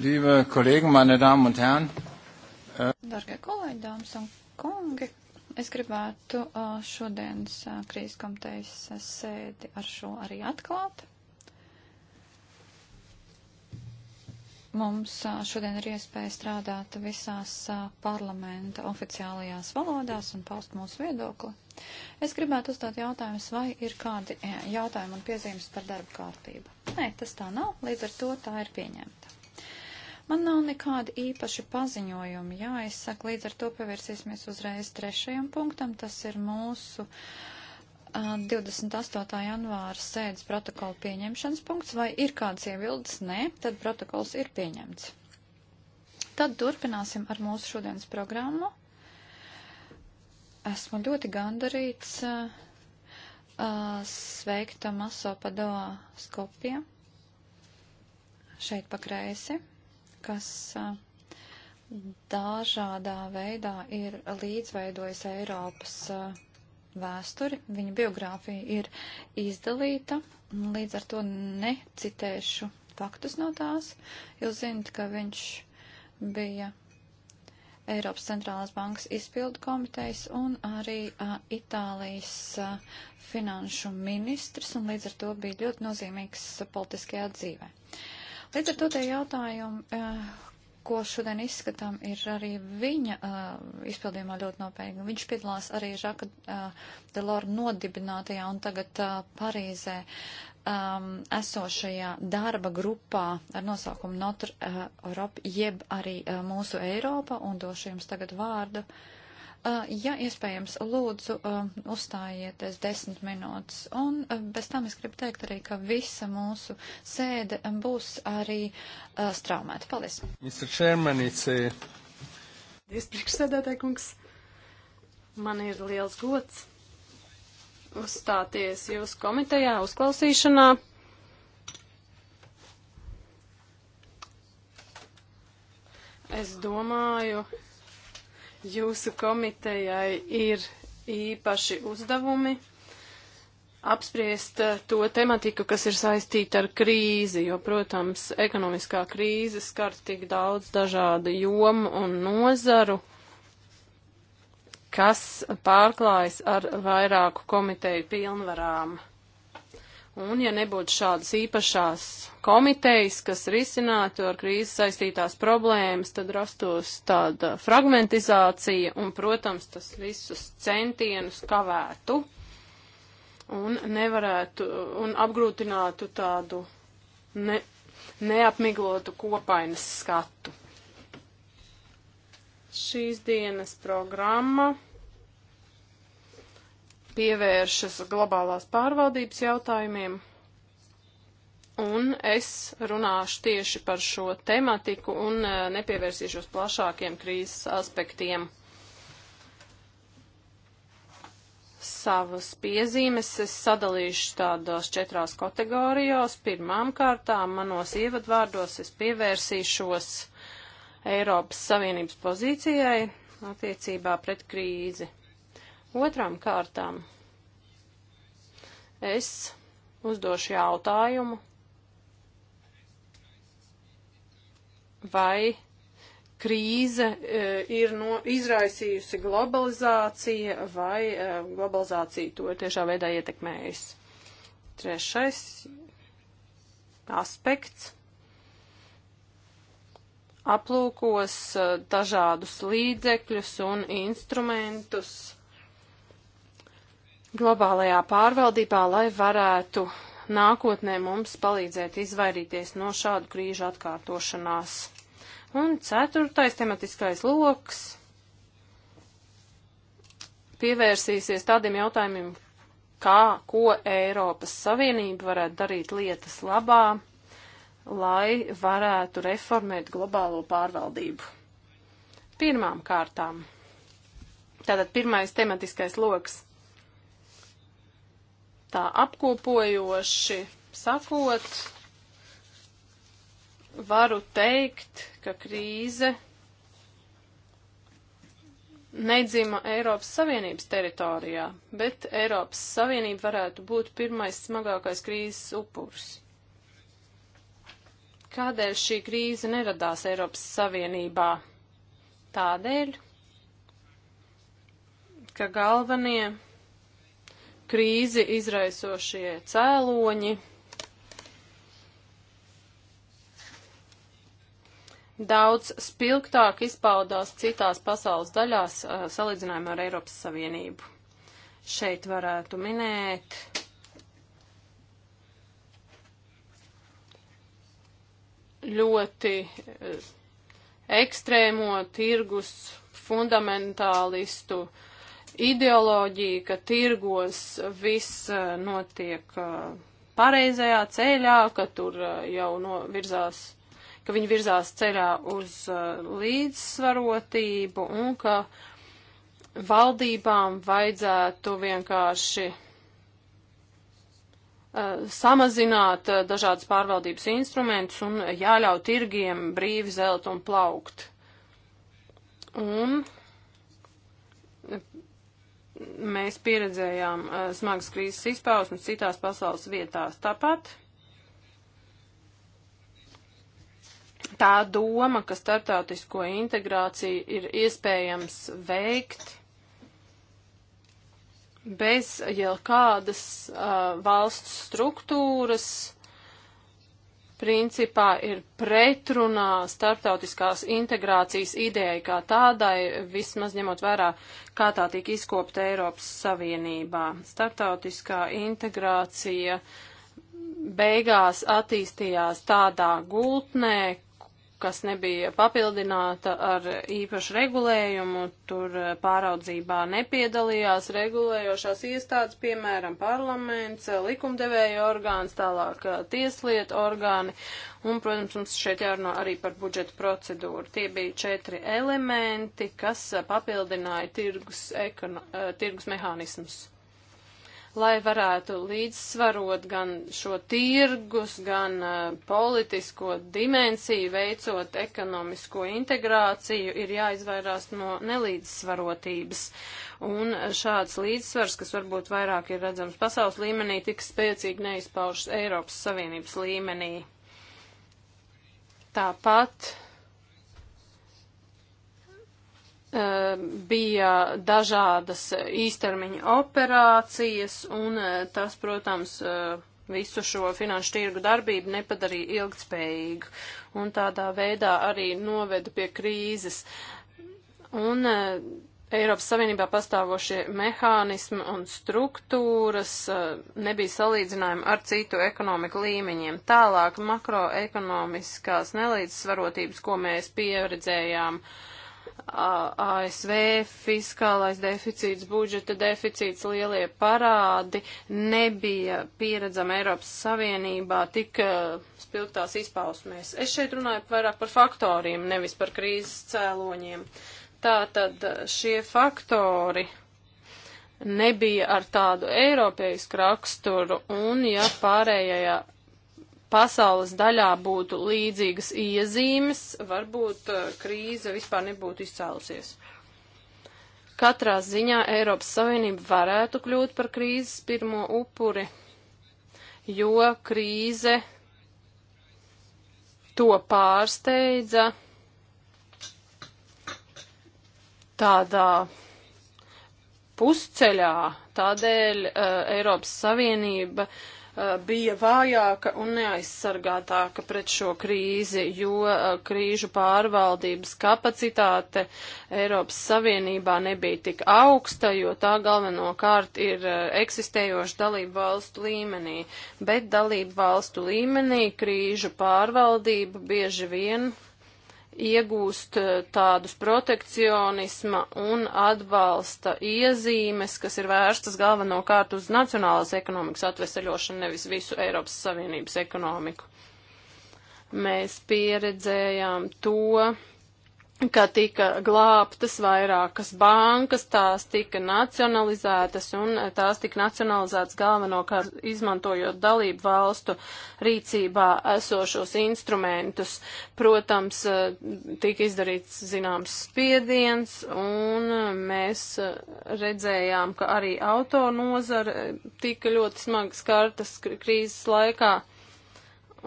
liebe Kollegen, meine Damen un Herren. Äh, Dargie kolēģi, dāmas un kungi, es gribētu uh, šodienas uh, krīzes komitejas uh, sēdi ar šo arī atklāt. Mums šodien ir iespēja strādāt visās parlamenta oficiālajās valodās un paust mūsu viedokli. Es gribētu uzdot jautājumus, vai ir kādi eh, jautājumi un piezīmes par darba kārtību. Nē, tas tā nav, līdz ar to tā ir pieņemta. Man nav nekādi īpaši paziņojumi jāizsaka, līdz ar to pavērsīsimies uzreiz trešajam punktam. Tas ir mūsu uh, 28. janvāra sēdes protokola pieņemšanas punkts. Vai ir kādas iebildes? Nē, tad protokols ir pieņemts. Tad turpināsim ar mūsu šodienas programmu. Esmu ļoti gandarīts uh, uh, sveikta Maso Padoa Skopie šeit pa kreisi kas dažādā veidā ir līdzveidojis Eiropas vēsturi. Viņa biogrāfija ir izdalīta, līdz ar to necitēšu faktus no tās. Jūs zinat, ka viņš bija Eiropas centrālās bankas izpildu komitejas un arī a, Itālijas a, finanšu ministrs, un līdz ar to bija ļoti nozīmīgs a, politiskajā dzīvē. Līdz ar to tie jautājumi, eh, ko šodien izskatām, ir arī viņa eh, izpildījumā ļoti nopietni. Viņš piedalās arī Žaka eh, Delora nodibinātajā un tagad Parīzē um, esošajā darba grupā ar nosaukumu Notre Europe, jeb arī uh, mūsu Eiropa, un došu jums tagad vārdu. Uh, Ja iespējams, lūdzu, uzstājieties desmit minūtes. Un bez tam es gribu teikt arī, ka visa mūsu sēde būs arī straumēta. Paldies! Mr. Chairman, it's a... Paldies, priekšsēdētāji kungs! Man ir liels gods uzstāties jūsu komitejā, uzklausīšanā. Es domāju, Jūsu komitejai ir īpaši uzdevumi apspriest eh, to tematiku, kas ir saistīta ar krīzi, jo, protams, ekonomiskā krīze skar tik daudz dažādu jomu un nozaru, kas pārklājas ar vairāku komiteju pilnvarām. Un ja nebūtu šādas īpašās komitejas, kas risinātu ar krīzes saistītās problēmas, tad rastos tāda fragmentizācija un, protams, tas visus centienus kavētu un nevarētu un apgrūtinātu tādu ne, neapmiglotu kopainas skatu. Šīs dienas programma pievēršas globālās pārvaldības jautājumiem, un es runāšu tieši par šo tematiku un e, nepievērsīšos plašākiem krīzes aspektiem. Savas piezīmes es sadalīšu tādās četrās kategorijās. Pirmām kārtām manos ievadvārdos es pievērsīšos Eiropas Savienības pozīcijai attiecībā pret krīzi. Otrām kārtām es uzdošu jautājumu, vai krīze e, ir no, izraisījusi globalizācija vai e, globalizācija to ir tiešā veidā ietekmējusi. Trešais aspekts aplūkos e, dažādus līdzekļus un instrumentus globālajā pārvaldībā, lai varētu nākotnē mums palīdzēt izvairīties no šādu krīžu atkārtošanās. Un ceturtais tematiskais loks pievērsīsies tādiem jautājumiem, kā, ko Eiropas Savienība varētu darīt lietas labā, lai varētu reformēt globālo pārvaldību. Pirmām kārtām. Tātad pirmais tematiskais loks tā apkopojoši sakot, varu teikt, ka krīze nedzima Eiropas Savienības teritorijā, bet Eiropas Savienība varētu būt pirmais smagākais krīzes upurs. Kādēļ šī krīze neradās Eiropas Savienībā? Tādēļ, ka galvenie krīzi izraisošie cēloņi. Daudz spilgtāk izpaudās citās pasaules daļās salīdzinājumā ar Eiropas Savienību. Šeit varētu minēt ļoti ekstrēmo tirgus fundamentālistu uh, ideoloģija, ka tirgos viss eh, notiek eh, pareizajā ceļā, ka tur eh, jau no virzās, ka viņi virzās ceļā uz līdzsvarotību un ka valdībām vajadzētu vienkārši samazināt dažādas pārvaldības instrumentus un jāļauj tirgiem brīvi zelt un plaukt. Un mēs pieredzējām uh, smagas krīzes izpausmes citās pasaules vietās. Tāpat tā doma, ka starptautisko integrāciju ir iespējams veikt bez jau kādas uh, valsts struktūras, principā ir pretrunā starptautiskās integrācijas idejai kā tādai, vismaz ņemot vērā, kā tā tika izkopta Eiropas Savienībā. Starptautiskā integrācija beigās attīstījās tādā gultnē, kas nebija papildināta ar īpašu regulējumu, tur eh, pāraudzībā nepiedalījās regulējošās iestādes, piemēram, parlaments, eh, likumdevēja orgāns, tālāk eh, tieslietu orgāni, un, protams, mums šeit jārunā arī par budžeta procedūru. Tie bija četri elementi, kas papildināja tirgus, ekono, tirgus mehānismus lai varētu līdzsvarot gan šo tirgus, gan uh, politisko dimensiju, veicot ekonomisko integrāciju, ir jāizvairās no nelīdzsvarotības. Un šāds līdzsvars, kas varbūt vairāk ir redzams pasaules līmenī, tik spēcīgi neizpaužas Eiropas Savienības līmenī. Tāpat Ehm, bija dažādas īstermiņa operācijas, un eh, tas, protams, eh, visu šo finanšu tirgu darbību nepadarīja ilgtspējīgu, un tādā veidā arī noveda pie krīzes. Un eh, Eiropas Savienībā pastāvošie mehānismi un struktūras nebija salīdzinājumi ar citu ekonomiku līmeņiem. Tālāk makroekonomiskās nelīdzsvarotības, ko mēs pieredzējām, uh, ASV fiskālais deficīts, budžeta deficīts, lielie parādi nebija pieredzama Eiropas Savienībā tik e, spilgtās izpausmēs. Es šeit runāju vairāk par faktoriem, nevis par krīzes cēloņiem. Tātad e, šie faktori nebija ar tādu eiropeisku raksturu, un ja pārējajā pasaules daļā būtu līdzīgas iezīmes, varbūt eh, krīze vispār nebūtu izcēlusies. Katrā ziņā Eiropas Savienība varētu kļūt par krīzes pirmo upuri, jo krīze to pārsteidza tādā pusceļā. Tādēļ uh, Eiropas Savienība uh, Uh, bija vājāka un neaizsargātāka pret šo krīzi, jo uh, krīžu pārvaldības kapacitāte Eiropas Savienībā nebija tik augsta, jo tā galvenokārt ir uh, eksistējoša dalību valstu līmenī. Bet dalību valstu līmenī krīžu pārvaldība bieži vien iegūst eh, tādus protekcionisma un atbalsta iezīmes, kas ir vērstas galvenokārt uz nacionālās ekonomikas atveseļošanu, nevis visu Eiropas Savienības ekonomiku. Mēs pieredzējām to, ka tika glābtas vairākas bankas, tās tika nacionalizētas un eh, tās tika nacionalizētas galvenokārt izmantojot dalību valstu rīcībā esošos instrumentus. Protams, eh, tika izdarīts zināms spiediens un eh, mēs redzējām, ka arī autonozara tika ļoti smagas kartas krīzes laikā.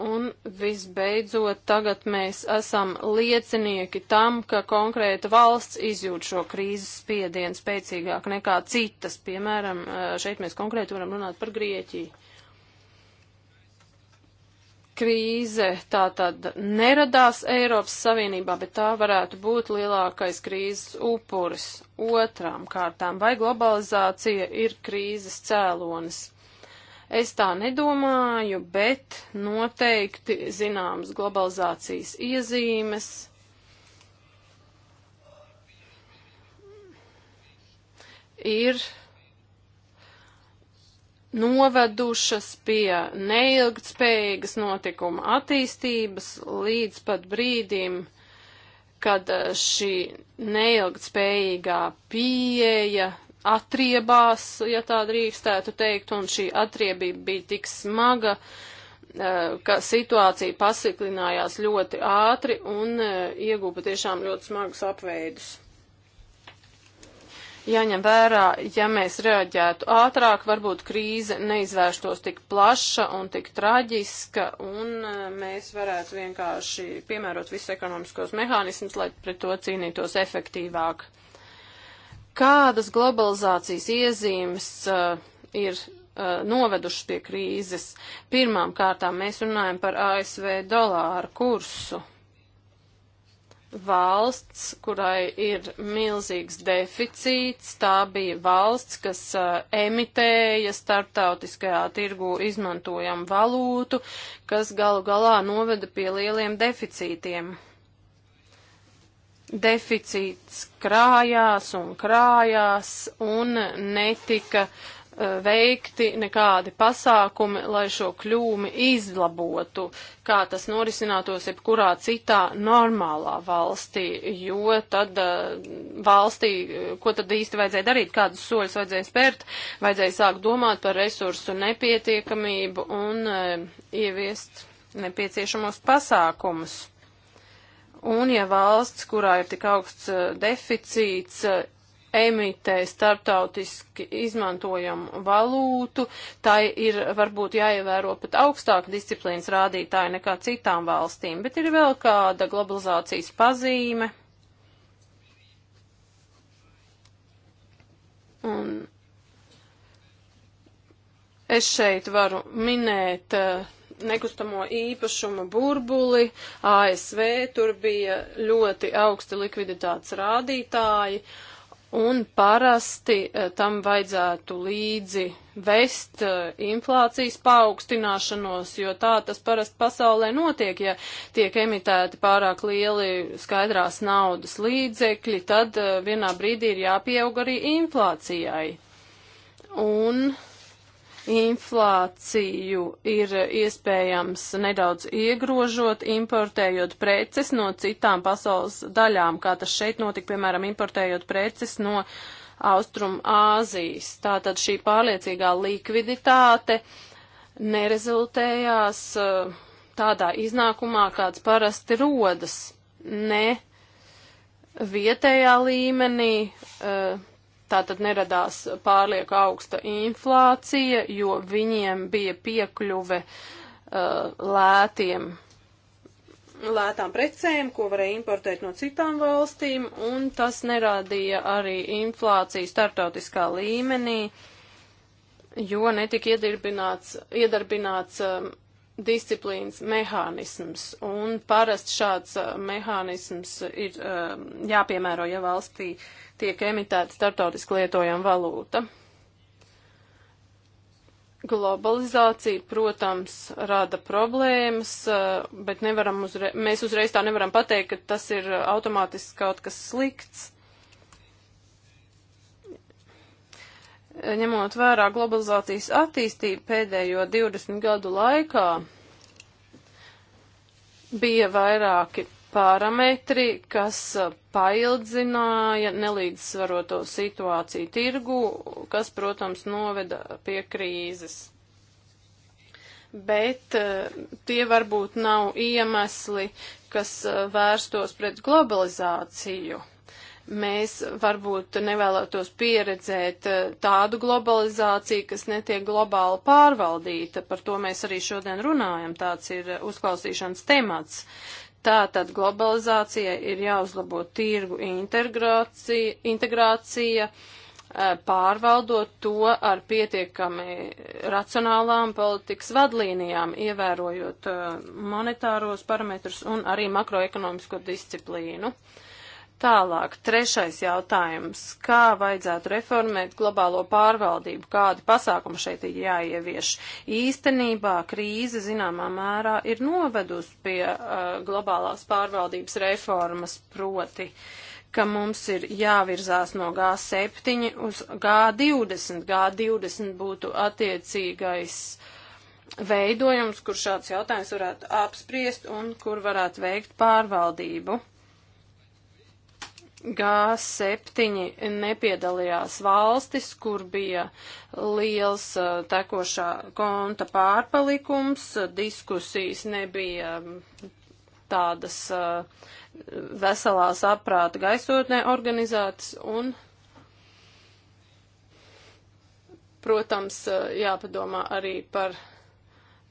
Un visbeidzot, tagad mēs esam liecinieki tam, ka konkrēta valsts izjūt šo krīzes spiedienu spēcīgāk nekā citas. Piemēram, eh, šeit mēs konkrēti varam runāt par Grieķiju. Krīze tā tad neradās Eiropas Savienībā, bet tā varētu būt lielākais krīzes upuris. Otrām kārtām, vai globalizācija ir krīzes cēlonis? Es tā nedomāju, bet noteikti zināmas globalizācijas iezīmes. Ir novedušas pie neilgtspējīgas notikuma attīstības līdz pat brīdim, kad šī neilgtspējīgā pieeja atriebās, ja tā drīkstētu teikt, un šī atriebība bija tik smaga, eh, ka situācija pasiklinājās ļoti ātri un eh, ieguva patiešām ļoti smagus apveidus. Jaņem vērā, ja mēs reaģētu ātrāk, varbūt krīze neizvērstos tik plaša un tik traģiska, un eh, mēs varētu vienkārši piemērot visus ekonomiskos mehānismus, lai pret to cīnītos efektīvāk. Kādas globalizācijas iezīmes uh, ir uh, novedušas pie krīzes? Pirmām kārtām mēs runājam par ASV dolāru kursu. Valsts, kurai ir milzīgs deficīts, tā bija valsts, kas uh, emitēja starptautiskajā tirgu izmantojamu valūtu, kas galu galā noveda pie lieliem deficītiem deficīts krājās un krājās un netika e, veikti nekādi pasākumi, lai šo kļūmi izlabotu, kā tas norisinātos jebkurā citā normālā valstī, jo tad uh, valstī, ko tad īsti vajadzēja darīt, kādus soļus vajadzēja spērt, vajadzēja sākt domāt par resursu nepietiekamību un uh, ieviest nepieciešamos pasākumus. Un ja valsts, kurā ir tik augsts eh, deficīts, eh, emitē starptautiski izmantojamu valūtu, tai ir varbūt jāievēro pat augstāka disciplīnas rādītāja nekā citām valstīm, bet ir vēl kāda globalizācijas pazīme. Un es šeit varu minēt uh, nekustamo īpašumu burbuli. ASV tur bija ļoti augsti likviditātes rādītāji. Un parasti e, tam vajadzētu līdzi vest e, inflācijas paaugstināšanos, jo tā tas parasti pasaulē notiek, ja tiek emitēti pārāk lieli skaidrās naudas līdzekļi, tad e, vienā brīdī ir jāpieaug arī inflācijai. Un uh, Inflāciju ir iespējams nedaudz iegrožot, importējot preces no citām pasaules daļām, kā tas šeit notika, piemēram, importējot preces no Austrum Āzijas. Tātad šī pārliecīgā likviditāte nerezultējās eh, tādā iznākumā, kāds parasti rodas, ne vietējā līmenī, eh, tātad neradās pārlieku augsta inflācija, jo viņiem bija piekļuve uh, lētiem lētām precēm, ko varēja importēt no citām valstīm, un tas nerādīja arī inflāciju startautiskā līmenī, jo netika iedarbināts, iedarbināts um, disciplīnas mehānisms, un parasti šāds uh, mehānisms ir um, jāpiemēro, ja valstī tiek emitēta startautiski lietojama valūta. Globalizācija, protams, rada problēmas, uh, bet nevaram uzre mēs uzreiz tā nevaram pateikt, ka tas ir uh, automātiski kaut kas slikts. ņemot vērā globalizācijas attīstību pēdējo 20 gadu laikā, bija vairāki parametri, kas paildzināja nelīdzsvaroto situāciju tirgu, kas, protams, noveda pie krīzes. Bet eh, tie varbūt nav iemesli, kas eh, vērstos pret globalizāciju. Mēs varbūt nevēlētos pieredzēt eh, tādu globalizāciju, kas netiek globāli pārvaldīta. Par to mēs arī šodien runājam. Tāds ir uzklausīšanas temats. Tātad globalizācija ir jāuzlabo tirgu integrācija, integrācija eh, pārvaldot to ar pietiekami racionālām politikas vadlīnijām, ievērojot eh, monetāros parametrus un arī makroekonomisko disciplīnu. Uh, Tālāk, trešais jautājums. Kā vajadzētu reformēt globālo pārvaldību? Kādi pasākumi šeit ir jāievieš? Īstenībā krīze zināmā mērā ir novedusi pie uh, globālās pārvaldības reformas proti ka mums ir jāvirzās no G7 uz G20. G20 būtu attiecīgais veidojums, kur šāds jautājums varētu apspriest un kur varētu veikt pārvaldību. G7 nepiedalījās valstis, kur bija liels tekošā konta pārpalikums, diskusijas nebija tādas veselās aprāta gaisotnē organizētas un, protams, jāpadomā arī par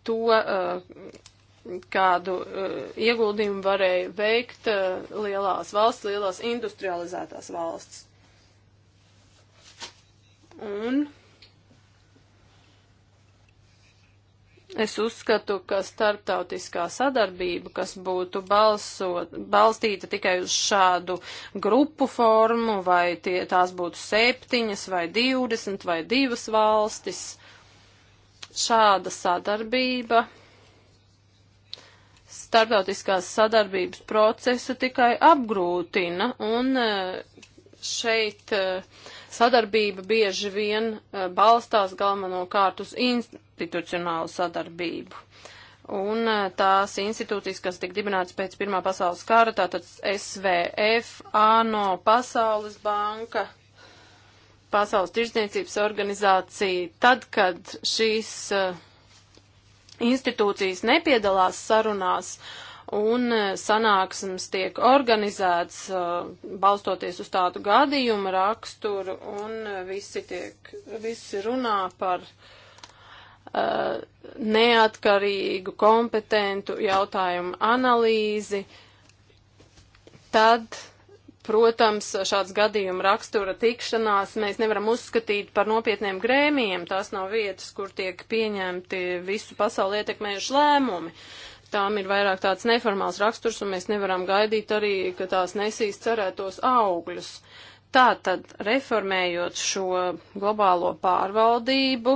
to, kādu uh, ieguldījumu varēja veikt uh, lielās valsts, lielās industrializētās valsts. Un es uzskatu, ka starptautiskā sadarbība, kas būtu balsot, balstīta tikai uz šādu grupu formu, vai tie, tās būtu septiņas vai divdesmit vai divas valstis, šāda sadarbība starptautiskās sadarbības procesu tikai apgrūtina, un eh, šeit eh, sadarbība bieži vien eh, balstās galvenokārt uz institucionālu sadarbību. Un tās institūcijas, kas tika dibinātas pēc Pirmā pasaules kara, tātad SVF, ANO, Pasaules banka, Pasaules tirsniecības organizācija, tad, kad šīs uh, institūcijas nepiedalās sarunās un e, sanāksmes tiek organizēts e, balstoties uz tādu gadījumu raksturu un e, visi tiek, visi runā par uh, neatkarīgu, kompetentu jautājumu analīzi, tad Protams, šāds gadījuma rakstura tikšanās mēs nevaram uzskatīt par nopietniem grēmiem. Tās nav vietas, kur tiek pieņemti visu pasauli ietekmējuši lēmumi. Tām ir vairāk tāds neformāls raksturs, un mēs nevaram gaidīt arī, ka tās nesīs cerētos augļus. Tātad, reformējot šo globālo pārvaldību,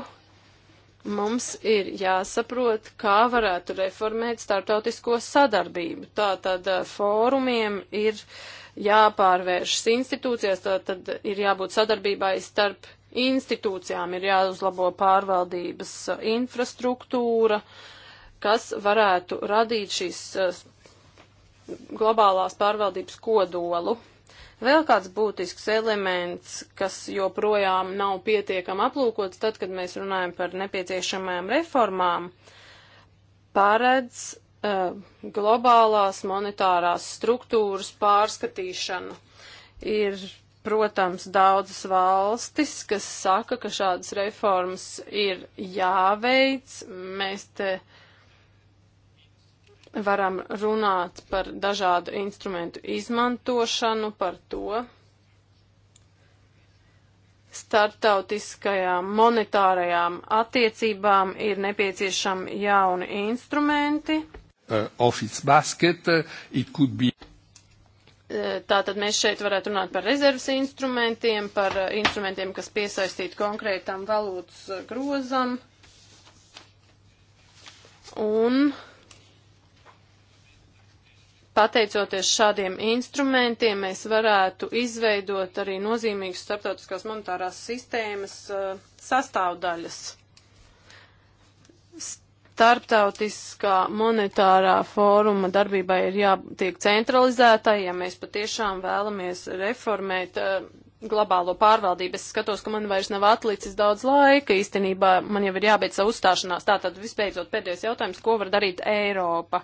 mums ir jāsaprot, kā varētu reformēt starptautisko sadarbību. Tātad, eh, fórumiem ir. Uh, jāpārvēršas institūcijās, tad, tad ir jābūt sadarbībai starp institūcijām, ir jāuzlabo pārvaldības uh, infrastruktūra, kas varētu radīt šīs uh, globālās pārvaldības kodolu. Vēl kāds būtisks elements, kas joprojām nav pietiekam aplūkots, tad, kad mēs runājam par nepieciešamajām reformām, paredz Uh, globālās monetārās struktūras pārskatīšanu. Ir, protams, daudzas valstis, kas saka, ka šādas reformas ir jāveic. Mēs te varam runāt par dažādu instrumentu izmantošanu, par to, startautiskajām monetārajām attiecībām ir nepieciešami jauni instrumenti uh, of its basket. Uh, it could be uh, Tātad mēs šeit varētu runāt par rezerves instrumentiem, par uh, instrumentiem, kas piesaistīti konkrētam valūtas uh, grozam. Un pateicoties šādiem instrumentiem, mēs varētu izveidot arī nozīmīgas starptautiskās monetārās sistēmas uh, sastāvdaļas starptautiskā monetārā fóruma darbībai ir jātiek centralizētai, ja mēs patiešām vēlamies reformēt uh, globālo pārvaldību. Es skatos, ka man vairs nav atlicis daudz laika. Īstenībā man jau ir jābeidz savu uzstāšanās. Tātad vispēcot pēdējais jautājums, ko var darīt Eiropa?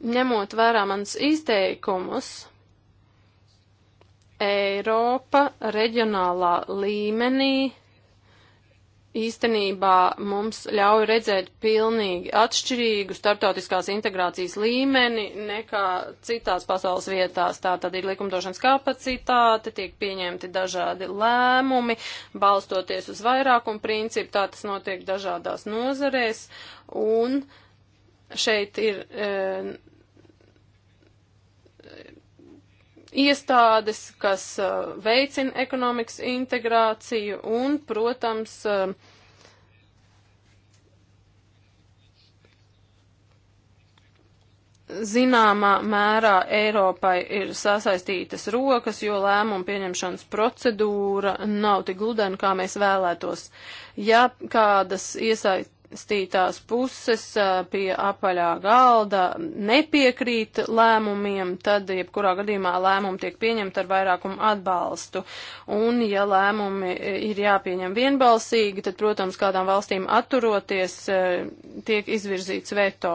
Ņemot vērā manas izteikumus, Eiropa reģionālā līmenī īstenībā mums ļauj redzēt pilnīgi atšķirīgu starptautiskās integrācijas līmeni nekā citās pasaules vietās. Tā tad ir likumdošanas kapacitāte, tiek pieņemti dažādi lēmumi, balstoties uz vairākumu principu, tā tas notiek dažādās nozarēs, un šeit ir e, iestādes, kas uh, veicina ekonomikas integrāciju un, protams, uh, zināmā mērā Eiropai ir sasaistītas rokas, jo lēmumu pieņemšanas procedūra nav tik gludena, kā mēs vēlētos. Ja kādas iesaist iesaistītās puses pie apaļā galda nepiekrīt lēmumiem, tad jebkurā gadījumā lēmumi tiek pieņemti ar vairākumu atbalstu. Un ja lēmumi ir jāpieņem vienbalsīgi, tad, protams, kādām valstīm atturoties, tiek izvirzīts veto.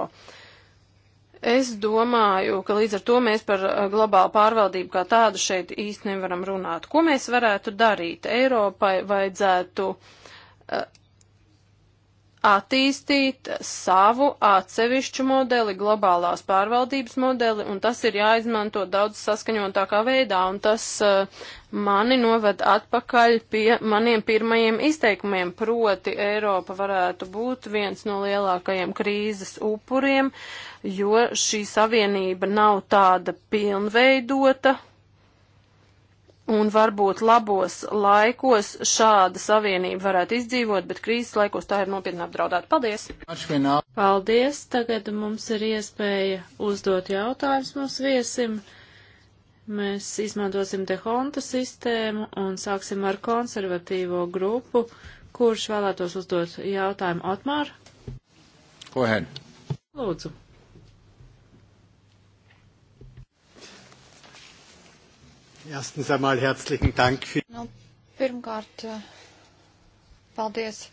Es domāju, ka līdz ar to mēs par globālu pārvaldību kā tādu šeit īsti nevaram runāt. Ko mēs varētu darīt? Eiropai vajadzētu uh, attīstīt savu atsevišķu modeli, globālās pārvaldības modeli, un tas ir jāizmanto daudz saskaņotākā veidā, un tas uh, mani noved atpakaļ pie maniem pirmajiem izteikumiem, proti Eiropa varētu būt viens no lielākajiem krīzes upuriem, jo šī savienība nav tāda pilnveidota, Un varbūt labos laikos šāda savienība varētu izdzīvot, bet krīzes laikos tā ir nopietni apdraudēta. Paldies! Paldies! Tagad mums ir iespēja uzdot jautājumus mūsu viesim. Mēs izmantosim dehonta sistēmu un sāksim ar konservatīvo grupu, kurš vēlētos uzdot jautājumu Otmār. Ko hen? Lūdzu. Erstens einmal herzlichen Dank für. Nu, pirmkārt, paldies.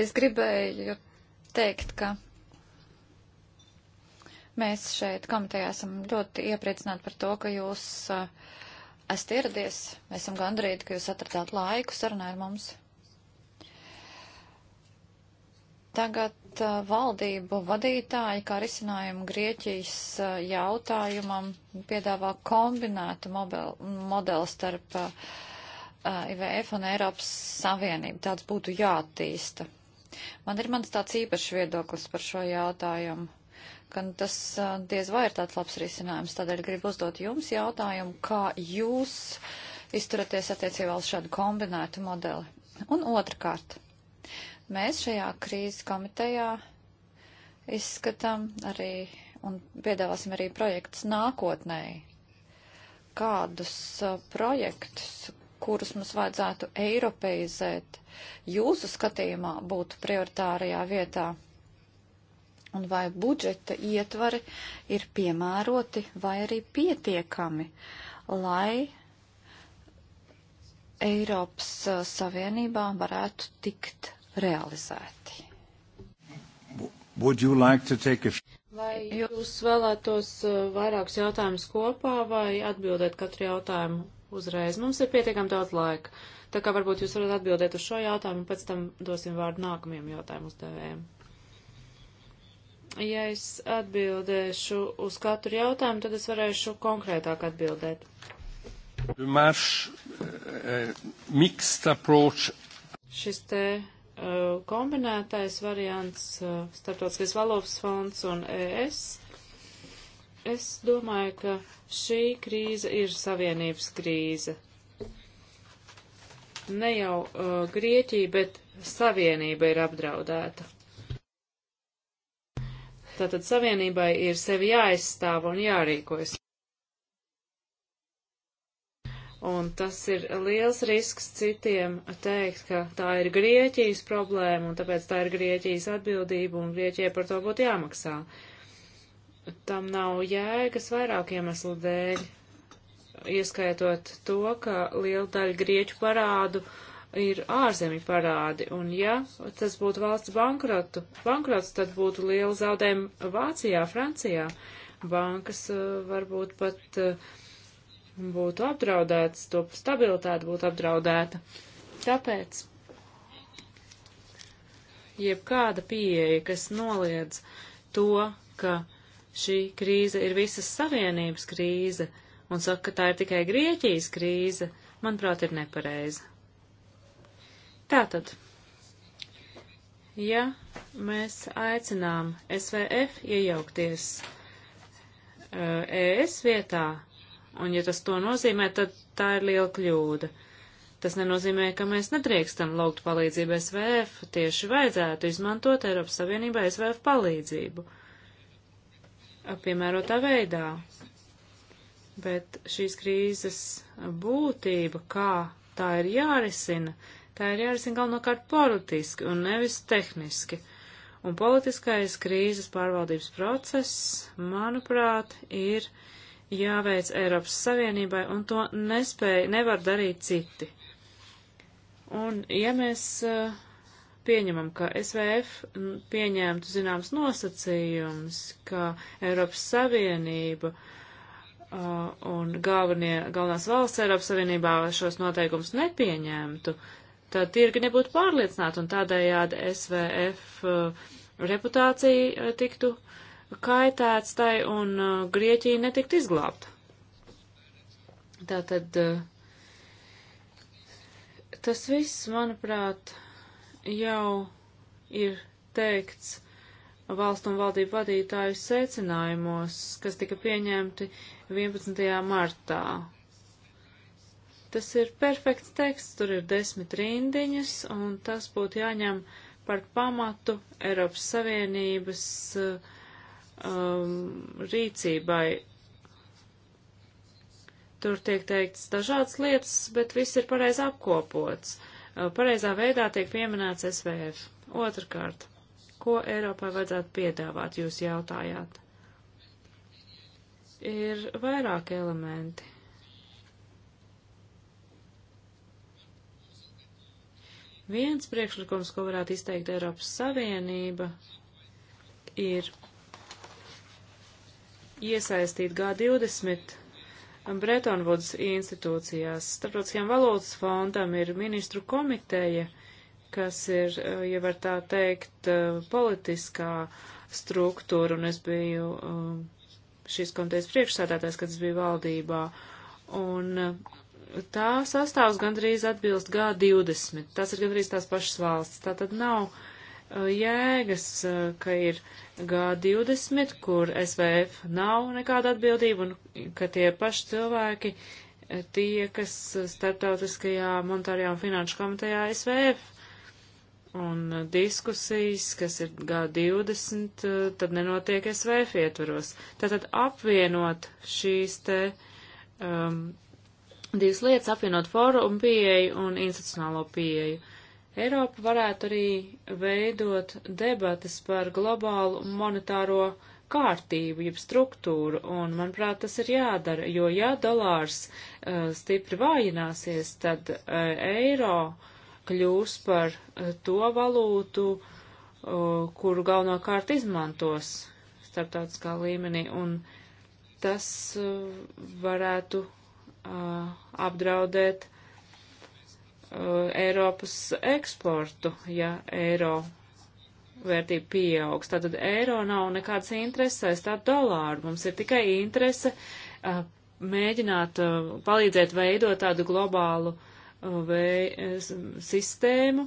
Es gribēju teikt, ka mēs šeit komitejā esam ļoti iepriecināti par to, ka jūs eh, esat ieradies. Mēs esam gandrīti, ka jūs atradāt laiku sarunai ar mums. Tagad uh, valdību vadītāji, kā risinājumu Grieķijas uh, jautājumam, piedāvā kombinētu modeli starp uh, uh IVF un Eiropas Savienību. Tāds būtu jātīsta. Man ir mans tāds īpašs viedoklis par šo jautājumu ka tas uh, diez vai ir tāds labs risinājums. Tādēļ gribu uzdot jums jautājumu, kā jūs izturaties attiecībā uz šādu kombinētu modeli. Un otrkārt, Mēs šajā krīzes komitejā izskatām arī un piedāvāsim arī projektus nākotnēji. Kādus uh, projektus, kurus mums vajadzētu eiropeizēt, jūsu skatījumā būtu prioritārajā vietā? Un vai budžeta ietvari ir piemēroti vai arī pietiekami, lai Eiropas uh, Savienībā varētu tikt realizēti. Like a... Vai jūs vēlētos uh, vairākus jautājumus kopā vai atbildēt katru jautājumu uzreiz? Mums ir pietiekami daudz laika, tā kā varbūt jūs varat atbildēt uz šo jautājumu, pēc tam dosim vārdu nākamajiem jautājumu uzdevējiem. Ja es atbildēšu uz katru jautājumu, tad es varēšu konkrētāk atbildēt. Marš, uh, mixed approach. Šis te Uh, kombinētais variants uh, Startautiskais valūtas fonds un ES. Es domāju, ka šī krīze ir savienības krīze. Ne jau uh, Grieķija, bet savienība ir apdraudēta. Tātad savienībai ir sevi jāizstāv un jārīkojas. Un tas ir liels risks citiem teikt, ka tā ir Grieķijas problēma un tāpēc tā ir Grieķijas atbildība un Grieķijai par to būtu jāmaksā. Tam nav jēgas vairāk iemeslu dēļ, ieskaitot to, ka liela daļa Grieķu parādu ir ārzemju parādi, un ja tas būtu valsts bankrotu, bankrots, tad būtu liela zaudējuma Vācijā, Francijā. Bankas eh, varbūt pat uh, būtu apdraudēts, to stabilitāte būtu apdraudēta. Tāpēc jebkāda pieeja, kas noliedz to, ka šī krīze ir visas savienības krīze un saka, ka tā ir tikai Grieķijas krīze, manuprāt, ir nepareiza. Tātad, ja mēs aicinām SVF iejaukties uh, ES vietā, Un ja tas to nozīmē, tad tā ir liela kļūda. Tas nenozīmē, ka mēs nedrīkstam lūgt palīdzību SVF, tieši vajadzētu izmantot Eiropas Savienībā SVF palīdzību. Piemērotā veidā. Bet šīs krīzes būtība, kā tā ir jārisina, tā ir jārisina galvenokārt politiski un nevis tehniski. Un politiskais krīzes pārvaldības process, manuprāt, ir jāveic Eiropas Savienībai, un to nespēja, nevar darīt citi. Un ja mēs pieņemam, ka SVF pieņēmtu zināms nosacījums, ka Eiropas Savienība un galvenie, galvenās valsts Eiropas Savienībā šos noteikumus nepieņemtu, tad tirgi nebūtu pārliecināti, un tādējādi SVF reputācija tiktu uh, kaitēts tai un uh, Grieķija netikt izglābta. Tātad uh, tas viss, manuprāt, jau ir teikts valstu un valdību vadītāju secinājumos, kas tika pieņemti 11. martā. Tas ir perfekts teksts, tur ir desmit rindiņas, un tas būtu jāņem par pamatu Eiropas Savienības uh, um, rīcībai. Tur tiek teikts dažādas lietas, bet viss ir pareizi apkopots. Uh, pareizā veidā tiek pieminēts SVF. Otrakārt, ko Eiropai vajadzētu piedāvāt, jūs jautājāt? Ir vairāki elementi. Viens priekšlikums, ko varētu izteikt Eiropas Savienība, ir iesaistīt G20 Bretonvuds institūcijās. Starptautiskajam valūtas fondam ir ministru komiteja, kas ir, eh, ja var tā teikt, eh, politiskā struktūra, un es biju eh, šīs komitejas priekšsādātājs, kad es biju valdībā. Un tā sastāvs gandrīz atbilst G20. Tas ir gandrīz tās pašas valsts. Tā tad nav jēgas, ka ir G20, kur SVF nav nekāda atbildība un ka tie paši cilvēki, tie, kas starptautiskajā monetārajā un finanšu komitejā SVF un diskusijas, kas ir G20, tad nenotiek SVF ietvaros. Tātad apvienot šīs te um, divas lietas, apvienot fórumu pieeju un institucionālo pieeju. Eiropa varētu arī veidot debatas par globālu monetāro kārtību, jeb struktūru, un, manuprāt, tas ir jādara, jo, ja dolārs uh, stipri vājināsies, tad uh, eiro kļūs par uh, to valūtu, uh, kuru galvenokārt izmantos starptautiskā līmenī, un tas uh, varētu uh, apdraudēt uh, Uh, Eiropas eksportu, ja eiro vērtība pieaugs. Tātad eiro nav nekāds interesi saistāt dolāru. Mums ir tikai interese uh, mēģināt uh, palīdzēt veidot tādu globālu uh, vei, sistēmu.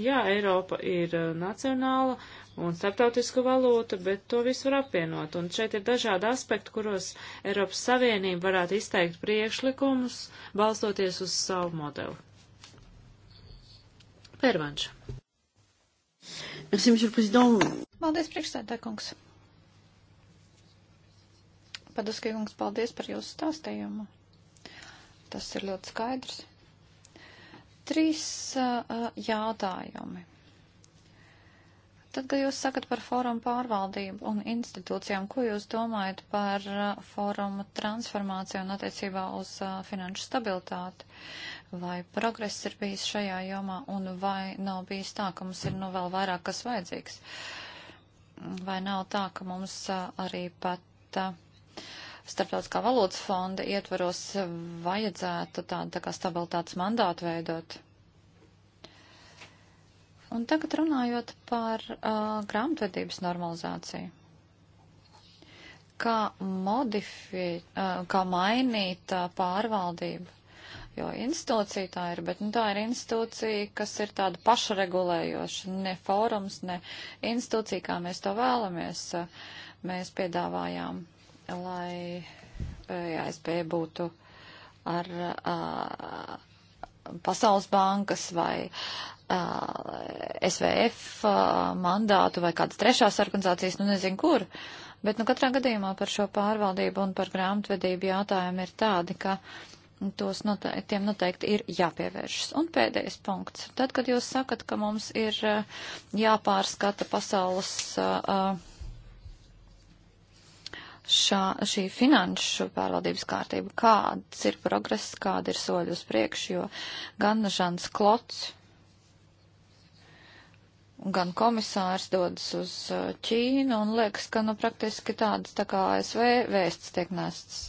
Jā, Eiropa ir uh, nacionāla, un starptautisku valūtu, bet to visu var apvienot. Un šeit ir dažādi aspekti, kuros Eiropas Savienība varētu izteikt priekšlikumus, balstoties uz savu modeli. Pērvanš. Merci, monsieur le président. Paldies, priekšstādā kungs. Paduskai kungs, paldies par jūsu stāstījumu. Tas ir ļoti skaidrs. Trīs uh, uh jautājumi Tad, kad jūs sakat par fórumu pārvaldību un institūcijām, ko jūs domājat par uh, fórumu transformāciju un attiecībā uz uh, finanšu stabilitāti? Vai progress ir bijis šajā jomā un vai nav bijis tā, ka mums ir nu vēl vairāk kas vajadzīgs? Vai nav tā, ka mums uh, arī pat uh, starptautiskā valūtas fonda ietvaros vajadzētu tādu tā kā stabilitātes mandātu veidot? Un tagad runājot par uh, grāmatvedības normalizāciju. Kā modifi, uh, kā mainīt uh, pārvaldību? Jo institūcija tā ir, bet nu, tā ir institūcija, kas ir tāda pašregulējoša, ne fórums, ne institūcija, kā mēs to vēlamies. Uh, mēs piedāvājām, lai ASP uh, būtu ar. Uh, Pasaules bankas vai Uh, SVF uh, mandātu vai kādas trešās organizācijas, nu nezinu kur. Bet, nu, katrā gadījumā par šo pārvaldību un par grāmatvedību jautājumu ir tādi, ka tos note tiem noteikti ir jāpievēršas. Un pēdējais punkts. Tad, kad jūs sakat, ka mums ir uh, jāpārskata pasaules šā, šī finanšu pārvaldības kārtība, kāds ir progress, kāda ir soļi uz priekšu, jo gan Žans Klots, gan komisārs dodas uz uh, Ķīnu un liekas, ka nu praktiski tādas tā kā ASV vēsts tiek nests.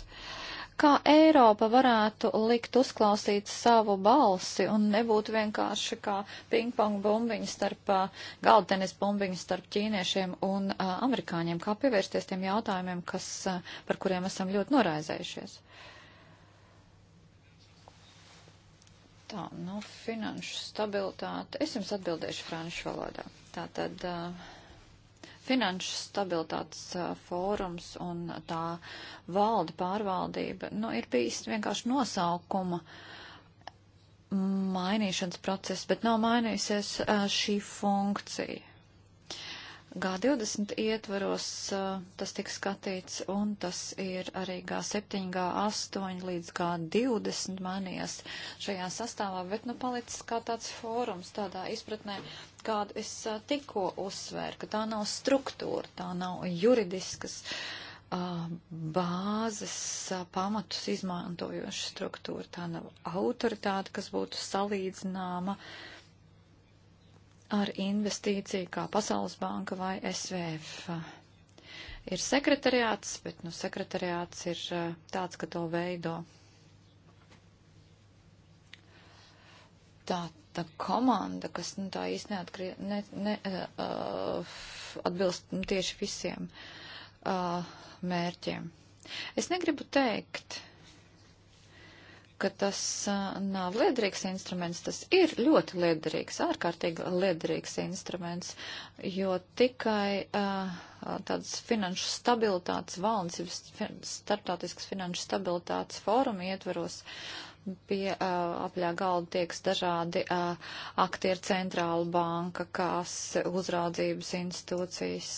Kā Eiropa varētu likt uzklausīt savu balsi un nebūt vienkārši kā pingpong bumbiņa starp, uh, galdenis bumbiņa starp ķīniešiem un uh, amerikāņiem, kā pievērsties tiem jautājumiem, kas, uh, par kuriem esam ļoti noraizējušies? Uh, Tā, nu, finanšu stabilitāte. Es jums atbildēšu franču valodā. Tā tad uh, finanšu stabilitātes uh, fórums un tā valde pārvaldība, nu, ir bijis vienkārši nosaukuma mainīšanas process, bet nav mainījusies uh, šī funkcija. G20 ietvaros eh, tas tiks skatīts, un tas ir arī G7, G8 līdz G20 manijas šajā sastāvā, bet nu palicis kā tāds fórums tādā izpratnē, kādu es eh, tikko uzsvēru, ka tā nav struktūra, tā nav juridiskas eh, bāzes pamatus izmantojoša struktūra, tā nav autoritāte, kas būtu salīdzināma. Uh, ar investīciju kā Pasaules banka vai SVF. Ir sekretariāts, bet nu, sekretariāts ir eh, tāds, ka to veido tāda komanda, kas nu, tā īsti neatkrie, ne, ne, uh, atbilst nu, tieši visiem uh, mērķiem. Es negribu teikt, ka tas nav liederīgs instruments, tas ir ļoti liederīgs, ārkārtīgi liederīgs instruments, jo tikai uh, tāds finanšu stabilitātes valns, starptautiskas finanšu stabilitātes fórumi ietveros pie uh, apļā galda tieks dažādi uh, aktieri centrāla banka, kās uzraudzības institūcijas,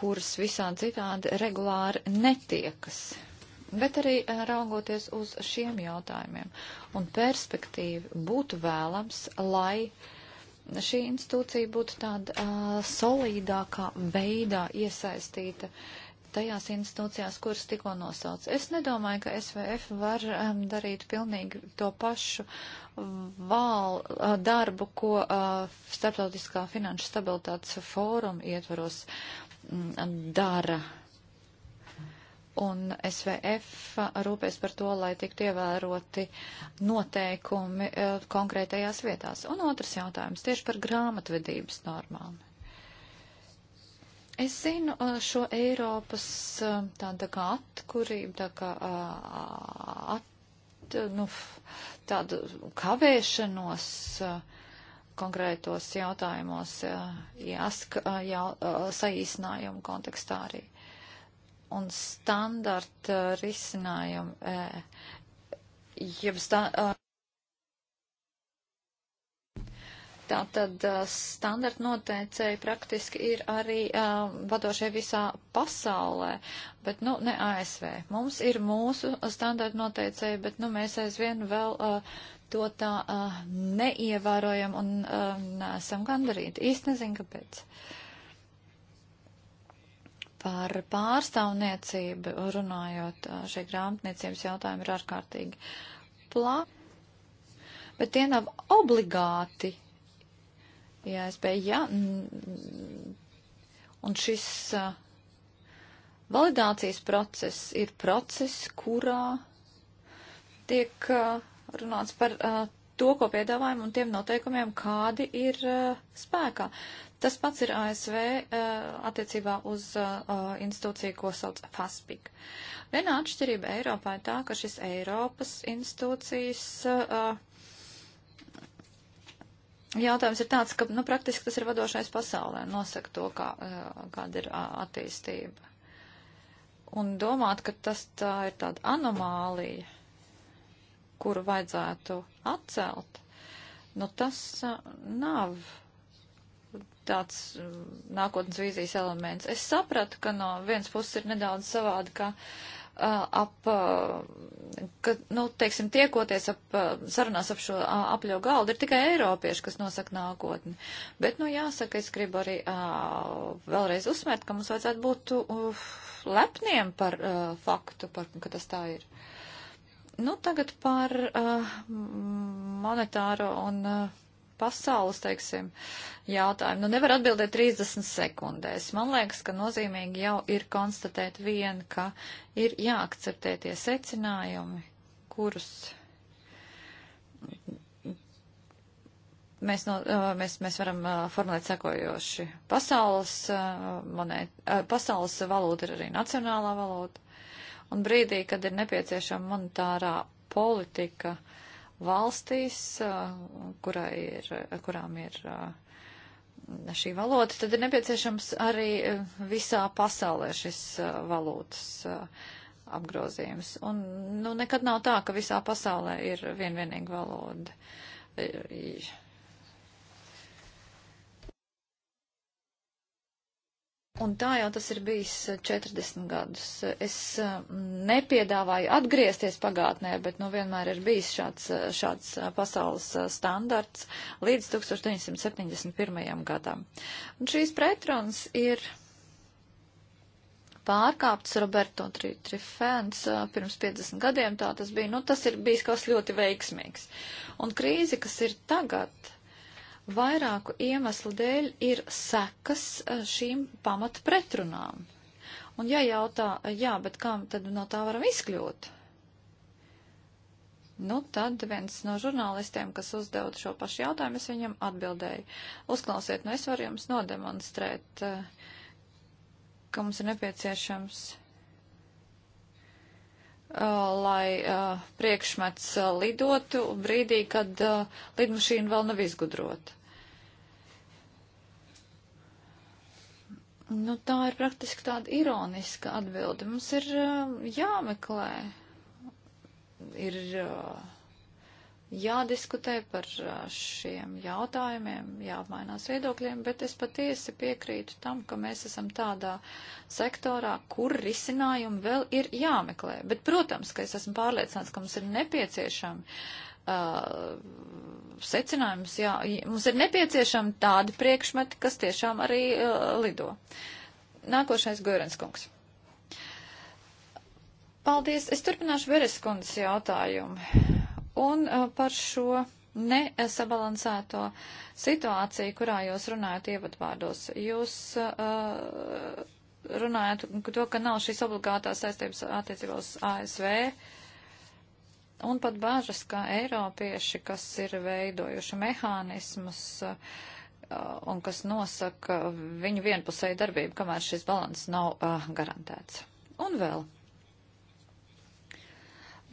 kuras visā citādi regulāri netiekas. Uh, bet arī eh, raugoties uz šiem jautājumiem. Un perspektīvi būtu vēlams, lai šī institūcija būtu tāda uh, solīdākā veidā iesaistīta tajās institūcijās, kuras tikko nosauc. Es nedomāju, ka SVF var um, darīt pilnīgi to pašu val, uh, darbu, ko uh, starptautiskā finanšu stabilitātes fórum ietvaros um, dara. Uh, un SVF rūpēs par to, lai tiktu ievēroti noteikumi e, konkrētajās vietās. Un otrs jautājums tieši par grāmatvedības normām. Es zinu e, šo Eiropas e, tāda kā atkurību, tā kā at, nu, tādu kavēšanos konkrētos jautājumos, jāsaka, jā, saīsinājumu kontekstā arī un standarta risinājumi, e, jeb sta, e, tā tad e, standarta noteicēji praktiski ir arī vadošie visā pasaulē, bet, nu, ne ASV. Mums ir mūsu standarta noteicēji, bet, nu, mēs aizvien vēl to tā neievērojam un neesam gandarīti. Īsti nezinu, kāpēc. Uh, Par pārstāvniecību runājot, šie grāmatniecības jautājumi ir ārkārtīgi plā, bet tie nav obligāti jāspēj, jā. Un šis validācijas process ir process, kurā tiek runāts par to, ko piedāvājam, un tiem noteikumiem, kādi ir uh, spēkā. Tas pats ir ASV uh, eh, attiecībā uz uh, institūciju, ko sauc FASPIC. Viena atšķirība Eiropā ir tā, ka šis Eiropas institūcijas. Uh, Jautājums ir tāds, ka nu, praktiski tas ir vadošais pasaulē, nosaka to, kā, kāda ir attīstība. Un domāt, ka tas tā ir tāda anomālija, kuru vajadzētu atcelt, nu tas nav tāds nākotnes vīzijas elements. Es sapratu, ka no vienas puses ir nedaudz savādi, ka uh, ap, uh, ka, nu, teiksim, tiekoties ap uh, sarunās ap šo uh, apļo galdu, ir tikai eiropieši, kas nosaka nākotni. Bet, nu, jāsaka, es gribu arī uh, vēlreiz uzsvērt, ka mums vajadzētu būt uh, lepniem par uh, faktu, par, ka tas tā ir. Nu, tagad par uh, monetāro un uh, pasaules, teiksim, jautājumu. Nu, nevar atbildēt 30 sekundēs. Man liekas, ka nozīmīgi jau ir konstatēt vien, ka ir jāakceptē tie secinājumi, kurus mēs, no, eh, mēs, mēs varam formulēt sekojoši. Pasaules, monēta, pasaules valūta ir arī nacionālā valūta. Un brīdī, kad ir nepieciešama monetārā politika valstīs, uh, kurā ir, uh, kurām ir uh, šī valota, tad ir nepieciešams arī visā pasaulē šis valūtas apgrozījums. Un nu, nekad nav tā, ka visā pasaulē ir vien vienīga valoda Un tā jau tas ir bijis 40 eh, gadus. Es eh, nepiedāvāju atgriezties pagātnē, bet nu vienmēr ir bijis šāds, eh, šāds pasaules standarts līdz 1971. gadam. Un šīs pretrunas ir pārkāptas Roberto tri, Trifēns pirms 50 gadiem, tā tas bija. Nu, tas ir bijis kaut kas ļoti veiksmīgs. Un krīze, kas ir tagad vairāku iemeslu dēļ ir sekas e, šīm pamat pretrunām. Un ja jautā, e, jā, bet kā tad no tā varam izkļūt? Nu, tad viens no žurnālistiem, kas uzdeva šo pašu jautājumu, es viņam atbildēju. Uzklausiet, nu es varu jums nodemonstrēt, e, ka mums ir nepieciešams uh, Uh, lai uh, priekšmets uh, lidotu brīdī, kad uh, lidmašīna vēl nav izgudrota. Nu, tā ir praktiski tāda ironiska atbilde. Mums ir uh, jāmeklē, ir uh, jādiskutē par šiem jautājumiem, jāapmainās viedokļiem, bet es patiesi piekrītu tam, ka mēs esam tādā sektorā, kur risinājumi vēl ir jāmeklē. Bet, protams, ka es esmu pārliecināts, ka mums ir nepieciešami Uh, secinājums, jā, mums ir nepieciešami tādi priekšmeti, kas tiešām arī uh, lido. Nākošais Gorens kungs. Paldies. Es turpināšu Veres kundas jautājumu Un uh, par šo nesabalansēto situāciju, kurā jūs runājat ievadvārdos, jūs uh, runājat to, ka nav šīs obligātās saistības attiecībā uz ASV. Un pat bāžas, ka Eiropieši, kas ir veidojuši mehānismus, uh, un kas nosaka viņu vienpusēju darbību, kamēr šis balans nav uh, garantēts. Un vēl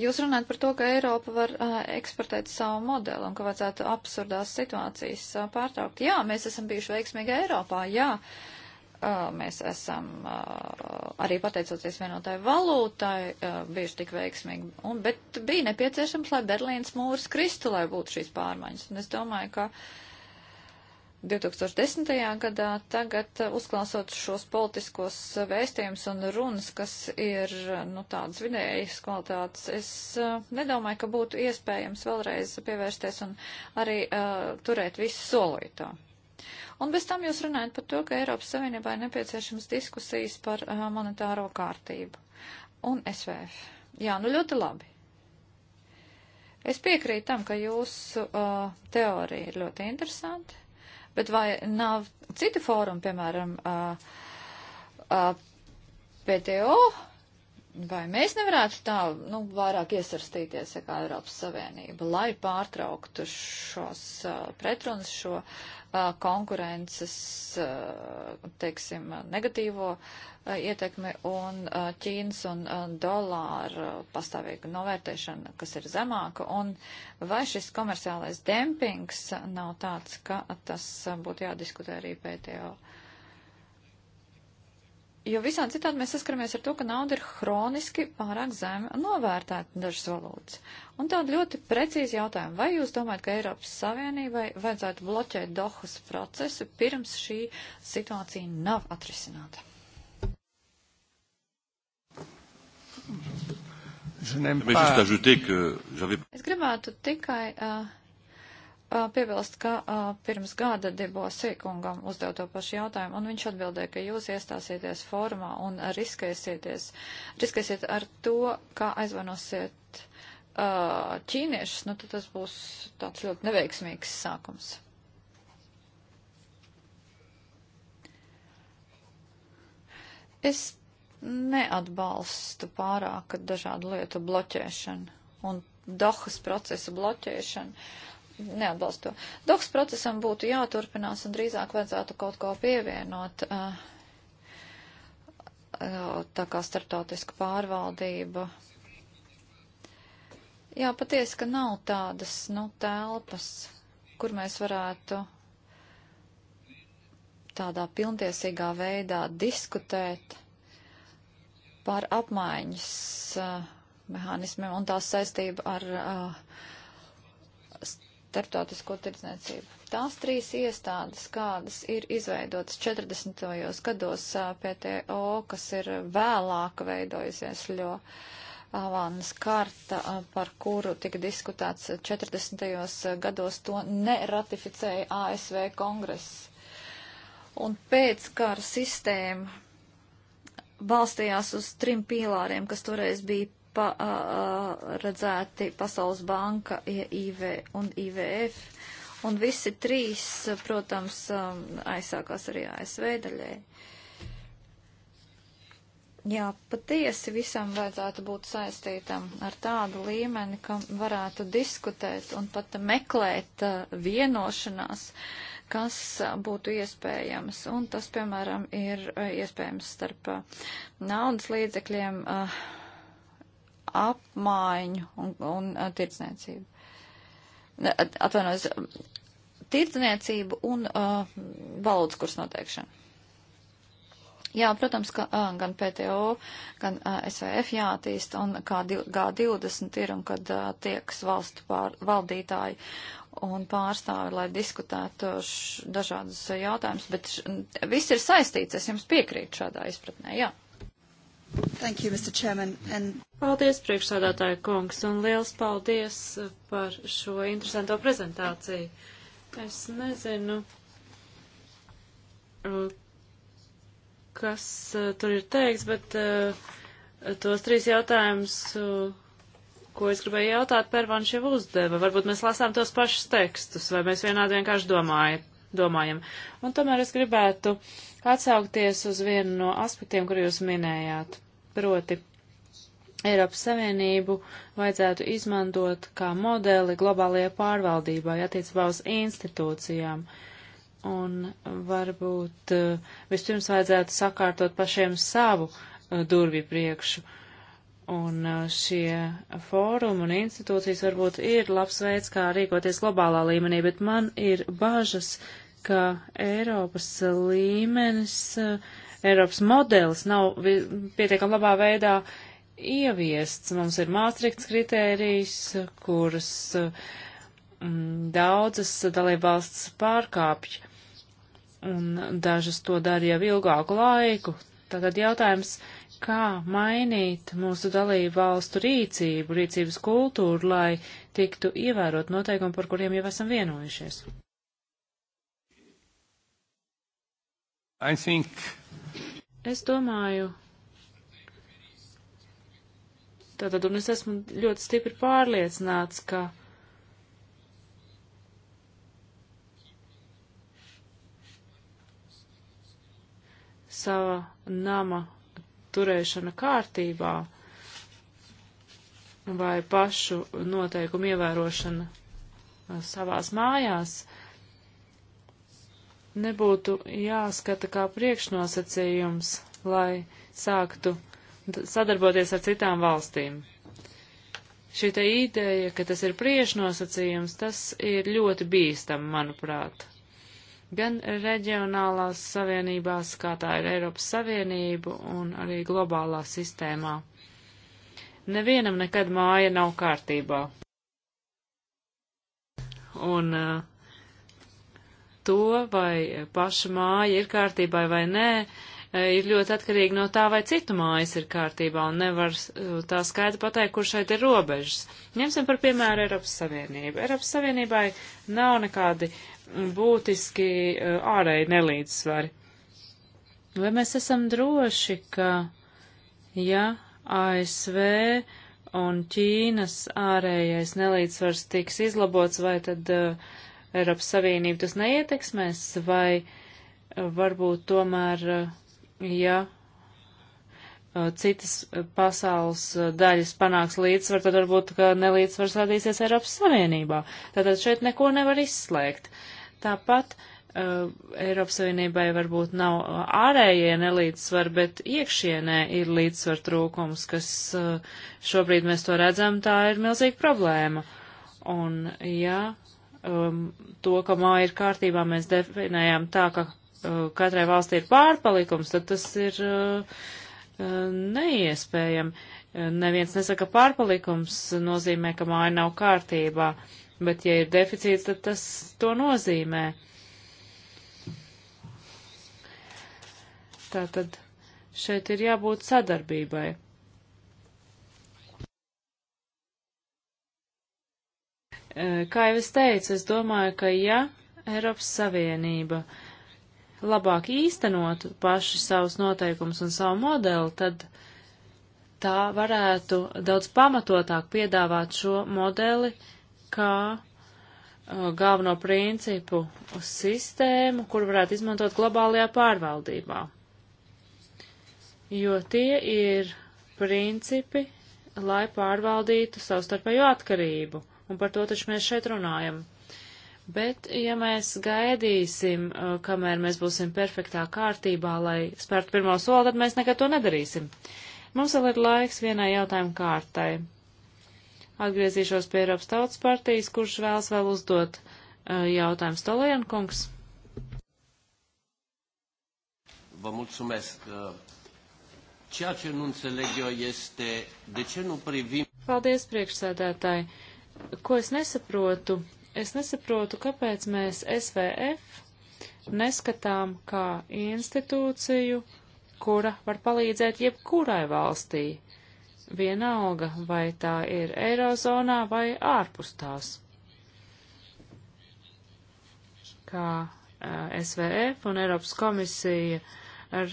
Jūs runājat par to, ka Eiropa var uh, eksportēt savu modeli un ka vajadzētu absurdās situācijas uh, pārtraukt. Jā, mēs esam bijuši veiksmīgi Eiropā, jā. Uh, mēs esam uh, arī pateicoties vienotai valūtai uh, bijuši tik veiksmīgi, un, bet bija nepieciešams, lai Berlīnas mūrs kristu, lai būtu šīs pārmaiņas. Un es domāju, ka uh, 2010. gadā. Tagad uh, uzklausot šos politiskos vēstījumus un runas, kas ir uh, nu, tādas vidējas kvalitātes, es uh, nedomāju, ka būtu iespējams vēlreiz pievērsties un arī uh, turēt visu solītā. Un bez tam jūs runājat par to, ka Eiropas Savienībā ir nepieciešams diskusijas par uh, monetāro kārtību un SVF. Jā, nu ļoti labi. Es piekrītu tam, ka jūsu uh, teorija ir ļoti interesanti. Bet vai nav citi fórumi, piemēram, PTO? Uh, uh, PTO vai mēs nevarētu tā, nu, vairāk iesaistīties, ja kā Eiropas Savienība, lai pārtrauktu šos uh, pretrunas, šo uh, konkurences, uh, teiksim, negatīvo uh, ietekmi un uh, ķīnas un uh, dolāra pastāvīgu novērtēšanu, kas ir zemāka, un vai šis komerciālais dempings nav tāds, ka tas uh, būtu jādiskutē arī PTO Jo visādi citādi mēs saskaramies ar to, ka nauda ir hroniski pārāk zemi novērtēta dažas valūtas. Un tādu ļoti precīzi jautājumu. Vai jūs domājat, ka Eiropas Savienībai vajadzētu bloķēt Dohas procesu pirms šī situācija nav atrisināta? Es gribētu tikai uh, piebilst, ka pirms gada Debo Sīkungam uzdev to pašu jautājumu, un viņš atbildēja, ka jūs iestāsieties formā un riskēsieties, riskēsiet ar to, kā aizvanosiet ķīniešus, nu tad tas būs tāds ļoti neveiksmīgs sākums. Es neatbalstu pārāk dažādu lietu bloķēšanu un Dohas procesa bloķēšanu. Uh, neatbalstu to. Doks procesam būtu jāturpinās un drīzāk vajadzētu kaut ko pievienot. Eh, eh, tā kā startautiska pārvaldība. Jā, patiesi, ka nav tādas, nu, telpas, kur mēs varētu tādā pilntiesīgā veidā diskutēt par apmaiņas uh, mehānismiem un tās saistību ar uh, starptautisko tirdzniecību. Tās trīs iestādes, kādas ir izveidotas 40. gados PTO, kas ir vēlāk veidojusies ļo Avanas karta, par kuru tika diskutēts 40. gados, to neratificēja ASV kongress. Un pēc kara sistēma balstījās uz trim pīlāriem, kas toreiz bija paredzēti Pasaules banka, IV un IVF. Un visi trīs, protams, um, aizsākās arī ASV daļai. Jā, patiesi visam vajadzētu būt saistītam ar tādu līmeni, ka varētu diskutēt un pat meklēt vienošanās, kas būtu iespējams. Un tas, piemēram, ir iespējams starp naudas līdzekļiem, apmaiņu un, un uh, tirdzniecību. Atvainojos, tirdzniecību un uh, valodas kursu noteikšanu. Jā, protams, ka uh, gan PTO, gan uh, SVF jātīst, un kā G20 ir, un kad uh, tieks valstu pār, valdītāji un pārstāvi, lai diskutētu š, dažādus jautājumus, bet š, viss ir saistīts, es jums piekrītu šādā izpratnē, jā. Thank you, Mr. Chairman. And... Paldies, priekšsādātāja kungs, un liels paldies par šo interesanto prezentāciju. Es nezinu, uh, kas uh, tur ir teiks, bet uh, tos trīs jautājumus, ko es gribēju jautāt, Pervanš jau uzdeva. Varbūt mēs lasām tos pašus tekstus, vai mēs vienādi vienkārši domājam. Domājam. Un tomēr es gribētu atsaukties uz vienu no aspektiem, kur jūs minējāt proti Eiropas Savienību vajadzētu izmantot kā modeli globālajai pārvaldībai attiecībā uz institūcijām. Un varbūt eh, vispirms vajadzētu sakārtot pašiem savu eh, durvju priekšu. Un eh, šie fórumi un institūcijas varbūt ir labs veids, kā rīkoties globālā līmenī, bet man ir bažas, ka Eiropas līmenis uh, Eiropas modelis nav pietiekam labā veidā ieviests. Mums ir māstrikts kritērijs, kuras mm, daudzas dalībvalsts pārkāpj, un dažas to dara jau ilgāku laiku. Tātad jautājums, kā mainīt mūsu dalību valstu rīcību, rīcības kultūru, lai tiktu ievērot noteikumi, par kuriem jau esam vienojušies? I think Es domāju, tātad, un es esmu ļoti stipri pārliecināts, ka sava nama turēšana kārtībā vai pašu noteikumu ievērošana savās mājās nebūtu jāskata kā priekšnosacījums, lai sāktu sadarboties ar citām valstīm. Šī te ideja, ka tas ir priešnosacījums, tas ir ļoti bīstam, manuprāt. Gan reģionālās savienībās, kā tā ir Eiropas Savienība un arī globālā sistēmā. Nevienam nekad māja nav kārtībā. Un uh, to, vai paša māja ir kārtībā vai nē, e, ir ļoti atkarīgi no tā, vai citu mājas ir kārtībā, un nevar e, tā skaidri pateikt, kur šeit ir robežas. Ņemsim par piemēru Eiropas Savienību. Eiropas Savienībai nav nekādi būtiski e, ārēji nelīdzsvari. Vai mēs esam droši, ka, ja ASV un Ķīnas ārējais nelīdzsvars tiks izlabots, vai tad uh, Eiropas Savienību tas neietekmēs, vai eh, varbūt tomēr, eh, ja eh, citas pasaules daļas panāks līdzsvar, tad varbūt, ka nelīdzsvars radīsies Eiropas Savienībā. Tātad šeit neko nevar izslēgt. Tāpat uh, Eiropas Savienībai varbūt nav ārējie nelīdzsvari, bet iekšienē ir līdzsvar trūkums, kas uh, šobrīd mēs to redzam, tā ir milzīga problēma. Un, ja um, to, ka māja ir kārtībā, mēs definējām tā, ka uh, katrai valstī ir pārpalikums, tad tas ir uh, uh neiespējami. Uh, neviens nesaka, ka pārpalikums nozīmē, ka māja nav kārtībā, bet ja ir deficīts, tad tas to nozīmē. Tātad šeit ir jābūt sadarbībai. Eh, kā jau es teicu, es domāju, ka ja Eiropas Savienība labāk īstenotu paši savus noteikumus un savu modeli, tad tā varētu daudz pamatotāk piedāvāt šo modeli kā eh, galveno principu sistēmu, kur varētu izmantot globālajā pārvaldībā. Jo tie ir principi, lai pārvaldītu savstarpējo atkarību un par to taču mēs šeit runājam. Bet, ja mēs gaidīsim, uh, kamēr mēs būsim perfektā kārtībā, lai spērtu pirmo soli, tad mēs nekad to nedarīsim. Mums vēl ir laiks vienai jautājumu kārtai. Atgriezīšos pie Eiropas Tautas partijas, kurš vēlas vēl uzdot uh, jautājumu Stolienkungs. Vă mulțumesc. Ceea ce nu înțeleg eu este de ce nu privim. Paldies, priekšsēdētāji. Uh, ko es nesaprotu, es nesaprotu, kāpēc mēs SVF neskatām kā institūciju, kura var palīdzēt jebkurai valstī, vienalga vai tā ir Eirozonā vai ārpus tās. Kā SVF un Eiropas komisija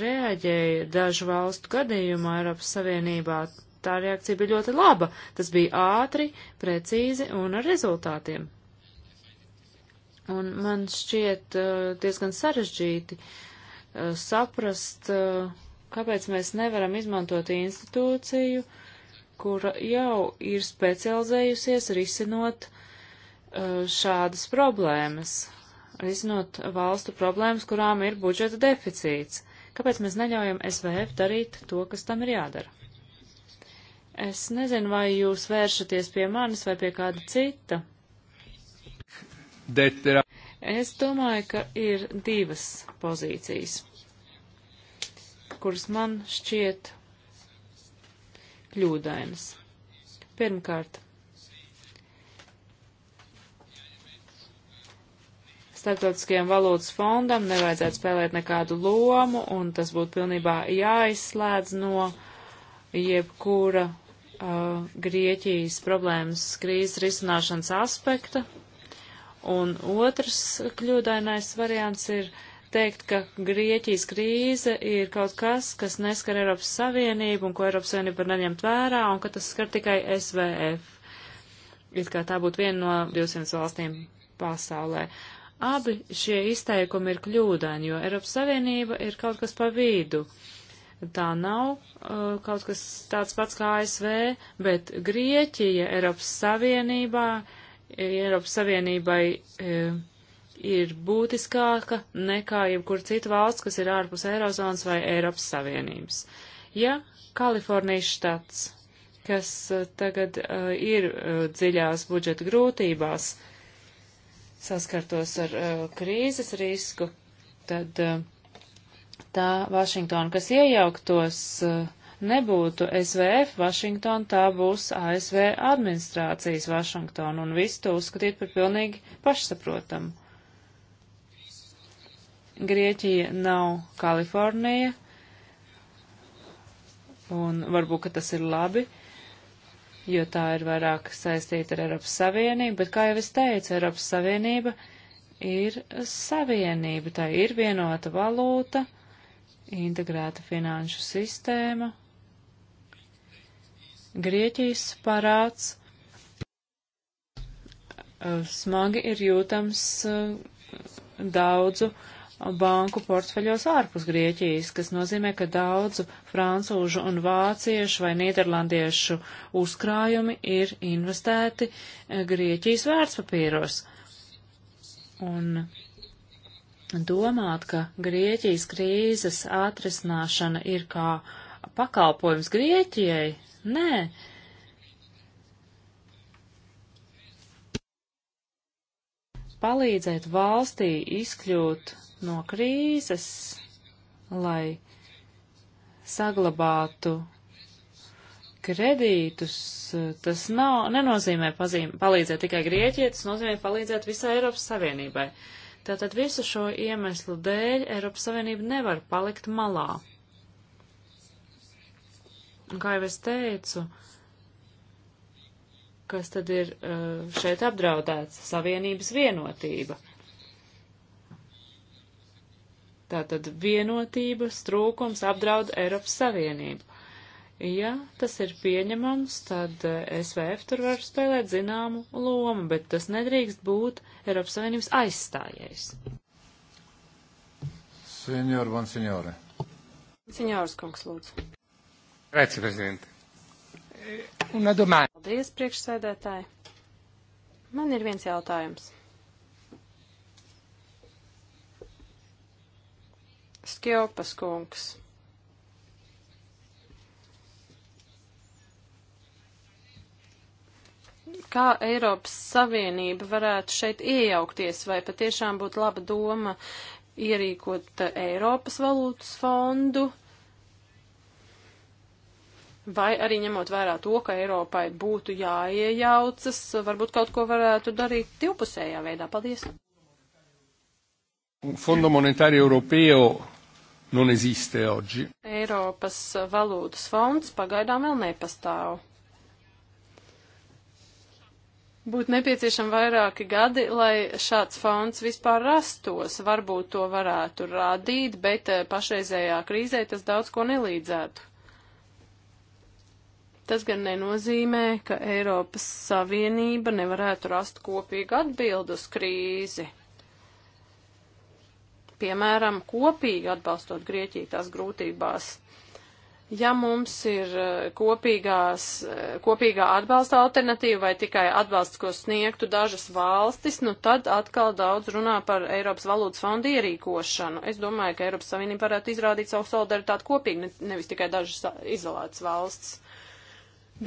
reaģēja dažu valstu gadījumā Eiropas Savienībā tā reakcija bija ļoti laba. Tas bija ātri, precīzi un ar rezultātiem. Un man šķiet uh, diezgan sarežģīti uh, saprast, uh, kāpēc mēs nevaram izmantot institūciju, kura jau ir specializējusies risinot uh, šādas problēmas, risinot valstu problēmas, kurām ir budžeta deficīts. Kāpēc mēs neļaujam SVF darīt to, kas tam ir jādara? Es nezinu, vai jūs vēršaties pie manis vai pie kāda cita. Es domāju, ka ir divas pozīcijas, kuras man šķiet kļūdainas. Pirmkārt, starptautiskajam valodas fondam nevajadzētu spēlēt nekādu lomu, un tas būtu pilnībā jāizslēdz no jebkura uh, Grieķijas problēmas krīzes risināšanas aspekta, un otrs kļūdainais variants ir teikt, ka Grieķijas krīze ir kaut kas, kas neskar Eiropas Savienību un ko Eiropas Savienība var neņemt vērā, un ka tas skar tikai SVF. It kā tā būtu viena no 200 valstīm pasaulē. Abi šie izteikumi ir kļūdaini, jo Eiropas Savienība ir kaut kas pa vidu. Uh, tā nav uh, kaut kas tāds pats kā ASV, bet Grieķija Eiropas Savienībā, Eiropas Savienībai uh, ir būtiskāka nekā jebkur cita valsts, kas ir ārpus Eirozonas vai Eiropas Savienības. Ja Kalifornijas štats, kas uh, tagad uh, ir uh, dziļās budžeta grūtībās, saskartos ar uh, krīzes risku, tad uh, tā Vašingtona, kas iejauktos, eh, nebūtu SVF Vašingtona, tā būs ASV administrācijas Vašingtona, un visu to uzskatīt par pilnīgi pašsaprotamu. Grieķija nav Kalifornija, un varbūt, ka tas ir labi, jo tā ir vairāk saistīta ar Eiropas Savienību, bet, kā jau es teicu, Eiropas Savienība ir savienība, tā ir vienota valūta, uh, integrēta finanšu sistēma, Grieķijas parāds eh, smagi ir jūtams eh, daudzu banku portfeļos ārpus Grieķijas, kas nozīmē, ka daudzu francūžu un vāciešu vai nīderlandiešu uzkrājumi ir investēti eh, Grieķijas vērtspapīros. Un domāt, ka Grieķijas krīzes atrisināšana ir kā pakalpojums Grieķijai. Nē. Palīdzēt valstī izkļūt no krīzes, lai saglabātu kredītus, tas nav, nenozīmē pazīm, palīdzēt tikai Grieķijai, tas nozīmē palīdzēt visai Eiropas Savienībai. Uh, Tātad visu šo iemeslu dēļ Eiropas Savienība nevar palikt malā. Un kā jau es teicu, kas tad ir eh, šeit apdraudēts? Savienības vienotība. Tātad vienotības trūkums apdraud Eiropas Savienību. Ja tas ir pieņemams, tad eh, SVF tur var spēlēt zināmu lomu, bet tas nedrīkst būt Eiropas Savienības aizstājējs. Senjor, van senjore. Senjors kungs, lūdzu. Reci, prezidenti. Eh, Un domāju. Paldies, priekšsēdētāji. Man ir viens jautājums. Skjopas kungs. kā Eiropas Savienība varētu šeit iejaukties, vai patiešām būtu laba doma ierīkot Eiropas valūtas fondu, vai arī ņemot vērā to, ka Eiropai būtu jāiejaucas, varbūt kaut ko varētu darīt divpusējā veidā. Paldies! Un fondo monetario europeo non esiste oggi. Eiropas valūtas fonds pagaidām vēl nepastāv būtu nepieciešami vairāki gadi, lai šāds fonds vispār rastos. Varbūt to varētu radīt, bet eh, pašreizējā krīzē tas daudz ko nelīdzētu. Tas gan nenozīmē, ka Eiropas Savienība nevarētu rast kopīgu atbildu uz krīzi. Piemēram, kopīgi atbalstot Grieķiju tās grūtībās. Ja mums ir eh, kopīgās, eh, kopīgā atbalsta alternatīva vai tikai atbalsts, ko sniegtu dažas valstis, nu tad atkal daudz runā par Eiropas valūtas fondu ierīkošanu. Es domāju, ka Eiropas Savienība varētu izrādīt savu solidaritāti kopīgi, nevis tikai dažas izolētas valsts.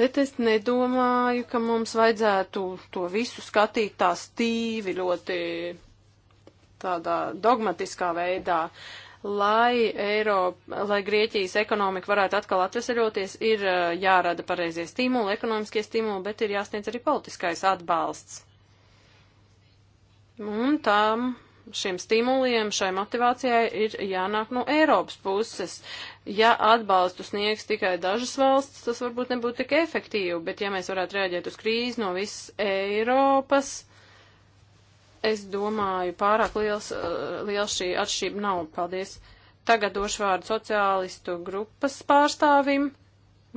Bet es nedomāju, ka mums vajadzētu to visu skatīt tā stīvi, ļoti tādā dogmatiskā veidā. Uh, lai, Eiropa, lai Grieķijas ekonomika varētu atkal atvesaļoties, ir uh, jārada pareizie stimuli, ekonomiskie stimuli, bet ir jāsniedz arī politiskais atbalsts. Un tam šiem stimuliem, šai motivācijai ir jānāk no Eiropas puses. Ja atbalstu sniegs tikai dažas valsts, tas varbūt nebūtu tik efektīvi, bet ja mēs varētu rēģēt uz krīzi no visas Eiropas, Es domāju, pārāk liels, eh, liela šī atšķība nav. Paldies. Tagad došu vārdu sociālistu grupas pārstāvim.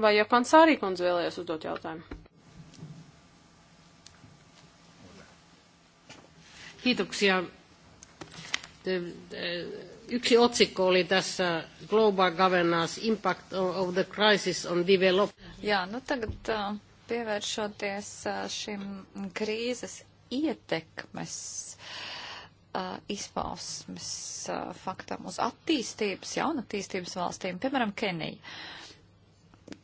Vai jau Pansārī kundze vēlējās uzdot jautājumu? Kiitoksia. Yksi otsikko oli tässä Global Governance Impact of the Crisis on Development. Jā, nu tagad eh, pievēršoties eh, šim krīzes ietekmes uh, izpausmes uh, faktam uz attīstības, jaunatīstības valstīm, piemēram, Kenija.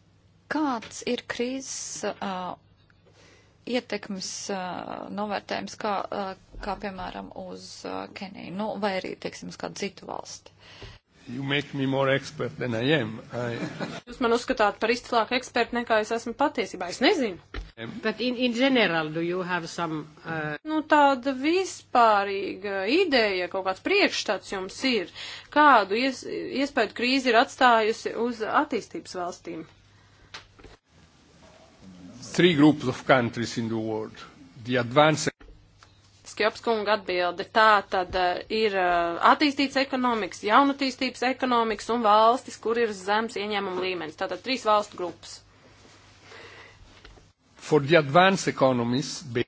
Kāds ir krīzes uh, ietekmes uh, novērtējums, kā, uh, kā piemēram uz uh, Keniju, nu, vai arī, teiksim, uz kādu citu valsti? You make me more expert than I am. I... Jūs man uzskatāt par izcilāku ekspertu nekā es esmu patiesībā. Es nezinu. But in, in general, do you have some... Uh... Nu, tāda vispārīga ideja, kaut kāds priekšstats jums ir. Kādu ies, iespēju krīzi ir atstājusi uz attīstības valstīm? Three groups of countries in the world. The advanced Skjopskunga atbildi. Tā tad eh, ir eh, attīstīts ekonomikas, jaunatīstības ekonomikas un valstis, kur ir zems ieņēmuma līmenis. Tātad trīs valstu grupas. For the advanced economies, be...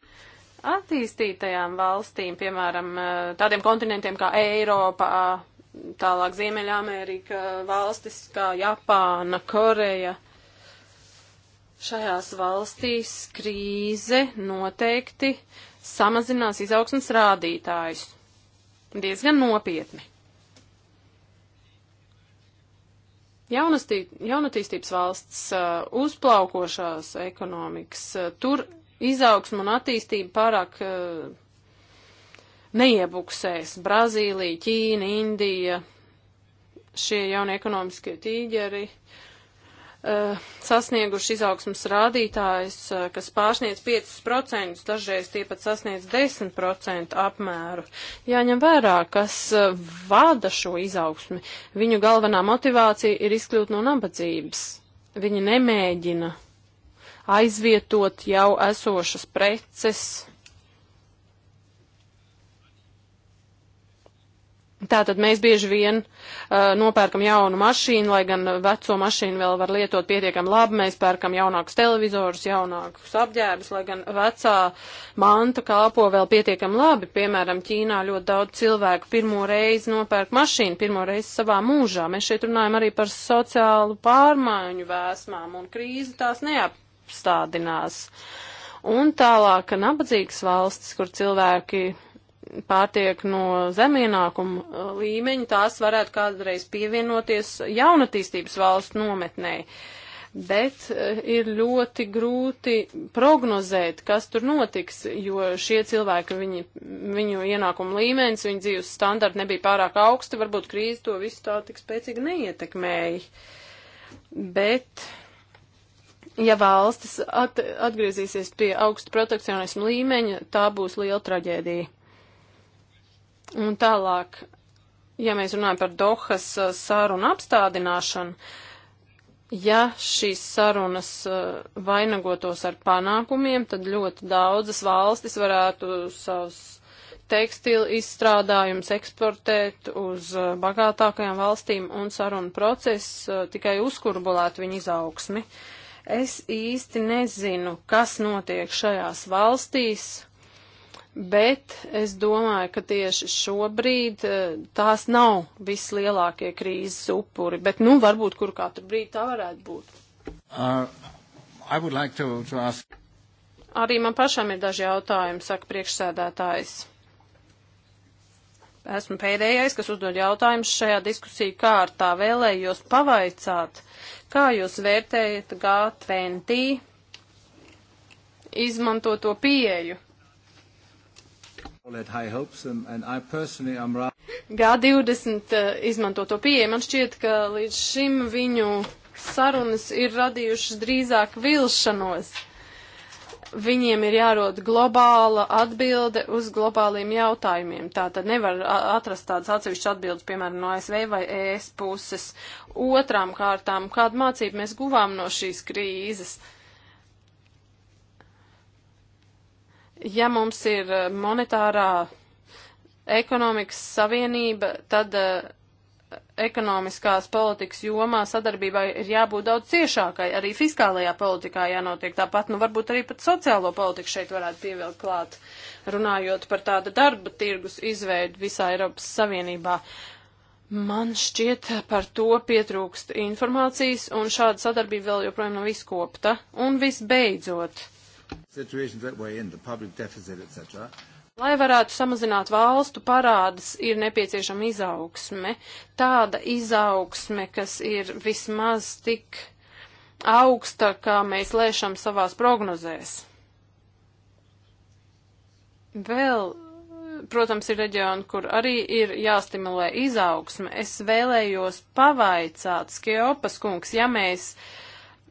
Attīstītajām valstīm, piemēram, eh, tādiem kontinentiem kā Eiropa, tālāk Ziemeļamerika, valstis kā Japāna, Koreja. Šajās valstīs krīze noteikti samazinās izaugsmas rādītājus. Diezgan nopietni. Jaunastī, jaunatīstības valsts uh, uzplaukošās ekonomikas, uh, tur izaugsmu un attīstību pārāk uh, neiebuksēs. Brazīlija, Ķīna, Indija, šie jaunie ekonomiskie tīģeri. Uh, Eh, sasnieguši izaugsmas rādītājus, eh, kas pārsniedz 5%, dažreiz tie pat sasniedz 10% apmēru. Jāņem vērā, kas eh, vada šo izaugsmi. Viņu galvenā motivācija ir izkļūt no nabadzības. Viņi nemēģina aizvietot jau esošas preces Tātad mēs bieži vien uh, nopērkam jaunu mašīnu, lai gan veco mašīnu vēl var lietot pietiekami labi. Mēs pērkam jaunākus televizorus, jaunākus apģērbus, lai gan vecā manta kalpo vēl pietiekami labi. Piemēram, Ķīnā ļoti daudz cilvēku pirmo reizi nopērk mašīnu, pirmo reizi savā mūžā. Mēs šeit runājam arī par sociālu pārmaiņu vēsmām un krīzi tās neapstādinās. Un tālāk, nabadzīgas valstis, kur cilvēki pārtiek no zemienākuma uh, līmeņa, tās varētu kādreiz pievienoties jaunatīstības valstu nometnēji. Bet uh, ir ļoti grūti prognozēt, kas tur notiks, jo šie cilvēki, viņi, viņu ienākumu līmenis, viņu dzīves standarti nebija pārāk augsti, varbūt krīze to visu tā tik spēcīgi neietekmēja. Bet ja valstis at atgriezīsies pie augsta protekcionismu līmeņa, tā būs liela traģēdija. Un tālāk, ja mēs runājam par Dohas uh, sarunu apstādināšanu, ja šīs sarunas uh, vainagotos ar panākumiem, tad ļoti daudzas valstis varētu savus tekstilu izstrādājums eksportēt uz uh, bagātākajām valstīm un sarunu process tikai uzkurbulētu viņu izaugsmi. Es īsti nezinu, kas notiek šajās valstīs, bet es domāju, ka tieši šobrīd eh, tās nav vislielākie krīzes upuri, bet nu varbūt kur katru brīdi tā varētu būt. Uh, like to, to ask... Arī man pašam ir daži jautājumi, saka priekšsēdētājs. Esmu pēdējais, kas uzdod jautājumus šajā diskusiju kārtā. Vēlējos pavaicāt, kā jūs vērtējat G20 izmantoto pieeju? G20 uh, izmanto to pieeju. Man šķiet, ka līdz šim viņu sarunas ir radījušas drīzāk vilšanos. Viņiem ir jārod globāla atbilde uz globāliem jautājumiem. Tā tad nevar atrast tādas atsevišķas atbildes, piemēram, no ASV vai ES puses. Otrām kārtām, kādu mācību mēs guvām no šīs krīzes? Uh, ja mums ir eh, monetārā ekonomikas savienība, tad uh, ekonomiskās politikas jomā sadarbībai ir jābūt daudz ciešākai, arī fiskālajā politikā jānotiek tāpat, nu varbūt arī pat sociālo politiku šeit varētu pievilkt klāt, runājot par tādu darba tirgus izveidu visā Eiropas Savienībā. Man šķiet par to pietrūkst informācijas, un šāda sadarbība vēl joprojām nav izkopta. Un visbeidzot, Deficit, Lai varētu samazināt valstu parādas, ir nepieciešama izaugsme. Tāda izaugsme, kas ir vismaz tik augsta, kā mēs lēšam savās prognozēs. Vēl protams, ir reģioni, kur arī ir jāstimulē izaugsme. Es vēlējos pavaicāt, Skjopas kungs, ja mēs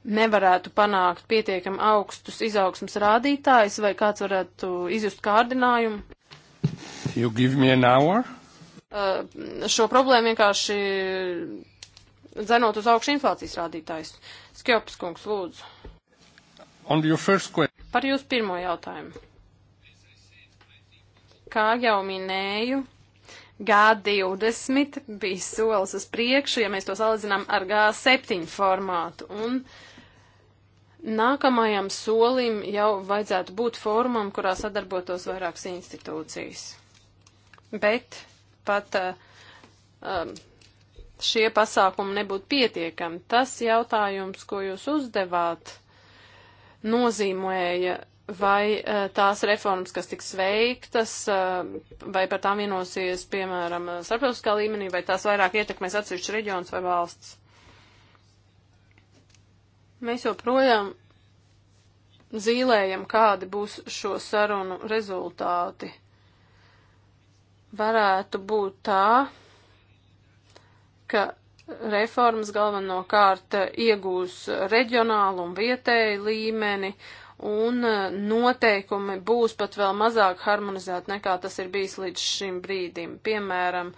nevarētu panākt pietiekam augstus izaugsmas rādītājus, vai kāds varētu izjust kārdinājumu? You give me an hour? Uh, šo problēmu vienkārši dzenot uz augšu inflācijas rādītājus. Skjops kungs, lūdzu. On your first question. Par jūsu pirmo jautājumu. Kā jau minēju, G20 bija solis uz priekšu, ja mēs to salīdzinām ar G7 formātu. Un uh, Nākamajam solim jau vajadzētu būt fórumam, kurā sadarbotos vairākas institūcijas. Bet pat uh, šie pasākumi nebūtu pietiekami. Tas jautājums, ko jūs uzdevāt, nozīmēja vai eh, tās reformas, kas tiks veiktas, eh, vai par tām vienosies, piemēram, starptautiskā līmenī, vai tās vairāk ietekmēs atsevišķu reģionus vai valsts? Mēs joprojām zīlējam, kādi būs šo sarunu rezultāti. Varētu būt tā, ka reformas galvenokārt iegūs reģionālu un vietēju līmeni, un noteikumi būs pat vēl mazāk harmonizēti nekā tas ir bijis līdz šim brīdim. Piemēram,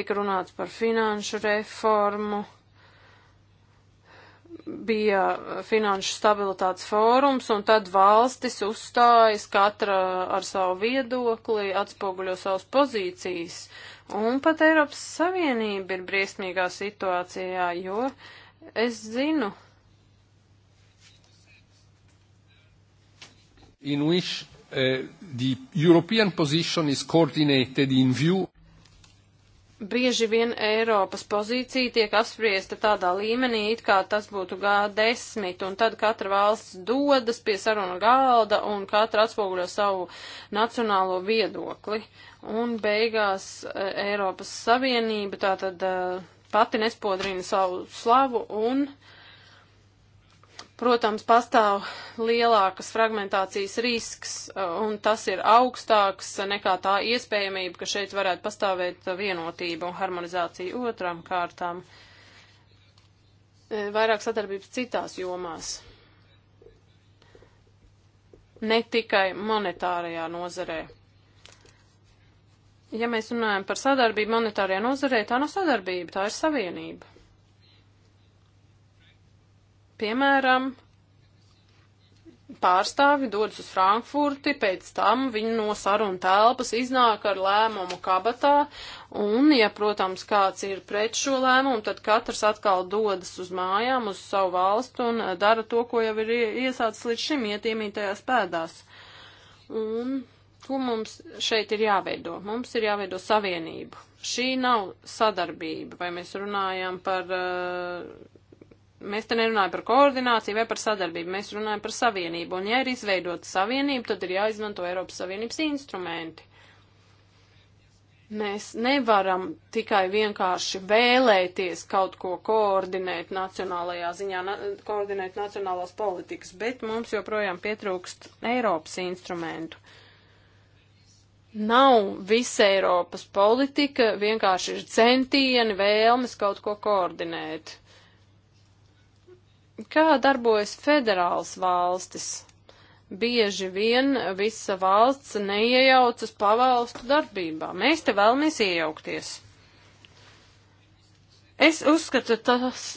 tika runāts par finanšu reformu bija finanšu stabilitātes fórums, un tad valstis uzstājas katra ar savu viedokli, atspoguļo savas pozīcijas. Un pat Eiropas Savienība ir briesmīgā situācijā, jo es zinu. In which uh, the European position is coordinated in view bieži vien Eiropas pozīcija tiek apspriesta tādā līmenī, it kā tas būtu G10, un tad katra valsts dodas pie saruna galda un katra atspoguļo savu nacionālo viedokli. Un beigās e, Eiropas Savienība tātad e, pati nespodrina savu slavu un uh, Protams, pastāv lielākas fragmentācijas risks, uh, un tas ir augstāks nekā tā iespējamība, ka šeit varētu pastāvēt vienotība un harmonizācija otrām kārtām. Uh, vairāk sadarbības citās jomās. Ne tikai monetārajā nozarē. Ja mēs runājam par sadarbību monetārajā nozarē, tā nav no sadarbība, tā ir savienība. Piemēram, pārstāvi dodas uz Frankfurti, pēc tam viņi no saruna telpas iznāk ar lēmumu kabatā, un, ja, protams, kāds ir pret šo lēmumu, tad katrs atkal dodas uz mājām, uz savu valstu un eh, dara to, ko jau ir iesācis līdz šim ietīmītajās pēdās. Un ko mums šeit ir jāveido? Mums ir jāveido savienību. Šī nav sadarbība, vai mēs runājam par uh, Mēs te nerunājam par koordināciju vai par sadarbību, mēs runājam par savienību. Un ja ir izveidota savienība, tad ir jāizmanto Eiropas Savienības instrumenti. Mēs nevaram tikai vienkārši vēlēties kaut ko koordinēt nacionālajā ziņā, na, koordinēt nacionālās politikas, bet mums joprojām pietrūkst Eiropas instrumentu. Nav visa Eiropas politika, vienkārši ir centieni, vēlmes kaut ko koordinēt. Kā darbojas federāls valstis? Bieži vien visa valsts neiejaucas pavalstu darbībā. Mēs te vēlamies iejaukties. Es uzskatu, tas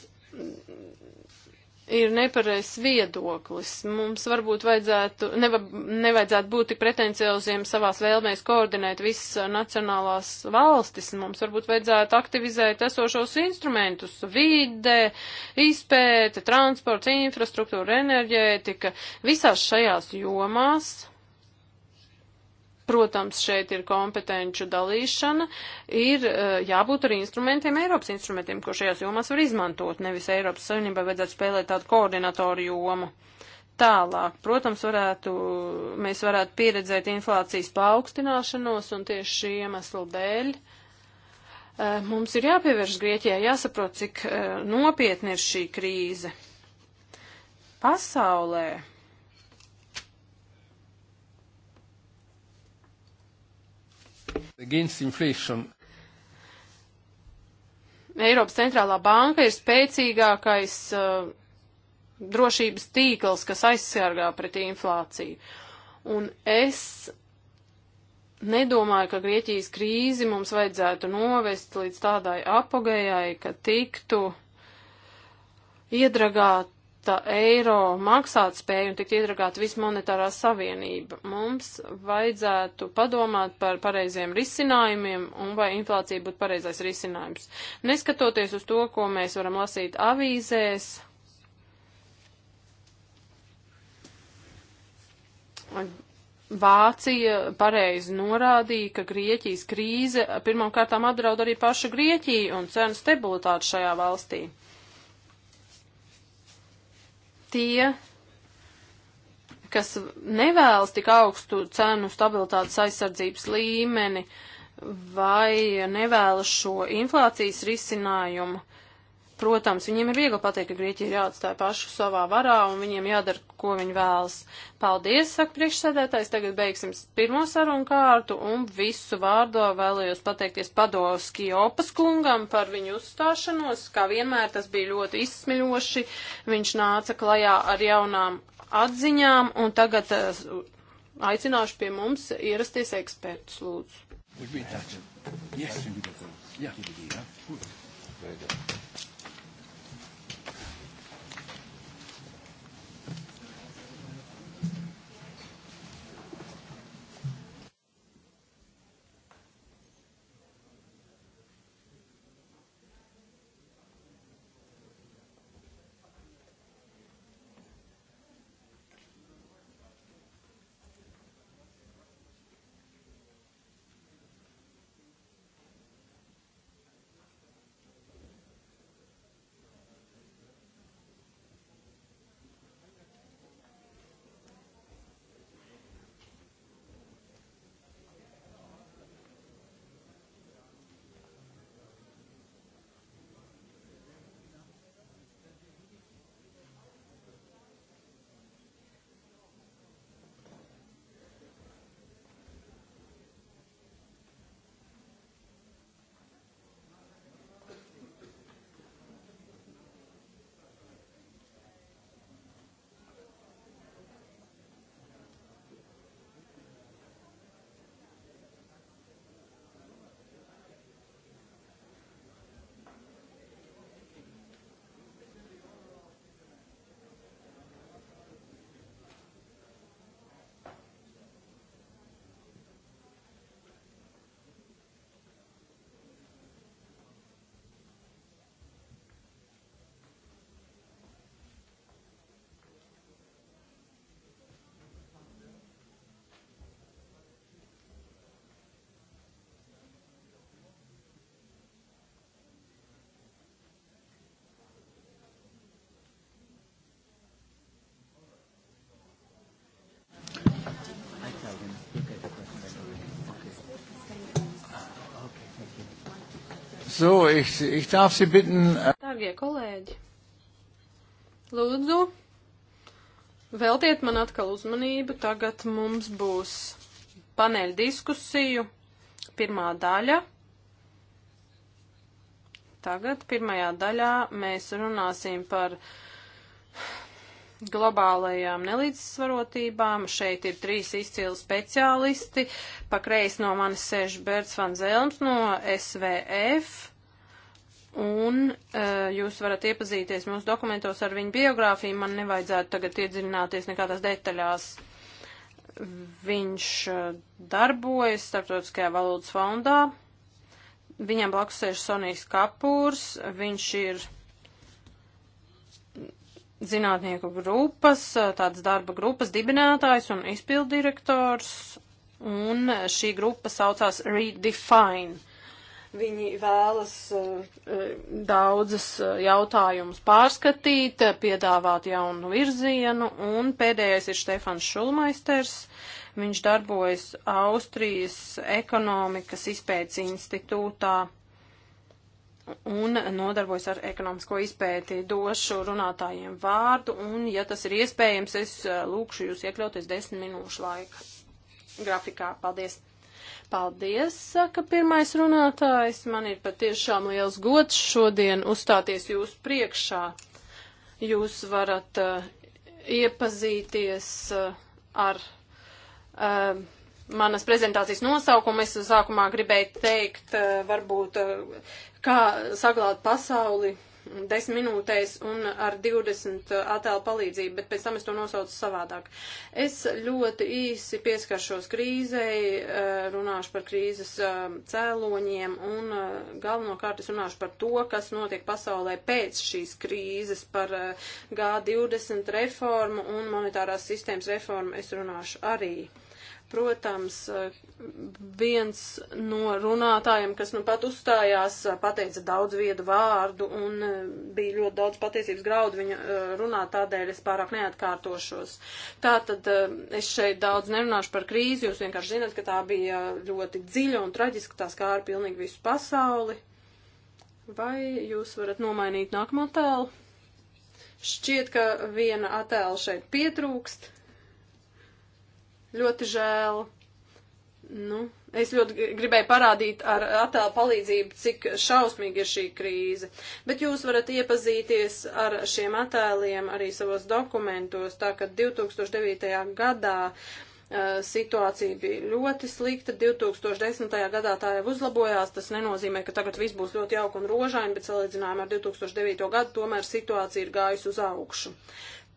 ir nepareizs viedoklis. Mums varbūt vajadzētu, neva, nevajadzētu būt tik pretencioziem savās vēlmēs koordinēt visas nacionālās valstis. Mums varbūt vajadzētu aktivizēt esošos instrumentus - vide, izpēte, transports, infrastruktūra, enerģētika. Visās šajās jomās Protams, šeit ir kompetenču dalīšana, ir e, jābūt arī instrumentiem, Eiropas instrumentiem, ko šajās jomās var izmantot, nevis Eiropas Savienībai vajadzētu spēlēt tādu koordinatoru jomu. Tālāk, protams, varētu, mēs varētu pieredzēt inflācijas paaugstināšanos un tieši šī iemesla dēļ uh, mums ir jāpievērš Grieķijai, jāsaprot, cik uh, nopietna ir šī krīze. Pasaulē Against inflation. Eiropas centrālā banka ir spēcīgākais uh, drošības tīkls, kas aizsargā pret inflāciju. Un es nedomāju, ka Grieķijas krīzi mums vajadzētu novest līdz tādai apogējai, ka tiktu iedragāt krita eiro maksātspēja un tik iedragāta visa monetārā savienība. Mums vajadzētu padomāt par pareiziem risinājumiem un vai inflācija būtu pareizais risinājums. Neskatoties uz to, ko mēs varam lasīt avīzēs, Vācija pareizi norādīja, ka Grieķijas krīze pirmkārtām apdraud arī pašu Grieķiju un cenu stabilitāti šajā valstī tie, kas nevēlas tik augstu cenu stabilitātes aizsardzības līmeni vai nevēlas šo inflācijas risinājumu, uh, Protams, viņiem ir viegli pateikt, ka Grieķija ir jāatstāja pašu savā varā un viņiem jādara, ko viņi vēlas. Paldies, saka priekšsēdētājs, tagad beigsim pirmo sarunu kārtu un visu vārdo vēlējos pateikties pados Kiopas kungam par viņu uzstāšanos. Kā vienmēr tas bija ļoti izsmiļoši, viņš nāca klajā ar jaunām atziņām un tagad eh, aicināšu pie mums ierasties ekspertus, lūdzu. Yes. Yeah. Very good. So, ich, ich darf Sie bitten. Äh, Dārgie kolēģi, lūdzu, veltiet man atkal uzmanību. Tagad mums būs paneļa diskusiju pirmā daļa. Tagad pirmajā daļā mēs runāsim par globālajām nelīdzsvarotībām. Šeit ir trīs izcili speciālisti. Pakreis no manis sēž Berts Van Zelms no SVF. Un uh, jūs varat iepazīties mūsu dokumentos ar viņu biogrāfiju. Man nevajadzētu tagad iedziļināties nekādās detaļās. Viņš uh, darbojas Startautiskajā valodas fondā. Viņam blakus sēž Sonijas Kapūrs. Viņš ir zinātnieku grupas, eh, tādas darba grupas dibinātājs un izpildirektors. Un šī grupa saucās Redefine Viņi vēlas eh, eh, daudzas eh, jautājumus pārskatīt, piedāvāt jaunu virzienu, un pēdējais ir Štefans Šulmaisters. Viņš darbojas Austrijas ekonomikas izpētes institūtā un nodarbojas ar ekonomisko izpēti. Došu runātājiem vārdu, un, ja tas ir iespējams, es lūkšu jūs iekļauties desmit minūšu laika grafikā. Paldies! Paldies, saka pirmais runātājs. Man ir patiešām liels gods šodien uzstāties jūsu priekšā. Jūs varat uh, iepazīties uh, ar uh, manas prezentācijas nosaukumu. Es sākumā gribēju teikt, uh, varbūt, uh, kā saglabāt pasauli 10 minūtēs un ar 20 uh, attēlu palīdzību, bet pēc tam es to nosaucu savādāk. Es ļoti īsi pieskaršos krīzei, uh, runāšu par krīzes um, cēloņiem un uh, galvenokārt es runāšu par to, kas notiek pasaulē pēc šīs krīzes, par G20 reformu un monetārās sistēmas reformu es runāšu arī. Protams, viens no runātājiem, kas nu pat uzstājās, pateica daudz viedu vārdu un e, bija ļoti daudz patiesības graudu viņa e, runā, tādēļ es pārāk neatkārtošos. Tātad e, es šeit daudz nerunāšu par krīzi, jūs vienkārši zinat, ka tā bija ļoti dziļa un traģiska, tā skāra pilnīgi visu pasauli. Vai jūs varat nomainīt nākamo tēlu? Šķiet, ka viena attēla šeit pietrūkst. Ļoti žēl. Nu, es ļoti gribēju parādīt ar attēlu palīdzību, cik šausmīgi ir šī krīze. Bet jūs varat iepazīties ar šiem attēliem arī savos dokumentos, tā ka 2009. gadā situācija bija ļoti slikta. 2010. gadā tā jau uzlabojās. Tas nenozīmē, ka tagad viss būs ļoti jauki un rožaini, bet salīdzinājumā ar 2009. gadu tomēr situācija ir gājusi uz augšu.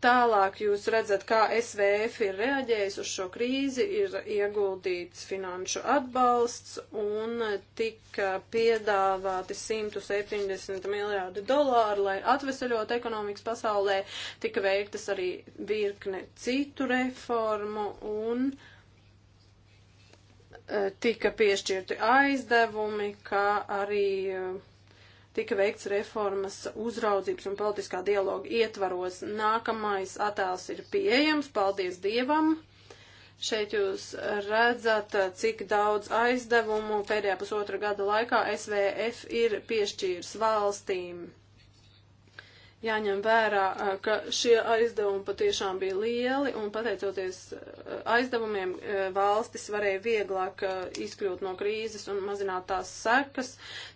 Tālāk jūs redzat, kā SVF ir reaģējis uz šo krīzi, ir ieguldīts finanšu atbalsts un tika piedāvāti 170 miljārdi dolāru, lai atveseļot ekonomikas pasaulē. Tika veiktas arī virkne citu reformu un eh, tika piešķirti aizdevumi, kā arī eh, tika veikts reformas uzraudzības un politiskā dialoga ietvaros. Nākamais attēls ir pieejams, paldies Dievam! Šeit jūs redzat, cik daudz aizdevumu pēdējā pusotra gada laikā SVF ir piešķīrs valstīm jāņem vērā, ka šie aizdevumi patiešām bija lieli, un pateicoties aizdevumiem valstis varēja vieglāk izkļūt no krīzes un mazināt tās sekas,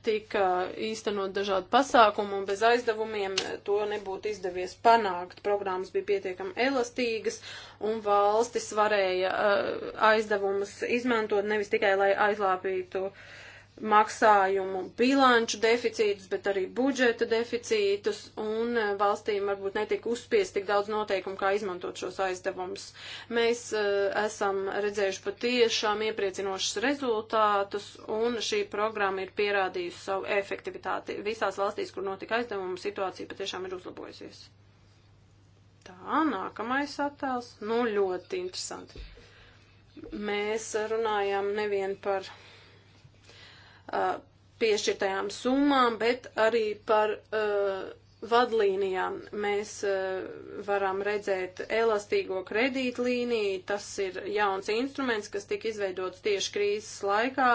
tika īstenot dažādi pasākumi, un bez aizdevumiem to nebūtu izdevies panākt. Programmas bija pietiekami elastīgas, un valstis varēja aizdevumus izmantot nevis tikai, lai aizlāpītu uh, maksājumu bilanču deficītus, bet arī budžeta deficītus, un eh, valstīm varbūt netika uzspiest tik daudz noteikumu, kā izmantot šos aizdevumus. Mēs uh, esam redzējuši patiešām iepriecinošus rezultātus, un šī programma ir pierādījusi savu efektivitāti. Visās valstīs, kur notika aizdevumu, situācija patiešām ir uzlabojusies. Tā, nākamais attēls. Nu, ļoti interesanti. Mēs runājām nevien par Uh, piešķirtajām summām, bet arī par uh, vadlīnijām. Mēs uh, varam redzēt elastīgo kredītlīniju, tas ir jauns instruments, kas tika izveidots tieši krīzes laikā,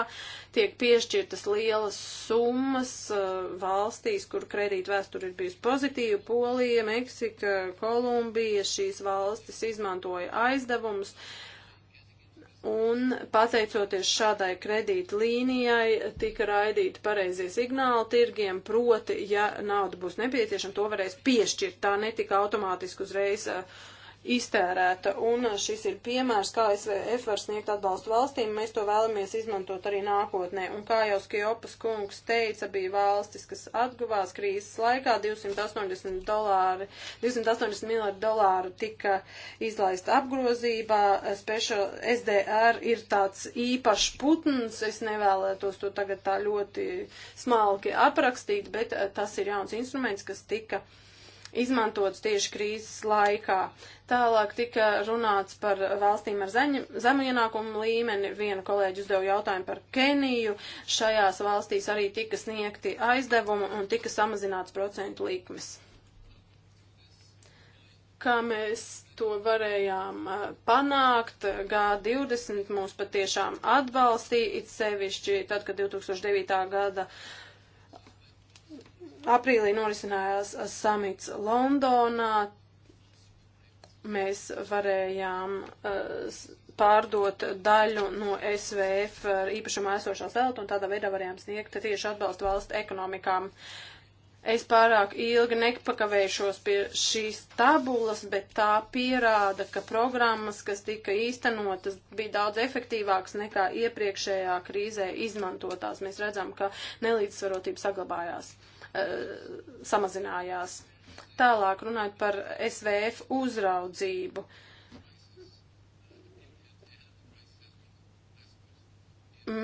tiek piešķirtas lielas summas valstīs, kur kredīt vēsture ir bijusi pozitīva - Polija, Meksika, Kolumbija, šīs valstis izmantoja aizdevumus. Uh, Un pateicoties šādai kredīta līnijai, tika raidīti pareizie signāli tirgiem, proti, ja nauda būs nepieciešama, to varēs piešķirt. Tā netika automātiski uzreiz uh, iztērēta. Un uh, šis ir piemērs, kā SVF var sniegt atbalstu valstīm. Mēs to vēlamies izmantot arī nākotnē. Un kā jau Skjopas kungs teica, bija valstis, kas atguvās krīzes laikā 280, dolāri, 280 miljardu dolāru tika izlaista apgrozībā. Special SDR ir tāds īpašs putns. Es nevēlētos to tagad tā ļoti smalki aprakstīt, bet uh, tas ir jauns instruments, kas tika uh, izmantots tieši krīzes laikā. Tālāk tika runāts par valstīm ar zemu ienākumu līmeni. Viena kolēģi uzdeva jautājumu par Keniju. Šajās valstīs arī tika sniegti aizdevumi un tika samazināts procentu likmes. Kā mēs to varējām uh, panākt. G20 mūs patiešām atbalstīja, it sevišķi tad, kad 2009. gada Aprīlī norisinājās uh, samits Londonā. Mēs varējām uh, pārdot daļu no SVF īpašumā esošās veltu un tādā veidā varējām sniegt tieši atbalstu valstu ekonomikām. Es pārāk ilgi nepakavēšos pie šīs tabulas, bet tā pierāda, ka programmas, kas tika īstenotas, bija daudz efektīvākas nekā iepriekšējā krīzē izmantotās. Mēs redzam, ka nelīdzsvarotība saglabājās samazinājās. Tālāk runājot par SVF uzraudzību.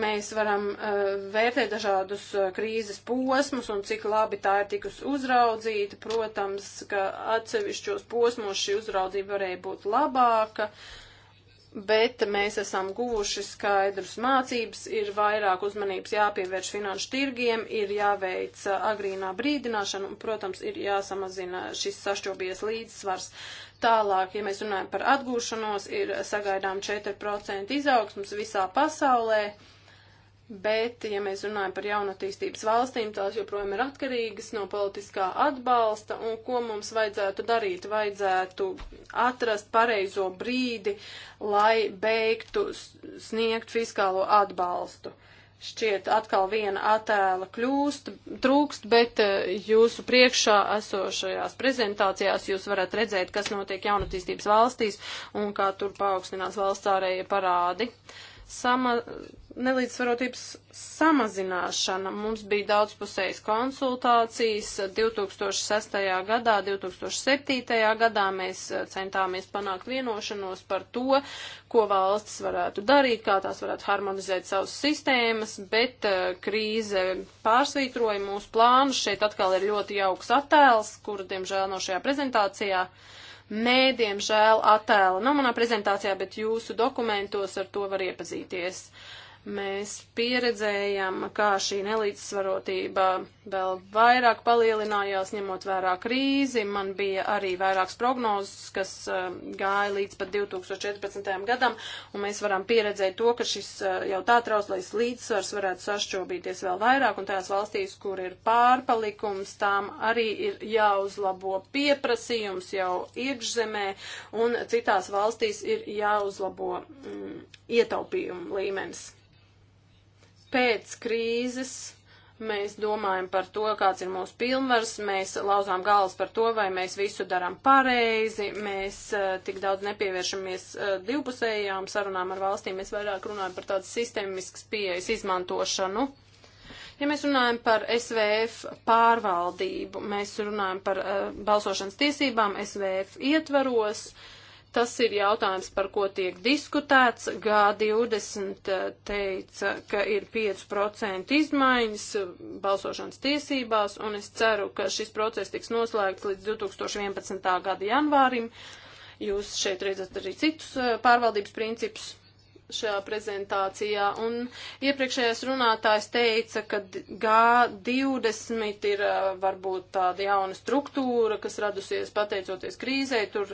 Mēs varam uh, vērtēt dažādus uh, krīzes posmus un cik labi tā ir tikus uzraudzīta. Protams, ka atsevišķos posmos šī uzraudzība varēja būt labāka. Uh, bet mēs esam guvuši skaidrus mācības, ir vairāk uzmanības jāpievērš finanšu tirgiem, ir jāveic agrīnā brīdināšana un, protams, ir jāsamazina šis sašķobies līdzsvars. Tālāk, ja mēs runājam par atgūšanos, ir sagaidām 4% izaugsmas visā pasaulē. Uh, Bet, ja mēs runājam par jaunatīstības valstīm, tās joprojām ir atkarīgas no politiskā atbalsta, un ko mums vajadzētu darīt? Vajadzētu atrast pareizo brīdi, lai beigtu sniegt fiskālo atbalstu. Šķiet, atkal viena attēla kļūst, trūkst, bet eh, jūsu priekšā esošajās prezentācijās jūs varat redzēt, kas notiek jaunatīstības valstīs un kā tur paaugstinās valsts ārējie parādi. Sama, nelīdzsvarotības samazināšana. Mums bija daudzpusējas konsultācijas 2006. Eh, gadā, 2007. gadā mēs eh, centāmies panākt vienošanos par to, ko valsts varētu darīt, kā tās varētu harmonizēt savas sistēmas, bet eh, krīze pārsvītroja mūsu plānus. Šeit atkal ir ļoti jauks attēls, kuru, diemžēl, no šajā prezentācijā Nē, diemžēl attēla nav manā prezentācijā, bet jūsu dokumentos ar to var iepazīties. Uh, Mēs pieredzējām, kā šī nelīdzsvarotība vēl vairāk palielinājās, ņemot vērā krīzi. Man bija arī vairākas prognozes, kas eh, gāja līdz pat 2014. gadam, un mēs varam pieredzēt to, ka šis eh, jau tā trauslais līdzsvars varētu sašķobīties vēl vairāk, un tās valstīs, kur ir pārpalikums, tām arī ir jāuzlabo pieprasījums jau iekšzemē, un citās valstīs ir jāuzlabo mm, ietaupījumu līmenis pēc krīzes mēs domājam par to, kāds ir mūsu pilnvars, mēs lauzām galvas par to, vai mēs visu darām pareizi, mēs uh, tik daudz nepievēršamies uh, divpusējām sarunām ar valstīm, mēs vairāk runājam par tādas sistemiskas pieejas izmantošanu. Ja mēs runājam par SVF pārvaldību, mēs runājam par uh, balsošanas tiesībām SVF ietvaros, uh, Tas ir jautājums, par ko tiek diskutēts. G20 teica, ka ir 5% izmaiņas balsošanas tiesībās, un es ceru, ka šis process tiks noslēgts līdz 2011. gada janvārim. Jūs šeit redzat arī citus eh, pārvaldības principus šajā prezentācijā. Un iepriekšējais runātājs teica, ka G20 ir varbūt tāda jauna struktūra, kas radusies pateicoties krīzē. Tur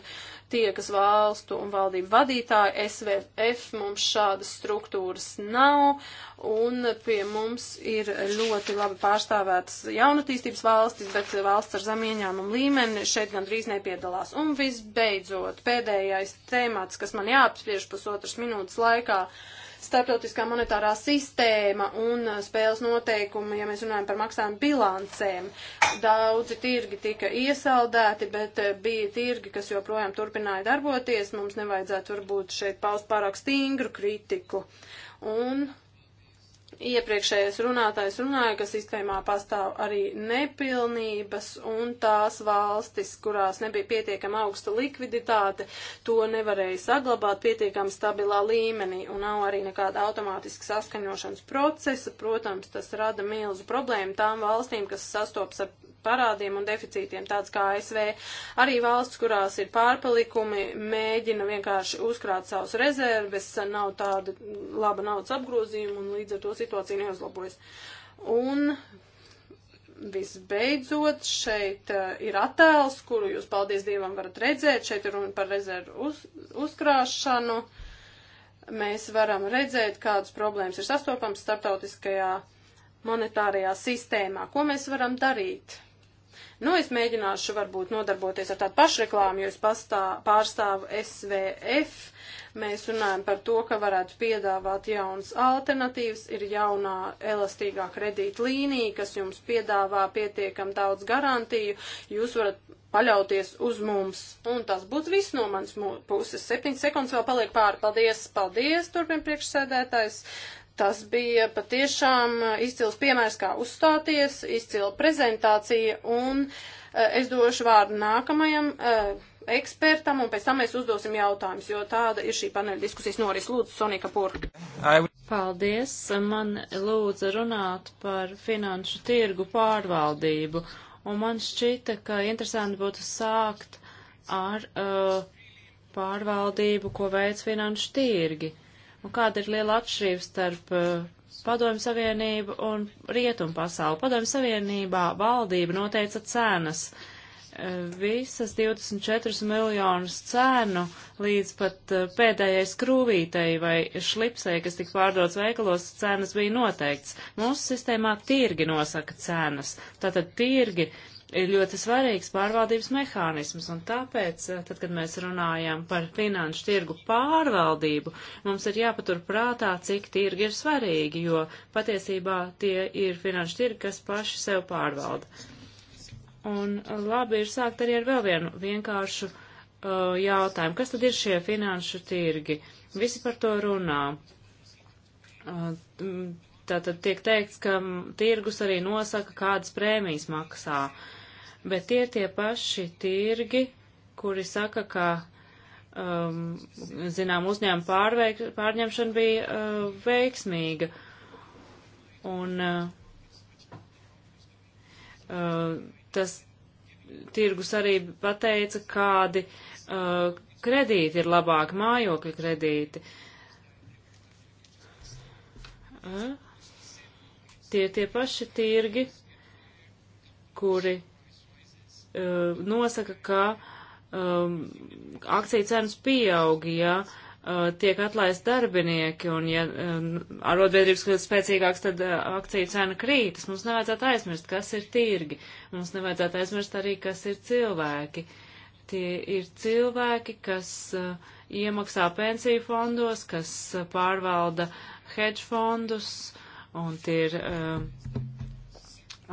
tie, kas valstu un valdību vadītāji, SVF, mums šādas struktūras nav un pie mums ir ļoti labi pārstāvētas jaunatīstības valstis, bet valsts ar zem ieņēmumu līmeni šeit gandrīz nepiedalās. Un visbeidzot, pēdējais temats, kas man jāapspriež pusotras minūtes laikā starptautiskā monetārā sistēma un spēles noteikumi, ja mēs runājam par maksājumu bilancēm. Daudzi tirgi tika iesaldēti, bet bija tirgi, kas joprojām turpināja darboties. Mums nevajadzētu varbūt šeit paust pārāk stingru kritiku. Un Iepriekšējais runātājs runāja, ka sistēmā pastāv arī nepilnības un tās valstis, kurās nebija pietiekama augsta likviditāte, to nevarēja saglabāt pietiekami stabilā līmenī un nav arī nekāda automātiska saskaņošanas procesa. Protams, tas rada milzu problēmu tām valstīm, kas sastopas ar parādiem un deficītiem, tāds kā ASV. Arī valsts, kurās ir pārpalikumi, mēģina vienkārši uzkrāt savus rezerves, nav tāda laba naudas apgrozījuma un līdz ar to situācija situācija neuzlabojas. Un visbeidzot, šeit eh, ir attēls, kuru jūs, paldies Dievam, varat redzēt. Šeit ir runa par rezervu uz, uzkrāšanu. Mēs varam redzēt, kādas problēmas ir sastopams starptautiskajā monetārajā sistēmā. Ko mēs varam darīt? Nu, es mēģināšu varbūt nodarboties ar tādu pašreklāmu, jo es pastā, pārstāvu SVF Mēs runājam par to, ka varētu piedāvāt jaunas alternatīvas, ir jaunā elastīgā kredīta līnija, kas jums piedāvā pietiekam daudz garantiju, jūs varat paļauties uz mums. Un tas būtu viss no manas puses. Septiņas sekundes vēl paliek pāri. Paldies, paldies, turpin priekšsēdētājs. Tas bija patiešām uh, izcils piemērs, kā uzstāties, izcila prezentācija, un uh, es došu vārdu nākamajam uh, ekspertam, un pēc tam mēs uzdosim jautājumus, jo tāda ir šī paneļa diskusijas noris. Lūdzu, Sonika Purka. Paldies. Man lūdza runāt par finanšu tirgu pārvaldību, un man šķita, ka interesanti būtu sākt ar uh, pārvaldību, ko veids finanšu tirgi. Un kāda ir liela atšķirība starp uh, Padomju Savienību un Rietumu pasauli? Padomju Savienībā valdība noteica cenas. Uh, visas 24 miljonus cēnu līdz pat eh, pēdējai skrūvītei vai šlipsei, kas tika pārdots veikalos, cenas bija noteikts. Mūsu sistēmā tirgi nosaka cenas. Tātad tirgi ir ļoti svarīgs pārvaldības mehānisms, un tāpēc, eh, tad, kad mēs runājam par finanšu tirgu pārvaldību, mums ir jāpatur prātā, cik tirgi ir svarīgi, jo patiesībā tie ir finanšu tirgi, kas paši sev pārvalda. Un uh, labi ir sākt arī ar vēl vienu vienkāršu uh, jautājumu. Kas tad ir šie finanšu tirgi? Visi par to runā. Uh, Tātad tiek teikts, ka tirgus arī nosaka, kādas prēmijas maksā. Bet tie ir tie paši tirgi, kuri saka, ka, um, zinām, uzņēmuma pārveik, pārņemšana bija uh, veiksmīga. Un, uh, uh tas tirgus arī pateica, kādi uh, kredīti ir labāki, mājokļa kredīti. Uh, tie tie paši tirgi, kuri uh, nosaka, ka um, akciju cenas pieaug, ja uh, Uh, tiek atlaist darbinieki, un ja um, arotbiedrības kļūst spēcīgāks, tad uh, akciju cena krītas. Mums nevajadzētu aizmirst, kas ir tirgi. Mums nevajadzētu aizmirst arī, kas ir cilvēki. Tie ir cilvēki, kas uh, iemaksā pensiju fondos, kas pārvalda hedge fondus, un, ir,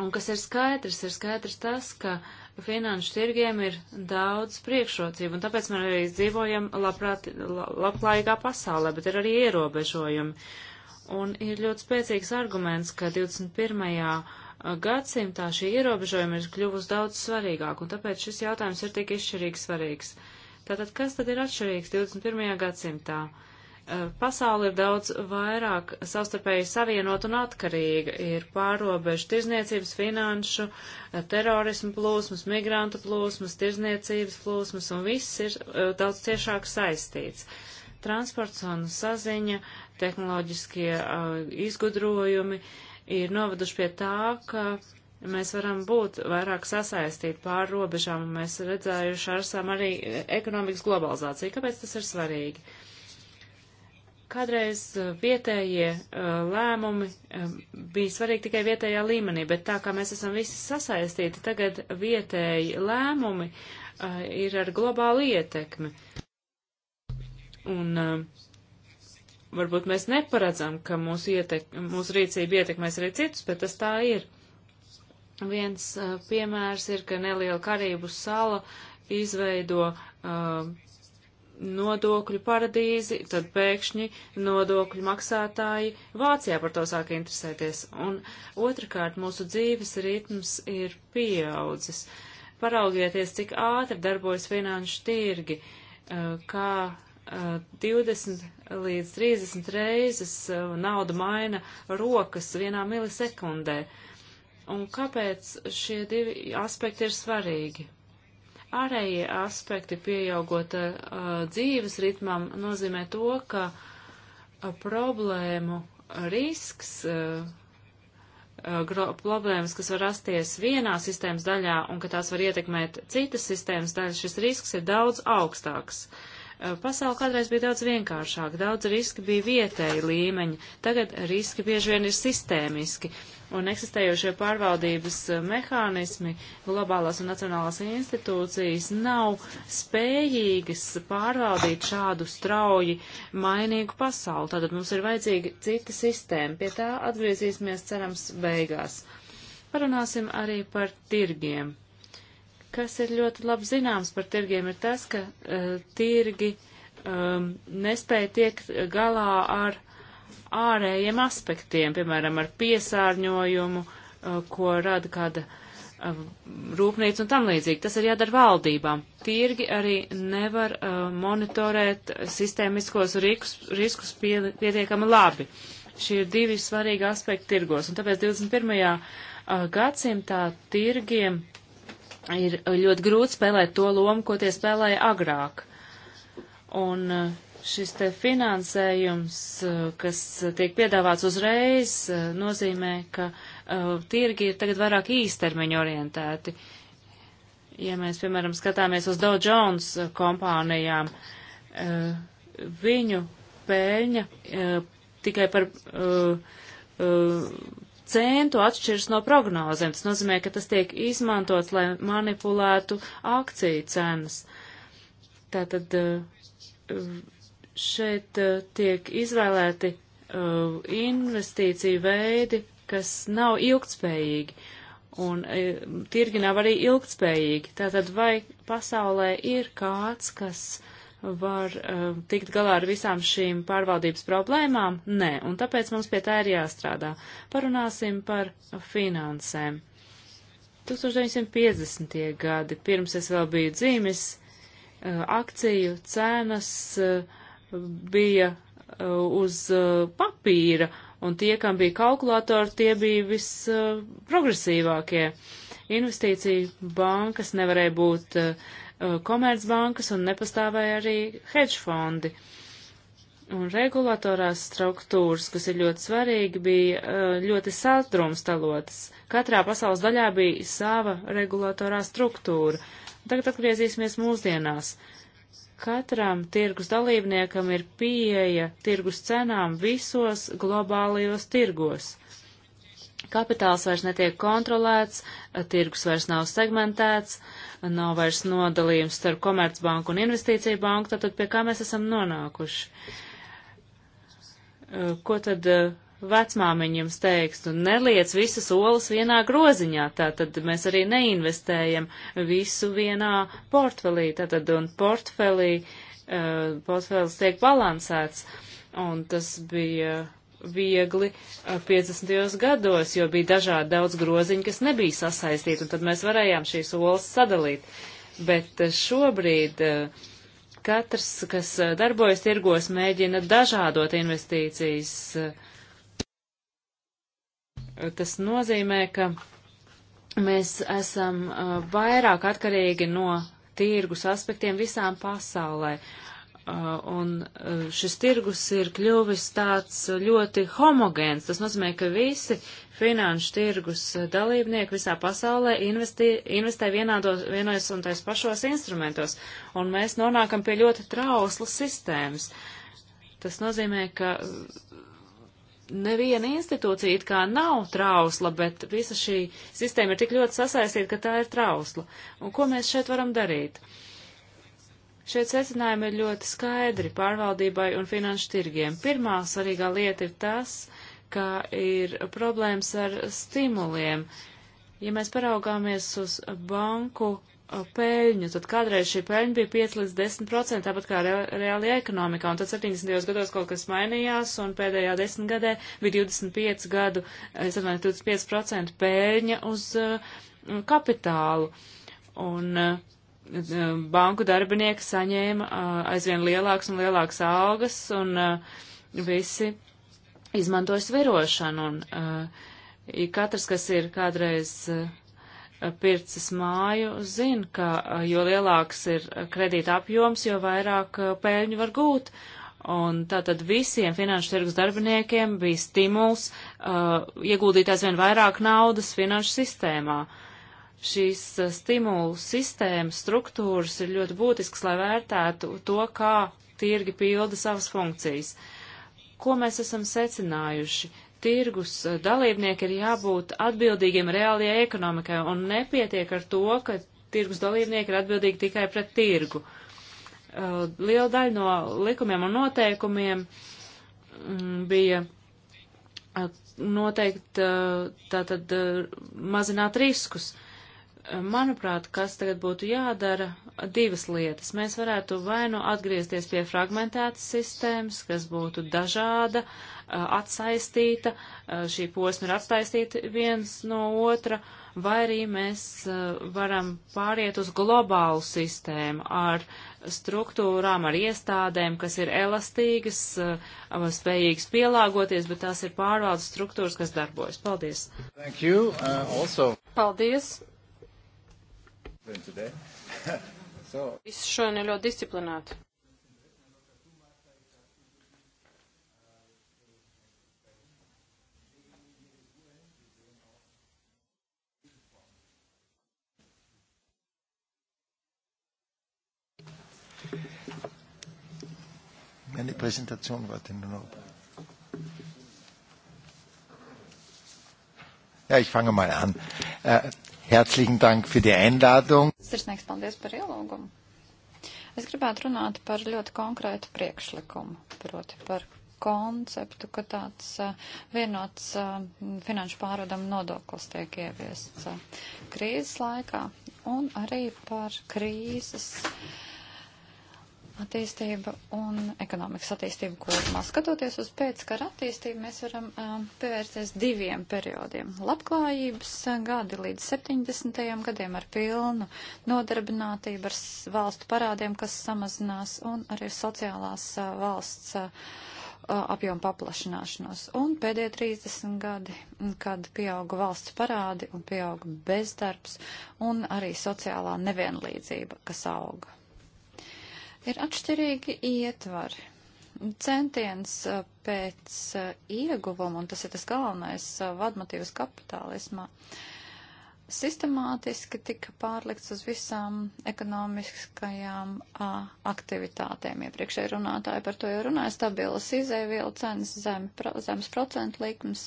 un kas ir skaidrs, ir skaidrs tas, ka uh, finanšu tirgiem ir daudz priekšrocību, un tāpēc mēs arī dzīvojam labprāt, labklājīgā pasaulē, bet ir arī ierobežojumi. Un ir ļoti spēcīgs arguments, ka 21. gadsimtā šī ierobežojuma ir kļuvusi daudz svarīgāk, un tāpēc šis jautājums ir tik izšķirīgi svarīgs. Tātad, kas tad ir atšķirīgs 21. gadsimtā? Uh, Eh, pasauli ir daudz vairāk savstarpēji savienot un atkarīga. Ir pārobežu tirzniecības, finanšu, eh, terorismu plūsmas, migrantu plūsmas, tirzniecības plūsmas un viss ir eh, daudz ciešāk saistīts. Transports un saziņa, tehnoloģiskie izgudrojumi ir noveduši pie tā, ka mēs varam būt vairāk sasaistīti pār robežām, un mēs redzējuši ar sam arī ekonomikas globalizāciju. Kāpēc tas ir svarīgi? Uh, Kādreiz eh, vietējie eh, lēmumi eh, bija svarīgi tikai vietējā līmenī, bet tā kā mēs esam visi sasaistīti, tagad vietēji lēmumi ir ar globālu ietekmi. Un varbūt mēs neparedzam, ka mūsu, ietek, mūsu rīcība ietekmēs arī citus, bet tas tā ir. Viens piemērs ir, ka neliela Karību sala izveido uh, nodokļu paradīzi, tad pēkšņi nodokļu maksātāji Vācijā par to sāk interesēties. Un otrkārt, mūsu dzīves ritms ir pieaudzis. Paraugieties, cik ātri darbojas finanšu tirgi, kā 20 līdz 30 reizes nauda maina rokas vienā milisekundē. Un kāpēc šie divi aspekti ir svarīgi? ārējie aspekti pieaugot uh, dzīves ritmam nozīmē to, ka uh, problēmu risks, uh, gro, problēmas, kas var rasties vienā sistēmas daļā un ka tās var ietekmēt citas sistēmas daļas, šis risks ir daudz augstāks. Uh, Eh, pasauli kādreiz bija daudz vienkāršāk, daudz riski bija vietēji līmeņi, tagad riski bieži vien ir sistēmiski, un eksistējošie pārvaldības eh, mehānismi, globālās un nacionālās institūcijas nav spējīgas pārvaldīt šādu strauji mainīgu pasauli. Tātad mums ir vajadzīga cita sistēma, pie tā atgriezīsimies cerams beigās. Parunāsim arī par tirgiem Kas ir ļoti labi zināms par tirgiem, ir tas, ka uh, tirgi um, nespēja tiekt galā ar ārējiem aspektiem, piemēram, ar piesārņojumu, uh, ko rada kāda uh, rūpnīca un tam līdzīgi. Tas ir jādara valdībām. Tirgi arī nevar uh, monitorēt sistēmiskos riskus, riskus pie, pietiekami labi. Šie ir divi svarīgi aspekti tirgos, un tāpēc 21. gadsimtā tirgiem ir ļoti grūti spēlēt to lomu, ko tie spēlēja agrāk. Un eh, šis te finansējums, eh, kas tiek piedāvāts uzreiz, eh, nozīmē, ka tirgi ir tagad vairāk īstermiņu orientēti. Ja mēs, piemēram, skatāmies uz Dow Jones kompānijām, viņu pēļņa tikai par centu atšķiras no prognozēm. Tas nozīmē, ka tas tiek izmantots, lai manipulētu akciju cenas. Tātad eh, šeit eh, tiek izvēlēti eh, investīciju veidi, kas nav ilgtspējīgi. Un tirgi nav arī ilgtspējīgi. Tātad vai pasaulē ir kāds, kas var uh, tikt galā ar visām šīm pārvaldības problēmām? Nē, un tāpēc mums pie tā ir jāstrādā. Parunāsim par finansēm. 1950. gadi, pirms es vēl biju dzīvis, uh, eh, akciju cenas uh, bija uh, uz uh, papīra, un tie, kam bija kalkulatori, tie bija visprogresīvākie. Uh, Investīcija bankas nevarēja būt uh, Uh, komercbankas un nepastāvēja arī hedge fondi. Un regulatorās struktūras, kas ir ļoti svarīgi, bija uh, ļoti sadrumstalotas. Katrā pasaules daļā bija sava regulatorā struktūra. Tagad atgriezīsimies mūsdienās. Katram tirgus dalībniekam ir pieeja tirgus cenām visos globālajos tirgos. Kapitāls vairs netiek kontrolēts, tirgus vairs nav segmentēts, nav vairs nodalījums starp Komercbanku un Investīciju banku, tad, tad pie kā mēs esam nonākuši? Eh, ko tad eh, vecmāmiņa jums teiks, un nu, neliec visas olas vienā groziņā, tātad mēs arī neinvestējam visu vienā portfelī, tātad un portfelī, eh, portfelis tiek balansēts, un tas bija viegli 50. gados, jo bija dažādi daudz groziņi, kas nebija sasaistīti, un tad mēs varējām šīs olas sadalīt. Bet šobrīd katrs, kas darbojas tirgos, mēģina dažādot investīcijas. Tas nozīmē, ka mēs esam vairāk atkarīgi no tirgus aspektiem visām pasaulē. Uh, Uh, un uh, šis tirgus ir kļuvis tāds ļoti homogēns. Tas nozīmē, ka visi finanšu tirgus uh, dalībnieki visā pasaulē investē, investē vienādos, vienojas un tais pašos instrumentos. Un mēs nonākam pie ļoti trauslas sistēmas. Tas nozīmē, ka neviena institūcija it kā nav trausla, bet visa šī sistēma ir tik ļoti sasaistīta, ka tā ir trausla. Un ko mēs šeit varam darīt? Uh, Šie secinājumi ir ļoti skaidri pārvaldībai un finanšu tirgiem. Pirmā svarīgā lieta ir tas, ka ir problēmas ar stimuliem. Ja mēs paraugāmies uz banku peļņu, tad kādreiz šī peļņa bija 5 līdz 10 procenti, tāpat kā re reālajā ekonomikā, un tad 70. gados kaut kas mainījās, un pēdējā desmitgadē bija 25 gadu, es atvainu, 25 procentu peļņa uz uh, kapitālu. Un uh, banku darbinieki saņēma aizvien lielākas un lielākas algas un visi izmantoja svirošanu. Un, katrs, kas ir kādreiz pircis māju, zina, ka jo lielāks ir kredīta apjoms, jo vairāk pēļņu var gūt. Un tātad visiem finanšu tirgus darbiniekiem bija stimuls uh, ieguldīt aizvien vairāk naudas finanšu sistēmā. Uh, šīs eh, stimulu sistēmas, struktūras ir ļoti būtisks, lai vērtētu to, kā tirgi pilda savas funkcijas. Ko mēs esam secinājuši? Tirgus eh, dalībnieki ir jābūt atbildīgiem reālajai ekonomikai un nepietiek ar to, ka tirgus dalībnieki ir atbildīgi tikai pret tirgu. Eh, liela daļa no likumiem un noteikumiem mm, bija noteikti tātad mazināt riskus manuprāt, kas tagad būtu jādara, divas lietas. Mēs varētu vai nu atgriezties pie fragmentētas sistēmas, kas būtu dažāda, atsaistīta, šī posma ir atsaistīta viens no otra, vai arī mēs varam pāriet uz globālu sistēmu ar struktūrām, ar iestādēm, kas ir elastīgas, spējīgas pielāgoties, bet tās ir pārvaldes struktūras, kas darbojas. Paldies! Thank you, uh, also. Paldies! so... Visi šodien ir ļoti disciplināti. Meine Präsentation wartet nur noch. Ja, ich fange mal an. Äh, Herzlichen Dank für die Einladung. Sirsnieks, paldies par ielūgumu. Es gribētu runāt par ļoti konkrētu priekšlikumu, proti par konceptu, ka tāds eh, vienots eh, finanšu pārvadam nodoklis tiek ieviests eh, krīzes laikā un arī par krīzes uh, attīstība un ekonomikas attīstība kopumā. Skatoties uz pēckara attīstību, mēs varam uh, pievērsties diviem periodiem. Labklājības gadi līdz 70. gadiem ar pilnu nodarbinātību ar valstu parādiem, kas samazinās, un arī sociālās uh, valsts uh, apjomu paplašināšanos. Un pēdējie 30 gadi, kad pieauga valsts parādi un pieauga bezdarbs un arī sociālā nevienlīdzība, kas auga. Ir atšķirīgi ietvari. Centiens uh, pēc uh, ieguvuma, un tas ir tas galvenais uh, vadmatīvas kapitālismā, sistemātiski tika pārlikts uz visām ekonomiskajām a, aktivitātēm. Iepriekšēji runātāji par to jau runāja - stabilas izēvielu cenas, zem, pro, zemes procentu likmes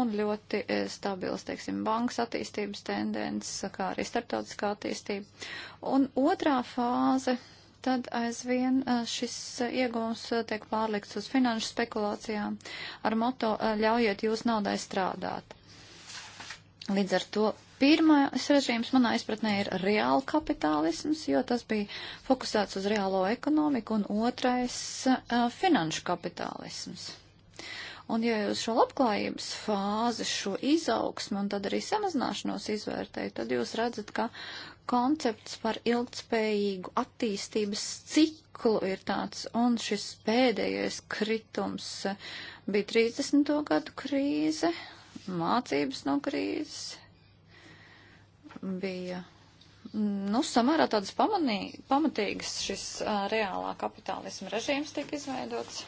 un ļoti stabilas, teiksim, bankas attīstības tendences, kā arī starptautiskā attīstība. Un otrā fāze tad aizvien eh, šis eh, iegūms eh, tiek pārlikts uz finanšu spekulācijām ar moto ļaujiet jūs naudai strādāt. Līdz ar to pirmais režīms manā izpratnē ir reāla kapitālisms, jo tas bija fokusēts uz reālo ekonomiku, un otrais - finanšu kapitālisms. Un, ja jūs šo labklājības fāzi, šo izaugsmu un tad arī samazināšanos izvērtējat, tad jūs redzat, ka koncepts par ilgtspējīgu attīstības ciklu ir tāds, un šis pēdējais kritums bija 30. gadu krīze, mācības no krīzes bija, nu, samērā tāds pamanī, pamatīgs šis uh, reālā kapitālisma režīms tika izveidots.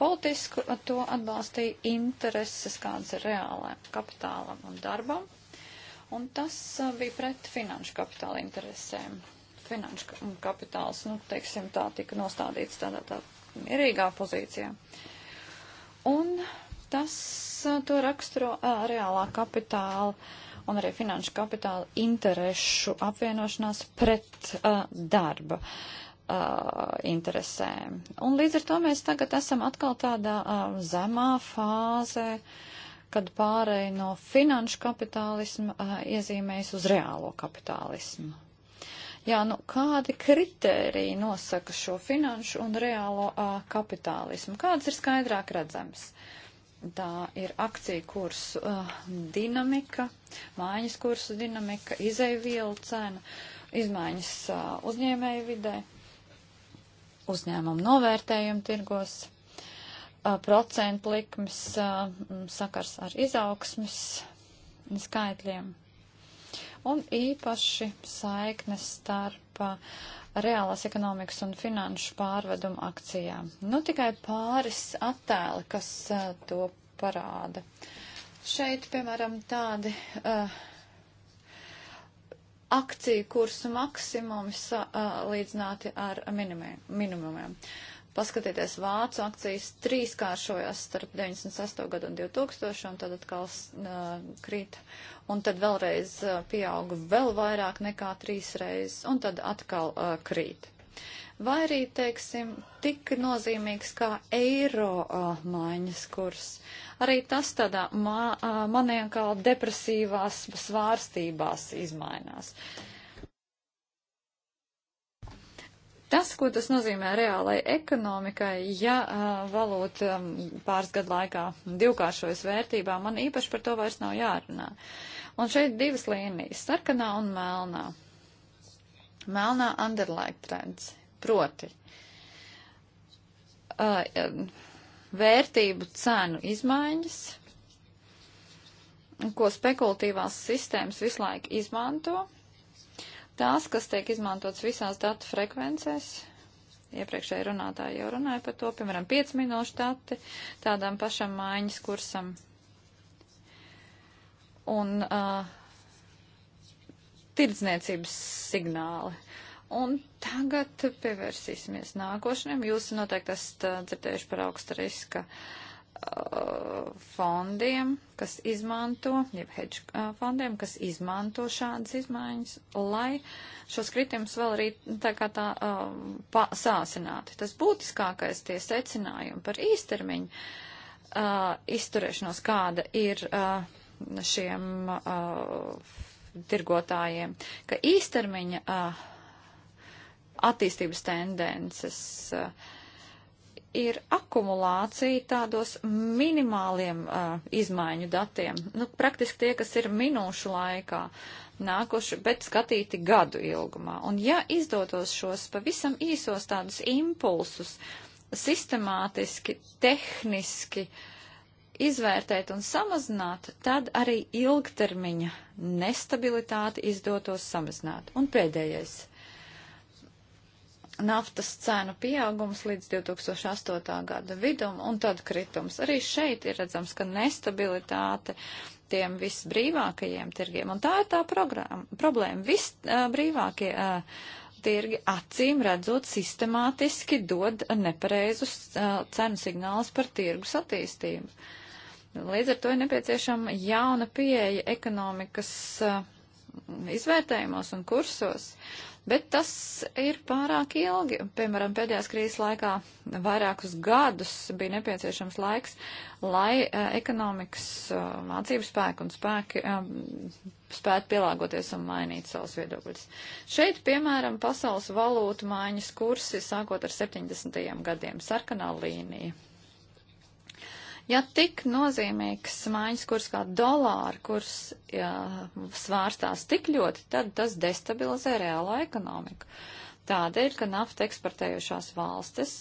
Politisku to atbalstīja intereses, kāds ir reālajam kapitālam un darbam Un tas bija pret finanšu kapitāla interesēm. Finanšu kapitāls, nu, teiksim, tā tika nostādīts tādā tā mierīgā pozīcijā. Un tas to raksturo reālā kapitāla un arī finanšu kapitāla interešu apvienošanās pret uh, darba uh, interesēm. Un līdz ar to mēs tagad esam atkal tādā uh, zemā fāzē. Uh, kad pārēj no finanšu kapitālisma iezīmējas uz reālo kapitālismu. Jā, nu kādi kriteriji nosaka šo finanšu un reālo a, kapitālismu? Kāds ir skaidrāk redzams? Tā ir akciju kursu a, dinamika, mājas kursu dinamika, izēvielu cena, izmaiņas a, uzņēmēju vidē, uzņēmumu novērtējumu tirgos Uh, procentu likmes uh, mm, sakars ar izaugsmes skaitļiem. Un īpaši saiknes starp uh, reālās ekonomikas un finanšu pārvedumu akcijām. Nu, tikai pāris attēli, kas to parāda. Šeit, piemēram, tādi uh, akciju kursu maksimumi salīdzināti ar minimumiem. minimumiem. Uh, Paskatieties, vācu akcijas trīskāršojās starp 98. gadu un 2000, un tad atkal uh, krīt, un tad vēlreiz uh, pieauga vēl vairāk nekā trīs reizes, un tad atkal uh, krīt. Vai arī, teiksim, tik nozīmīgs kā eiro uh, maiņas kurs. Arī tas tādā ma, uh, maniekāli depresīvās svārstībās izmainās. Uh, Tas, ko tas nozīmē reālai ekonomikai, ja uh, valūta um, pāris gadu laikā divkāršojas vērtībā, man īpaši par to vairs nav jārunā. Un šeit divas līnijas - sarkanā un melnā. Melnā underlike trends, proti uh, vērtību cenu izmaiņas, ko spekulatīvās sistēmas visu laiku izmanto Tās, kas tiek izmantotas visās datu frekvencēs, iepriekšēji runātāji jau runāja par to, piemēram, 5 minūšu dati tādam pašam mājiņas kursam. Un uh, tirdzniecības signāli. Un tagad pievērsīsimies nākošaniem. Jūs noteikti esat uh, dzirdējuši par augsta riska uh, Uh, fondiem, kas izmanto, jeb hedge uh, fondiem, kas izmanto šādas izmaiņas, lai šos kritimus vēl arī tā kā tā uh, sāsinātu. Tas būtiskākais tie secinājumi par īstermiņu uh, izturēšanos, kāda ir uh, šiem uh, tirgotājiem, ka īstermiņa uh, attīstības tendences uh, ir akumulācija tādos minimāliem uh, izmaiņu datiem. Nu, praktiski tie, kas ir minūšu laikā nākuši, bet skatīti gadu ilgumā. Un ja izdotos šos pavisam īsos tādus impulsus sistemātiski, tehniski izvērtēt un samazināt, tad arī ilgtermiņa nestabilitāti izdotos samazināt. Un pēdējais naftas cēnu pieaugums līdz 2008. gada vidum un tad kritums. Arī šeit ir redzams, ka nestabilitāte tiem visbrīvākajiem tirgiem, un tā ir tā programma, problēma. Visbrīvākie uh, uh, tirgi acīm redzot sistemātiski dod nepareizus uh, cenu signālus par tirgus attīstību. Līdz ar to ir nepieciešama jauna pieeja ekonomikas izvērtējumos un kursos. Uh, Bet tas ir pārāk ilgi. Piemēram, pēdējās krīzes laikā vairākus gadus bija nepieciešams laiks, lai uh, ekonomikas uh, eh, mācību spēku un spēki um, spētu pielāgoties un mainīt savus viedokļus. Šeit, piemēram, pasaules valūtu maiņas kursi sākot ar 70. gadiem, sarkanā līnija Ja tik nozīmīgs mājas kurs kā dolāra kurs ja, svārstās tik ļoti, tad tas destabilizē reālo ekonomiku. Tādēļ, ka nafta eksportējušās valstis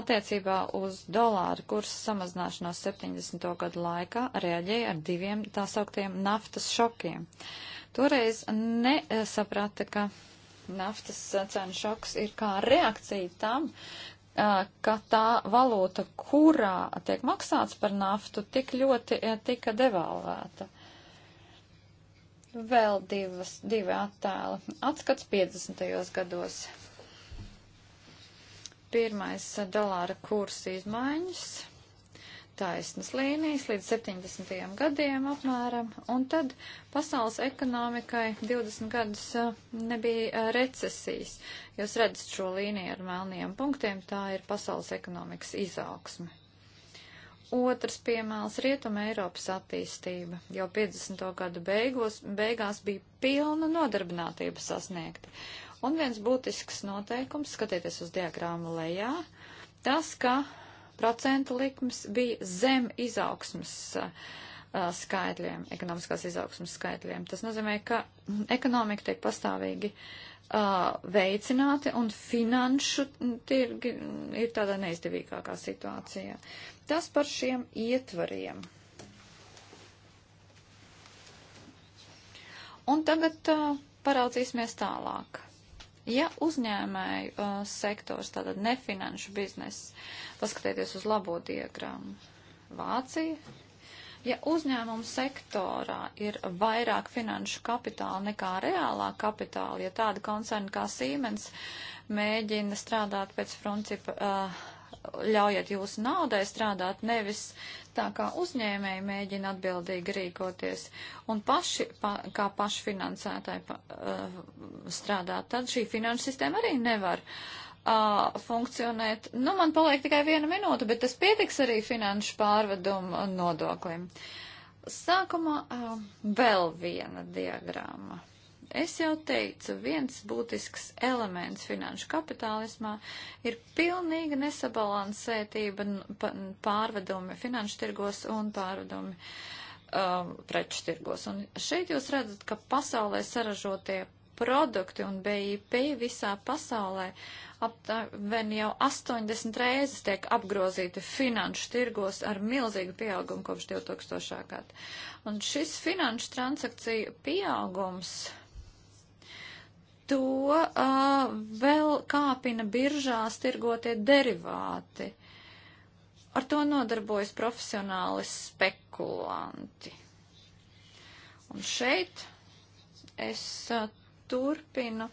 attiecībā uz dolāru kursu samazināšanos 70. gadu laikā reaģēja ar diviem tā sauktiem naftas šokiem. Toreiz nesaprata, ka naftas cenu šoks ir kā reakcija tam, ka tā valūta, kurā tiek maksāts par naftu, tik ļoti tika devalvēta. Vēl divas, divi attēli. Atskats 50. gados. Pirmais dolāra kursa izmaiņas taisnas līnijas līdz 70. gadiem apmēram, un tad pasaules ekonomikai 20 gadus nebija recesijas. Jūs redzat šo līniju ar melniem punktiem, tā ir pasaules ekonomikas izaugsme. Otrs piemērs - Rietuma Eiropas attīstība. Jau 50. gadu beigos, beigās bija pilna nodarbinātība sasniegta. Un viens būtisks noteikums, skatieties uz diagrāmu lejā, tas, ka procentu likmes bija zem izaugsmas uh, skaitļiem, ekonomiskās izaugsmas skaitļiem. Tas nozīmē, ka ekonomika tiek pastāvīgi uh, veicināti un finanšu tirgi ir tādā neizdevīgākā situācijā. Tas par šiem ietvariem. Un tagad uh, paraudzīsimies tālāk. Ja uzņēmēju uh, sektors, tātad nefinanšu bizness, paskatieties uz labo diagrammu. Vācija. Ja uzņēmumu sektorā ir vairāk finanšu kapitāla nekā reālā kapitāla, ja tāda koncerna kā Siemens mēģina strādāt pēc principa uh, ļaujiet jūsu naudai strādāt, nevis tā kā uzņēmēji mēģina atbildīgi rīkoties un paši, pa, kā pašfinansētāji pa, uh, strādāt, tad šī finanšu sistēma arī nevar uh, funkcionēt. Nu, man paliek tikai viena minūte, bet tas pietiks arī finanšu pārvedumu nodoklim. Sākumā uh, vēl viena diagrāma. Es jau teicu, viens būtisks elements finanšu kapitālismā ir pilnīga nesabalansētība pārvedumi finanšu tirgos un pārvedumi um, preču tirgos. Un šeit jūs redzat, ka pasaulē saražotie produkti un BIP visā pasaulē aptuveni jau 80 reizes tiek apgrozīti finanšu tirgos ar milzīgu pieaugumu kopš 2000. gada. Un šis finanšu transakciju pieaugums to uh, vēl kāpina biržās tirgotie derivāti. Ar to nodarbojas profesionāli spekulanti. Un šeit es uh, turpinu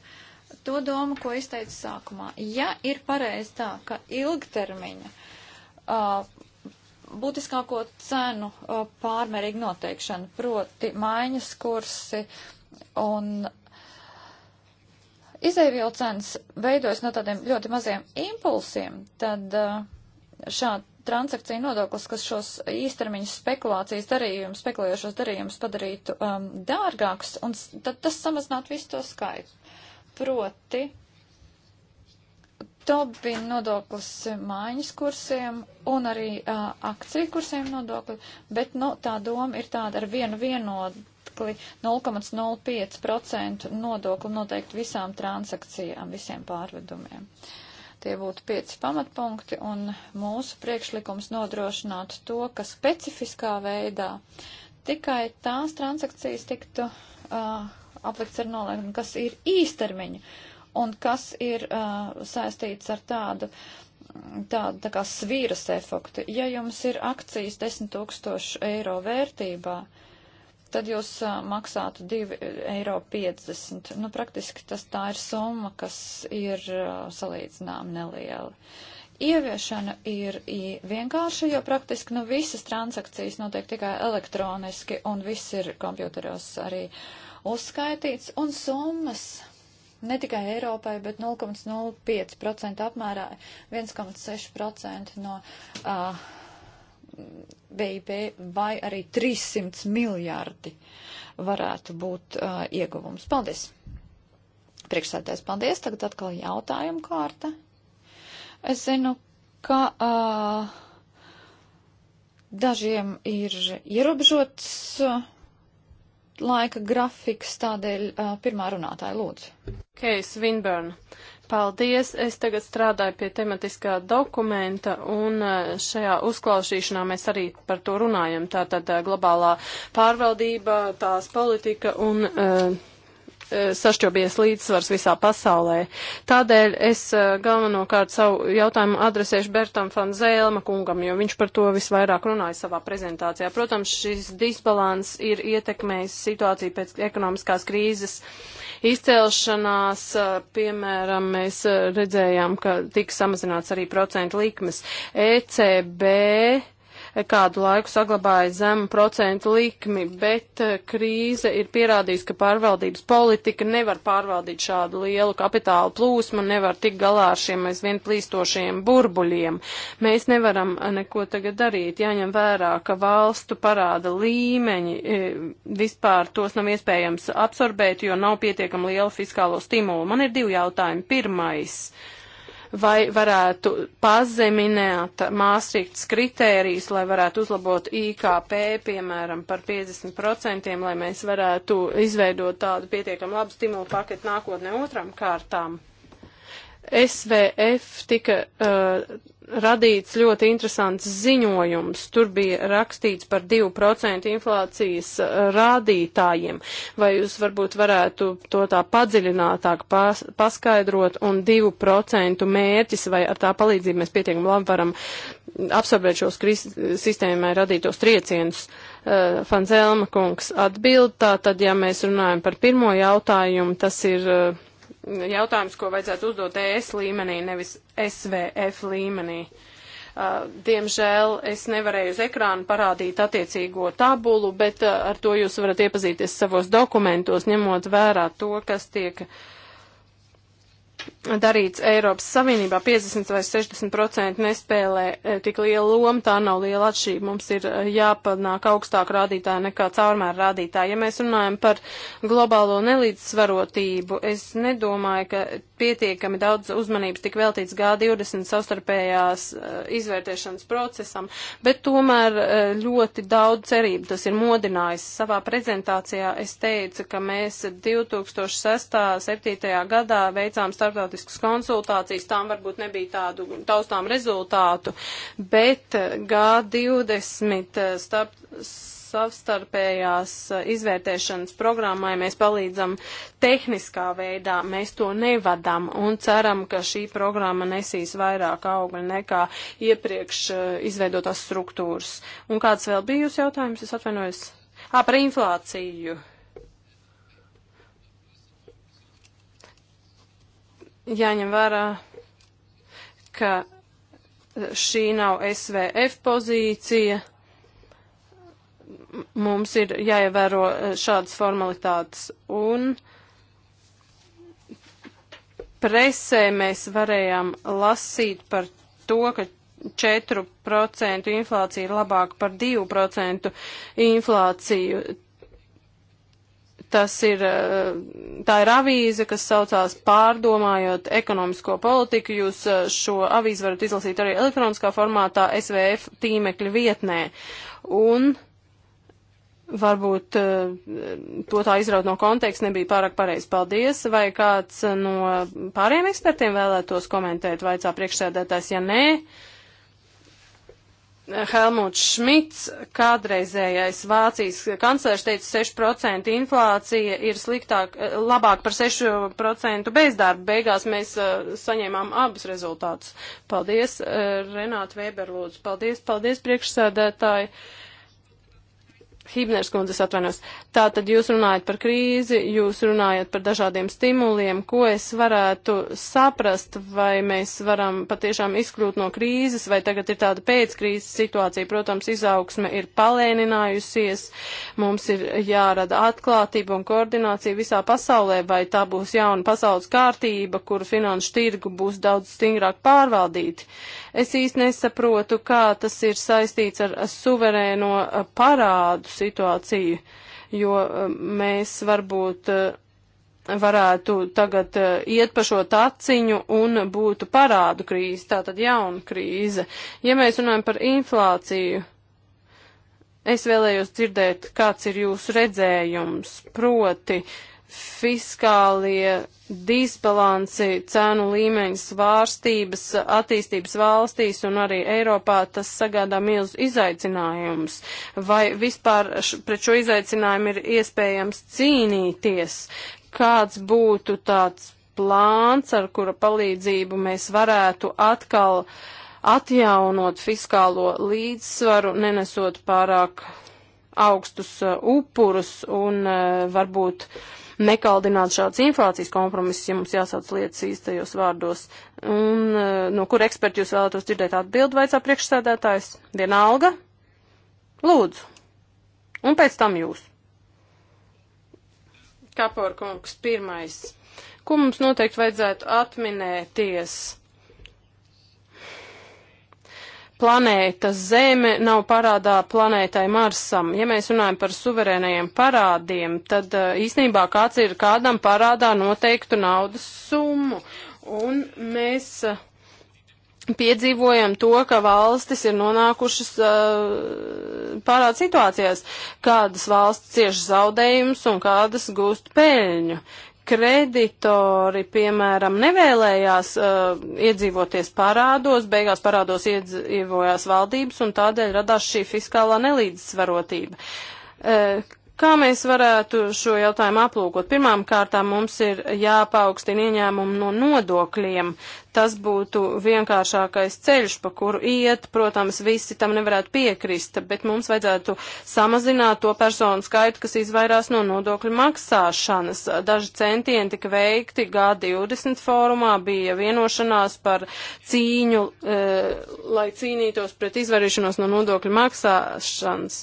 to domu, ko izteicu sākumā. Ja ir pareizi tā, ka ilgtermiņa uh, būtiskāko cenu uh, pārmērīga noteikšana, proti maiņas kursi un izēvielcens veidojas no tādiem ļoti maziem impulsiem, tad šāda transakcija nodoklis, kas šos īstermiņus spekulācijas darījumus, spekulējošos darījumus padarītu um, dārgāks, un tad tas samazinātu visu to skaitu. Proti, Tobin nodoklis mājas kursiem un arī uh, akciju kursiem nodokli, bet no, nu, tā doma ir tāda ar vienu vienotu noteikli 0,05% nodokli noteikti visām transakcijām, visiem pārvedumiem. Tie būtu pieci pamatpunkti, un mūsu priekšlikums nodrošinātu to, ka specifiskā veidā tikai tās transakcijas tiktu uh, aplikts ar nolēmumu, kas ir īstermiņa un kas ir uh, saistīts ar tādu uh, tāda tā kā svīras efekti. Ja jums ir akcijas 10 tūkstoši eiro vērtībā, tad jūs uh, maksātu 2,50 eiro. 50. Nu, praktiski tas tā ir summa, kas ir uh, salīdzinām neliela. Ieviešana ir vienkārša, jo praktiski nu, visas transakcijas notiek tikai elektroniski un viss ir kompjuteros arī uzskaitīts un summas ne tikai Eiropai, bet 0,05% apmērā 1,6% no. Uh, BIP vai arī 300 miljardi varētu būt uh, ieguvums. Paldies! Priekšsēdētājs, paldies! Tagad atkal jautājumu kārta. Es zinu, ka uh, dažiem ir ierobežots uh, laika grafiks, tādēļ uh, pirmā runātāja lūdzu. Keis Vinburn. Paldies! Es tagad strādāju pie tematiskā dokumenta, un e, šajā uzklausīšanā mēs arī par to runājam. Tātad e, globālā pārvaldība, tās politika un. Uh, e, sašķobies līdzsvars visā pasaulē. Tādēļ es galvenokārt savu jautājumu adresēšu Bertam van Zēlma kungam, jo viņš par to visvairāk runāja savā prezentācijā. Protams, šis disbalans ir ietekmējis situāciju pēc ekonomiskās krīzes. Uh, izcelšanās, piemēram, mēs redzējām, ka tika samazināts arī procentu likmes. ECB kādu laiku saglabāja zemu procentu likmi, bet eh, krīze ir pierādījusi, ka pārvaldības politika nevar pārvaldīt šādu lielu kapitālu plūsmu, nevar tik galā ar šiem aizvien plīstošiem burbuļiem. Mēs nevaram eh, neko tagad darīt, jāņem vērā, ka valstu parāda līmeņi eh, vispār tos nav iespējams absorbēt, jo nav pietiekami liela fiskālo stimulu. Man ir divi jautājumi. Pirmais. Uh, vai varētu pazeminēt māstrīktas kritērijas, lai varētu uzlabot IKP, piemēram, par 50%, lai mēs varētu izveidot tādu pietiekam labu stimulu paketu nākotnē otram kārtām. SVF tika uh, radīts ļoti interesants ziņojums. Tur bija rakstīts par 2% inflācijas uh, rādītājiem. Vai jūs varbūt varētu to tā padziļinātāk pas, paskaidrot un 2% mērķis, vai ar tā palīdzību mēs pietiekami labi varam absorbēt šos sistēmai radītos triecienus? Uh, Fanzelma kungs atbild, tā tad, ja mēs runājam par pirmo jautājumu, tas ir uh, jautājums, ko vajadzētu uzdot ES līmenī, nevis SVF līmenī. Uh, diemžēl es nevarēju uz ekrānu parādīt attiecīgo tabulu, bet uh, ar to jūs varat iepazīties savos dokumentos, ņemot vērā to, kas tiek uh, darīts Eiropas Savienībā, 50 vai 60% nespēlē e, tik lielu lomu, tā nav liela atšķība. Mums ir e, jāpanāk augstāk rādītāji nekā caurmēr rādītāji. Ja mēs runājam par globālo nelīdzsvarotību, es nedomāju, ka pietiekami daudz uzmanības tik veltīts G20 savstarpējās eh, izvērtēšanas procesam, bet tomēr eh, ļoti daudz cerību tas ir modinājis. Savā prezentācijā es teicu, ka mēs 2006.-2007. gadā veicām starptautiskas konsultācijas, tām varbūt nebija tādu taustām rezultātu, bet eh, G20 starp savstarpējās eh, izvērtēšanas programmai mēs palīdzam tehniskā veidā, mēs to nevadam un ceram, ka šī programma nesīs vairāk augļu nekā iepriekš eh, izveidotās struktūras. Un kāds vēl bija jūs jautājums? Es atvainojos. Ā, par inflāciju. Jāņem vērā, ka šī nav SVF pozīcija mums ir jāievēro eh, šādas formalitātes. Un presē mēs varējām lasīt par to, ka 4% inflācija ir labāka par 2% inflāciju. Tas ir, eh, tā ir avīze, kas saucās pārdomājot ekonomisko politiku. Jūs eh, šo avīzi varat izlasīt arī elektroniskā formātā SVF tīmekļa vietnē. Un varbūt eh, to tā izraut no konteksta nebija pārāk pareizi. Paldies. Vai kāds eh, no pāriem ekspertiem vēlētos komentēt, vaicā priekšsēdētājs, ja nē? Eh, Helmuts Šmits, kādreizējais Vācijas kanclers, teica, 6% inflācija ir sliktāk, labāk par 6% bezdarbu. Beigās mēs uh, saņēmām abus rezultātus. Paldies, uh, Renāta Vēberlūdzu. Paldies, paldies, priekšsēdētāji. Uh, Hibners kundzes atvainos. Tā tad jūs runājat par krīzi, jūs runājat par dažādiem stimuliem, ko es varētu saprast, vai mēs varam patiešām izkļūt no krīzes, vai tagad ir tāda pēckrīzes situācija. Protams, izaugsme ir palēninājusies, mums ir jārada atklātība un koordinācija visā pasaulē, vai tā būs jauna pasaules kārtība, kur finanšu tirgu būs daudz stingrāk pārvaldīti. Es īsti nesaprotu, kā tas ir saistīts ar suverēno parādu situāciju, jo mēs varbūt varētu tagad iet pa šo taciņu un būtu parādu krīze, tātad jauna krīze. Ja mēs runājam par inflāciju, es vēlējos dzirdēt, kāds ir jūsu redzējums, proti, uh, fiskālie disbalansi, cēnu līmeņa svārstības attīstības valstīs un arī Eiropā, tas sagādā milzu izaicinājumus. Vai vispār pret šo izaicinājumu ir iespējams cīnīties? Kāds būtu tāds plāns, ar kura palīdzību mēs varētu atkal atjaunot fiskālo līdzsvaru, nenesot pārāk augstus uh, upurus un uh, varbūt uh, nekaldināt šādas inflācijas kompromises, ja mums jāsauc lietas īstajos vārdos. Un e, no kur eksperti jūs vēlētos dzirdēt atbildi, vaicā priekšsēdētājs? Vienalga? Lūdzu. Un pēc tam jūs. Kaporkungs pirmais. Ko mums noteikti vajadzētu atminēties? planēta Zeme nav parādā planētai Marsam. Ja mēs runājam par suverēnajiem parādiem, tad eh, īsnībā kāds ir kādam parādā noteiktu naudas summu. Un mēs eh, piedzīvojam to, ka valstis ir nonākušas uh, parāda situācijās, kādas valsts cieš zaudējumus un kādas gūst peļņu kreditori, piemēram, nevēlējās uh, iedzīvoties parādos, beigās parādos iedzīvojās valdības un tādēļ radās šī fiskālā nelīdzsvarotība. Uh, Kā mēs varētu šo jautājumu aplūkot? Pirmām kārtām mums ir jāpaukstina ieņēmumu no nodokļiem. Tas būtu vienkāršākais ceļš, pa kuru iet. Protams, visi tam nevarētu piekrist, bet mums vajadzētu samazināt to personu skaitu, kas izvairās no nodokļu maksāšanas. Daži centieni tika veikti G20 fórumā, bija vienošanās par cīņu, e, lai cīnītos pret izvairīšanos no nodokļu maksāšanas.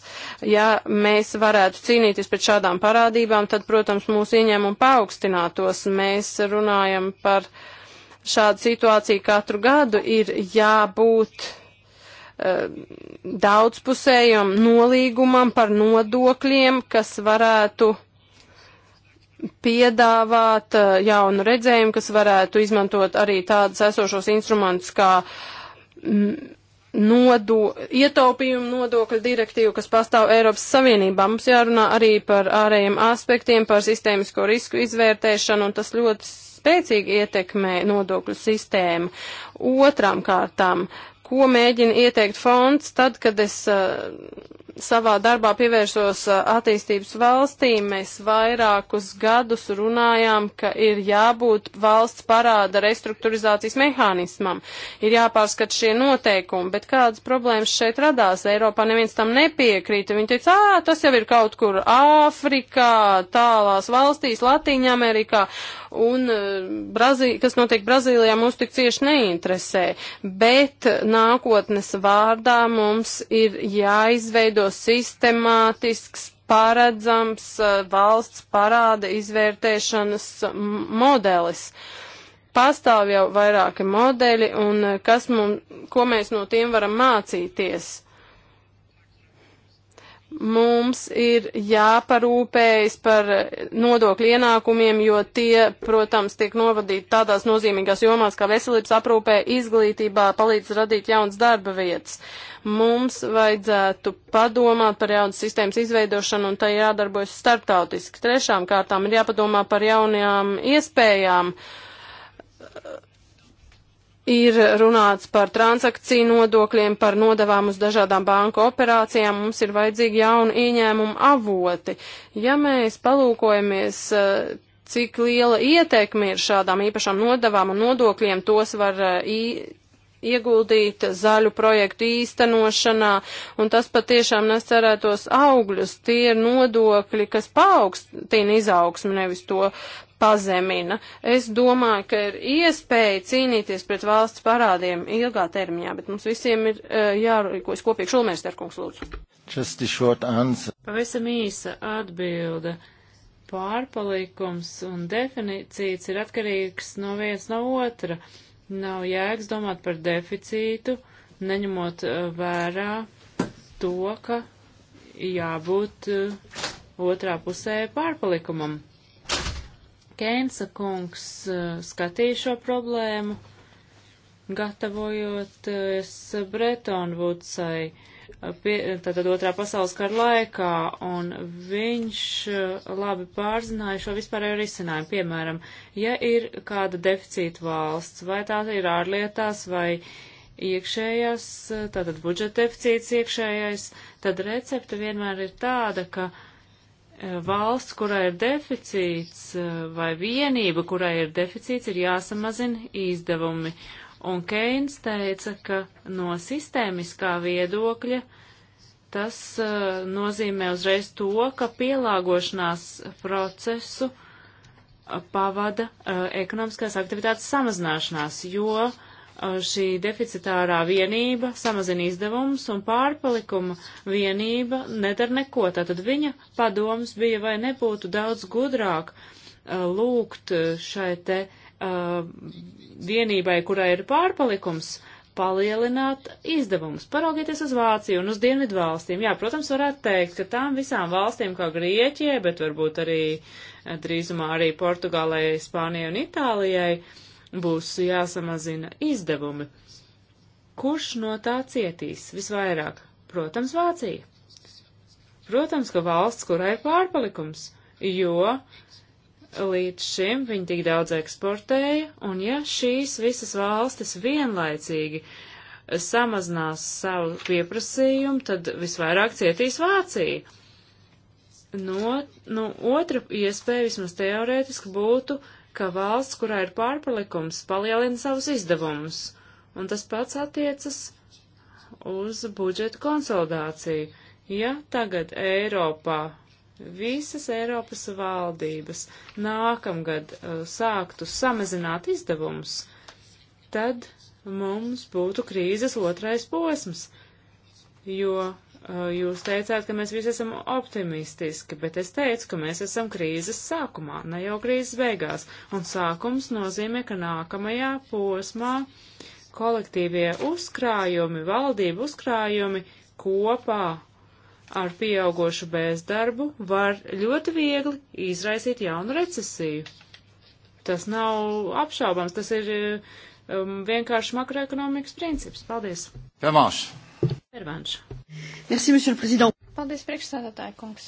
Ja mēs varētu cīnīties pret šādām parādībām, tad, protams, mūsu ieņēmumu paaugstinātos. Mēs runājam par uh, šāda situācija katru gadu ir jābūt eh, daudzpusējam nolīgumam par nodokļiem, kas varētu piedāvāt eh, jaunu redzējumu, kas varētu izmantot arī tādus esošos instrumentus kā mm, nodo, ietaupījumu nodokļu direktīvu, kas pastāv Eiropas Savienībā. Mums jārunā arī par ārējiem aspektiem, par sistēmisko risku izvērtēšanu, un tas ļoti spēcīgi ietekmē nodokļu sistēmu. Otram kārtām, ko mēģina ieteikt fonds tad, kad es. Uh, savā darbā pievēršos uh, attīstības valstīm, mēs vairākus gadus runājām, ka ir jābūt valsts parāda restruktūrizācijas mehānismam, ir jāpārskat šie noteikumi, bet kādas problēmas šeit radās? Eiropā neviens tam nepiekrīta. Viņi teica, ā, tas jau ir kaut kur Āfrikā, tālās valstīs, Latīņa Amerikā, un uh, Brazī, kas notiek Brazīlijā mūs tik cieši neinteresē. Bet nākotnes vārdā mums ir jāizveido jo sistemātisks, paredzams eh, valsts parāda izvērtēšanas modelis. Pastāv jau vairāki modeļi, un eh, kas mums, ko mēs no tiem varam mācīties? mums ir jāparūpējas par nodokļu ienākumiem, jo tie, protams, tiek novadīti tādās nozīmīgās jomās kā veselības aprūpē, izglītībā, palīdz radīt jaunas darba vietas. Mums vajadzētu padomāt par jaunas sistēmas izveidošanu un tai jādarbojas starptautiski. Trešām kārtām ir jāpadomā par jaunajām iespējām Ir runāts par transakciju nodokļiem, par nodavām uz dažādām banku operācijām, mums ir vajadzīgi jauni ieņēmumu avoti. Ja mēs palūkojamies, eh, cik liela ietekme ir šādām īpašām nodavām un nodokļiem, tos var eh, ieguldīt zaļu projektu īstenošanā, un tas patiešām nesarētos augļus. Tie ir nodokļi, kas paaugstina izaugsmu, nevis to pazemina. Es domāju, ka ir iespēja cīnīties pret valsts parādiem ilgā termiņā, bet mums visiem ir uh, jārīkojas kopīgi. Šulmērsterkungs, lūdzu. Pavisam īsa atbilde. Pārpalikums un definīcijas ir atkarīgs no viens no otra. Nav jēgas domāt par deficītu, neņemot eh, vērā to, ka jābūt eh, otrā pusē pārpalikumam. Keinsa kungs eh, skatīja šo problēmu, gatavojoties eh, Bretonvudsai, eh, tātad otrā pasaules kara laikā, un viņš labi pārzināja šo vispārējo risinājumu. Piemēram, ja ir kāda deficīta valsts, vai tā ir ārlietās, vai iekšējās, tātad budžeta deficīts iekšējais, tad recepte vienmēr ir tāda, ka valsts, kurai ir deficīts eh, vai vienība, kurai ir deficīts, ir jāsamazina izdevumi. Un Keins teica, ka no sistēmiskā viedokļa tas uh, nozīmē uzreiz to, ka pielāgošanās procesu uh, pavada uh, ekonomiskās aktivitātes samazināšanās, jo uh, Eh, šī deficitārā vienība samazina izdevumus un pārpalikuma vienība nedara neko. Tātad viņa padoms bija, vai nebūtu daudz gudrāk uh, lūgt eh, šai te uh, vienībai, kurai ir pārpalikums, palielināt izdevumus. Paraugieties uz Vāciju un uz Dienvidu valstīm. Jā, protams, varētu teikt, ka tām visām valstīm, kā Grieķijai, bet varbūt arī drīzumā arī Portugālei, Spānijai un Itālijai, uh, būs jāsamazina izdevumi. Kurš no tā cietīs visvairāk? Protams, Vācija. Protams, ka valsts, kurai ir pārpalikums, jo līdz šim viņi tik daudz eksportēja, un ja šīs visas valstis vienlaicīgi samazinās savu pieprasījumu, tad visvairāk cietīs Vācija no, nu, otra iespēja vismaz teorētiski būtu ka valsts, kurā ir pārpalikums, palielina savus izdevumus, un tas pats attiecas uz budžetu konsolidāciju. Ja tagad Eiropā visas Eiropas valdības nākamgad uh, sāktu samazināt izdevumus, tad mums būtu krīzes otrais posms, jo Eh, jūs teicāt, ka mēs visi esam optimistiski, bet es teicu, ka mēs esam krīzes sākumā, ne jau krīzes beigās. Un sākums nozīmē, ka nākamajā posmā kolektīvie uzkrājumi, valdību uzkrājumi kopā ar pieaugošu bezdarbu var ļoti viegli izraisīt jaunu recesiju. Tas nav apšaubams, tas ir eh, um, vienkārši makroekonomikas princips. Paldies! Pamāšu! Pervanš. Merci, monsieur le président. Paldies, priekšsēdētāja kungs.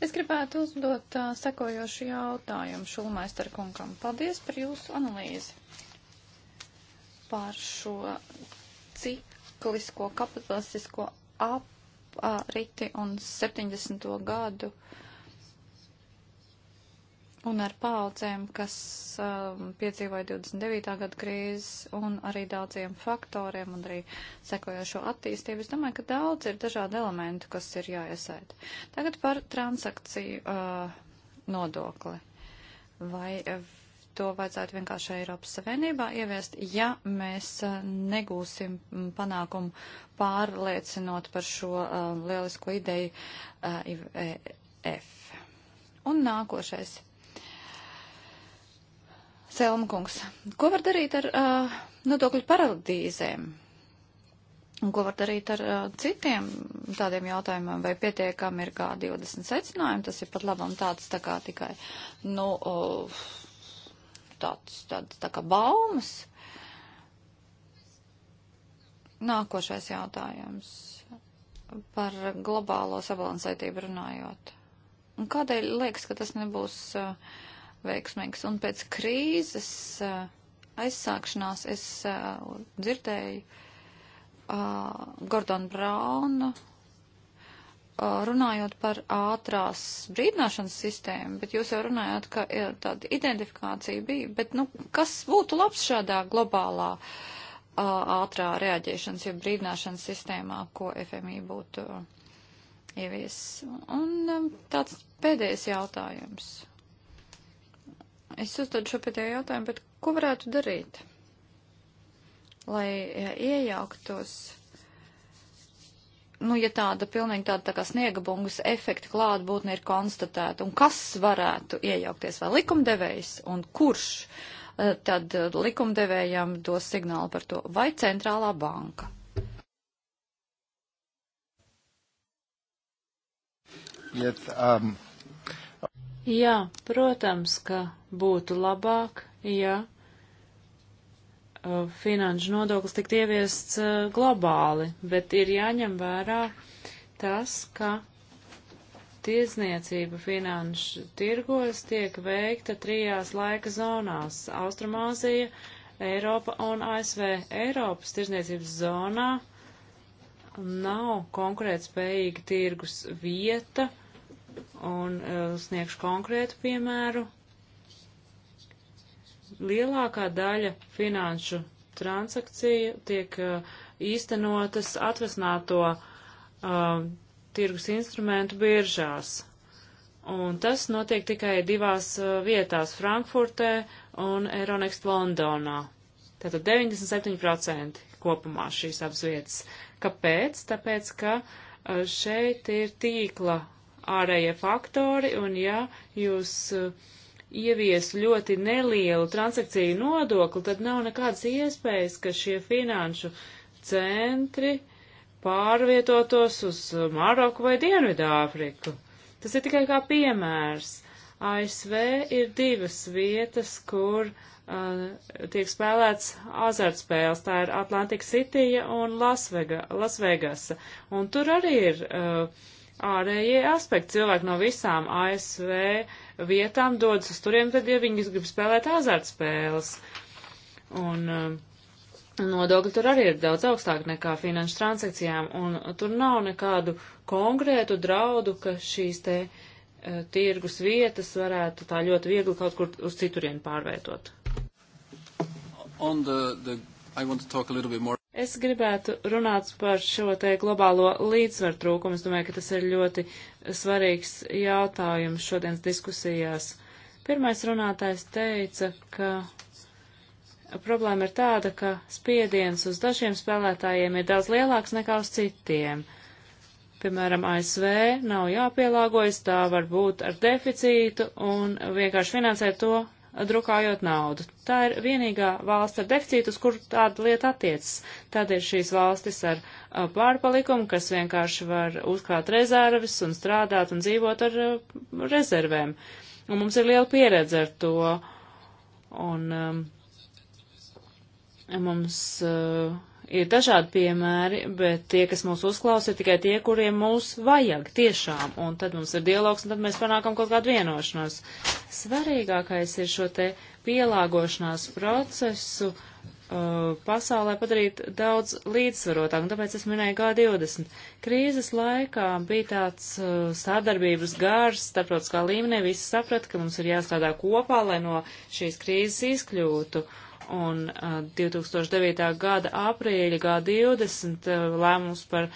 Es gribētu uzdot uh, sekojošu jautājumu Šulmaister kungam. Paldies par jūsu analīzi par šo ciklisko kapitalistisko apriti un 70. gadu uh, un ar paudzēm, kas um, piedzīvoja 29. gada krīzes un arī daudziem faktoriem un arī sekojošo attīstību. Es domāju, ka daudz ir dažādi elementi, kas ir jāiesaita. Tagad par transakciju uh, nodokli. Vai uh, to vajadzētu vienkārši Eiropas Savienībā ieviest, ja mēs uh, negūsim mm, panākumu pārliecinot par šo uh, lielisko ideju uh, IVF? E un nākošais Celmkungs, ko var darīt ar uh, nodokļu paradīzēm? Un ko var darīt ar uh, citiem tādiem jautājumiem, vai pietiekami ir kā 20 secinājumi, tas ir pat labam tāds tā kā tikai, nu, uh, tāds, tāds tā kā baumas. Nākošais jautājums par globālo sabalansētību runājot. Un kādēļ liekas, ka tas nebūs. Uh, veiksmīgs. Un pēc krīzes uh, aizsākšanās es uh, dzirdēju uh, Gordonu Braunu uh, runājot par ātrās brīdināšanas sistēmu, bet jūs jau runājāt, ka tāda identifikācija bija, bet nu, kas būtu labs šādā globālā uh, ātrā reaģēšanas, ja brīdināšanas sistēmā, ko FMI būtu ievies? Un um, tāds pēdējais jautājums Es uzdodu šo pēdējo jautājumu, bet ko varētu darīt, lai ja, iejauktos, nu, ja tāda pilnīgi tāda tā kā sniega bungas efekta klātbūtne ir konstatēta, un kas varētu iejaukties, vai likumdevējs, un kurš eh, tad eh, likumdevējam dos signālu par to, vai centrālā banka? Jetzt, um, Jā, protams, ka būtu labāk, ja uh, finanšu nodoklis tiktu ieviests uh, globāli, bet ir jāņem vērā tas, ka tiesniecība finanšu tirgos tiek veikta trijās laika zonās - Austrumāzija, Eiropa un ASV. Eiropas tirzniecības zonā nav konkurētspējīga tirgus vieta, uh, un eh, sniegšu konkrētu piemēru. Lielākā daļa finanšu transakciju tiek eh, īstenotas atvesināto uh, tirgus instrumentu biržās. Un tas notiek tikai divās uh, vietās - Frankfurtē un Euronext Londonā. Tātad 97% kopumā šīs abas vietas. Kāpēc? Tāpēc, ka uh, šeit ir tīkla ārējie faktori, un ja jūs uh, ievies ļoti nelielu transakciju nodokli, tad nav nekādas iespējas, ka šie finanšu centri pārvietotos uz uh, Maroku vai Dienvidāfriku. Tas ir tikai kā piemērs. ASV ir divas vietas, kur uh, tiek spēlēts azartspēles. Tā ir Atlantika City un Lasvega, Lasvegasa. Un tur arī ir uh, ārējie aspekti. Cilvēki no visām ASV vietām dodas uz turiem, tad, ja viņi grib spēlēt azartspēles. Un uh, nodokļi tur arī ir daudz augstāk nekā finanšu transakcijām, un tur nav nekādu konkrētu draudu, ka šīs te uh, tirgus vietas varētu tā ļoti viegli kaut kur uz citurien pārvietot. The, the, Es gribētu runāt par šo te globālo līdzsvaru trūkumu. Es domāju, ka tas ir ļoti svarīgs jautājums šodienas diskusijās. Pirmais runātājs teica, ka problēma ir tāda, ka spiediens uz dažiem spēlētājiem ir daudz lielāks nekā uz citiem. Piemēram, ASV nav jāpielāgojas, tā var būt ar deficītu un vienkārši finansēt to, drukājot naudu. Tā ir vienīgā valsts ar deficītu, uz kuru tāda lieta attiecas. Tad ir šīs valstis ar pārpalikumu, kas vienkārši var uzkrāt rezerves un strādāt un dzīvot ar rezervēm. Un mums ir liela pieredze ar to. Un um, mums. Uh, ir dažādi piemēri, bet tie, kas mūs uzklausa, ir tikai tie, kuriem mūs vajag tiešām, un tad mums ir dialogs, un tad mēs panākam kaut kādu vienošanos. Svarīgākais ir šo te pielāgošanās procesu uh, pasaulē padarīt daudz līdzsvarotāk, un tāpēc es minēju G20. Krīzes laikā bija tāds uh, sadarbības gars, starptautiskā līmenī visi saprata, ka mums ir jāstrādā kopā, lai no šīs krīzes izkļūtu. Uh, Un 2009. Uh, gada aprīļa G20 uh, lēmums par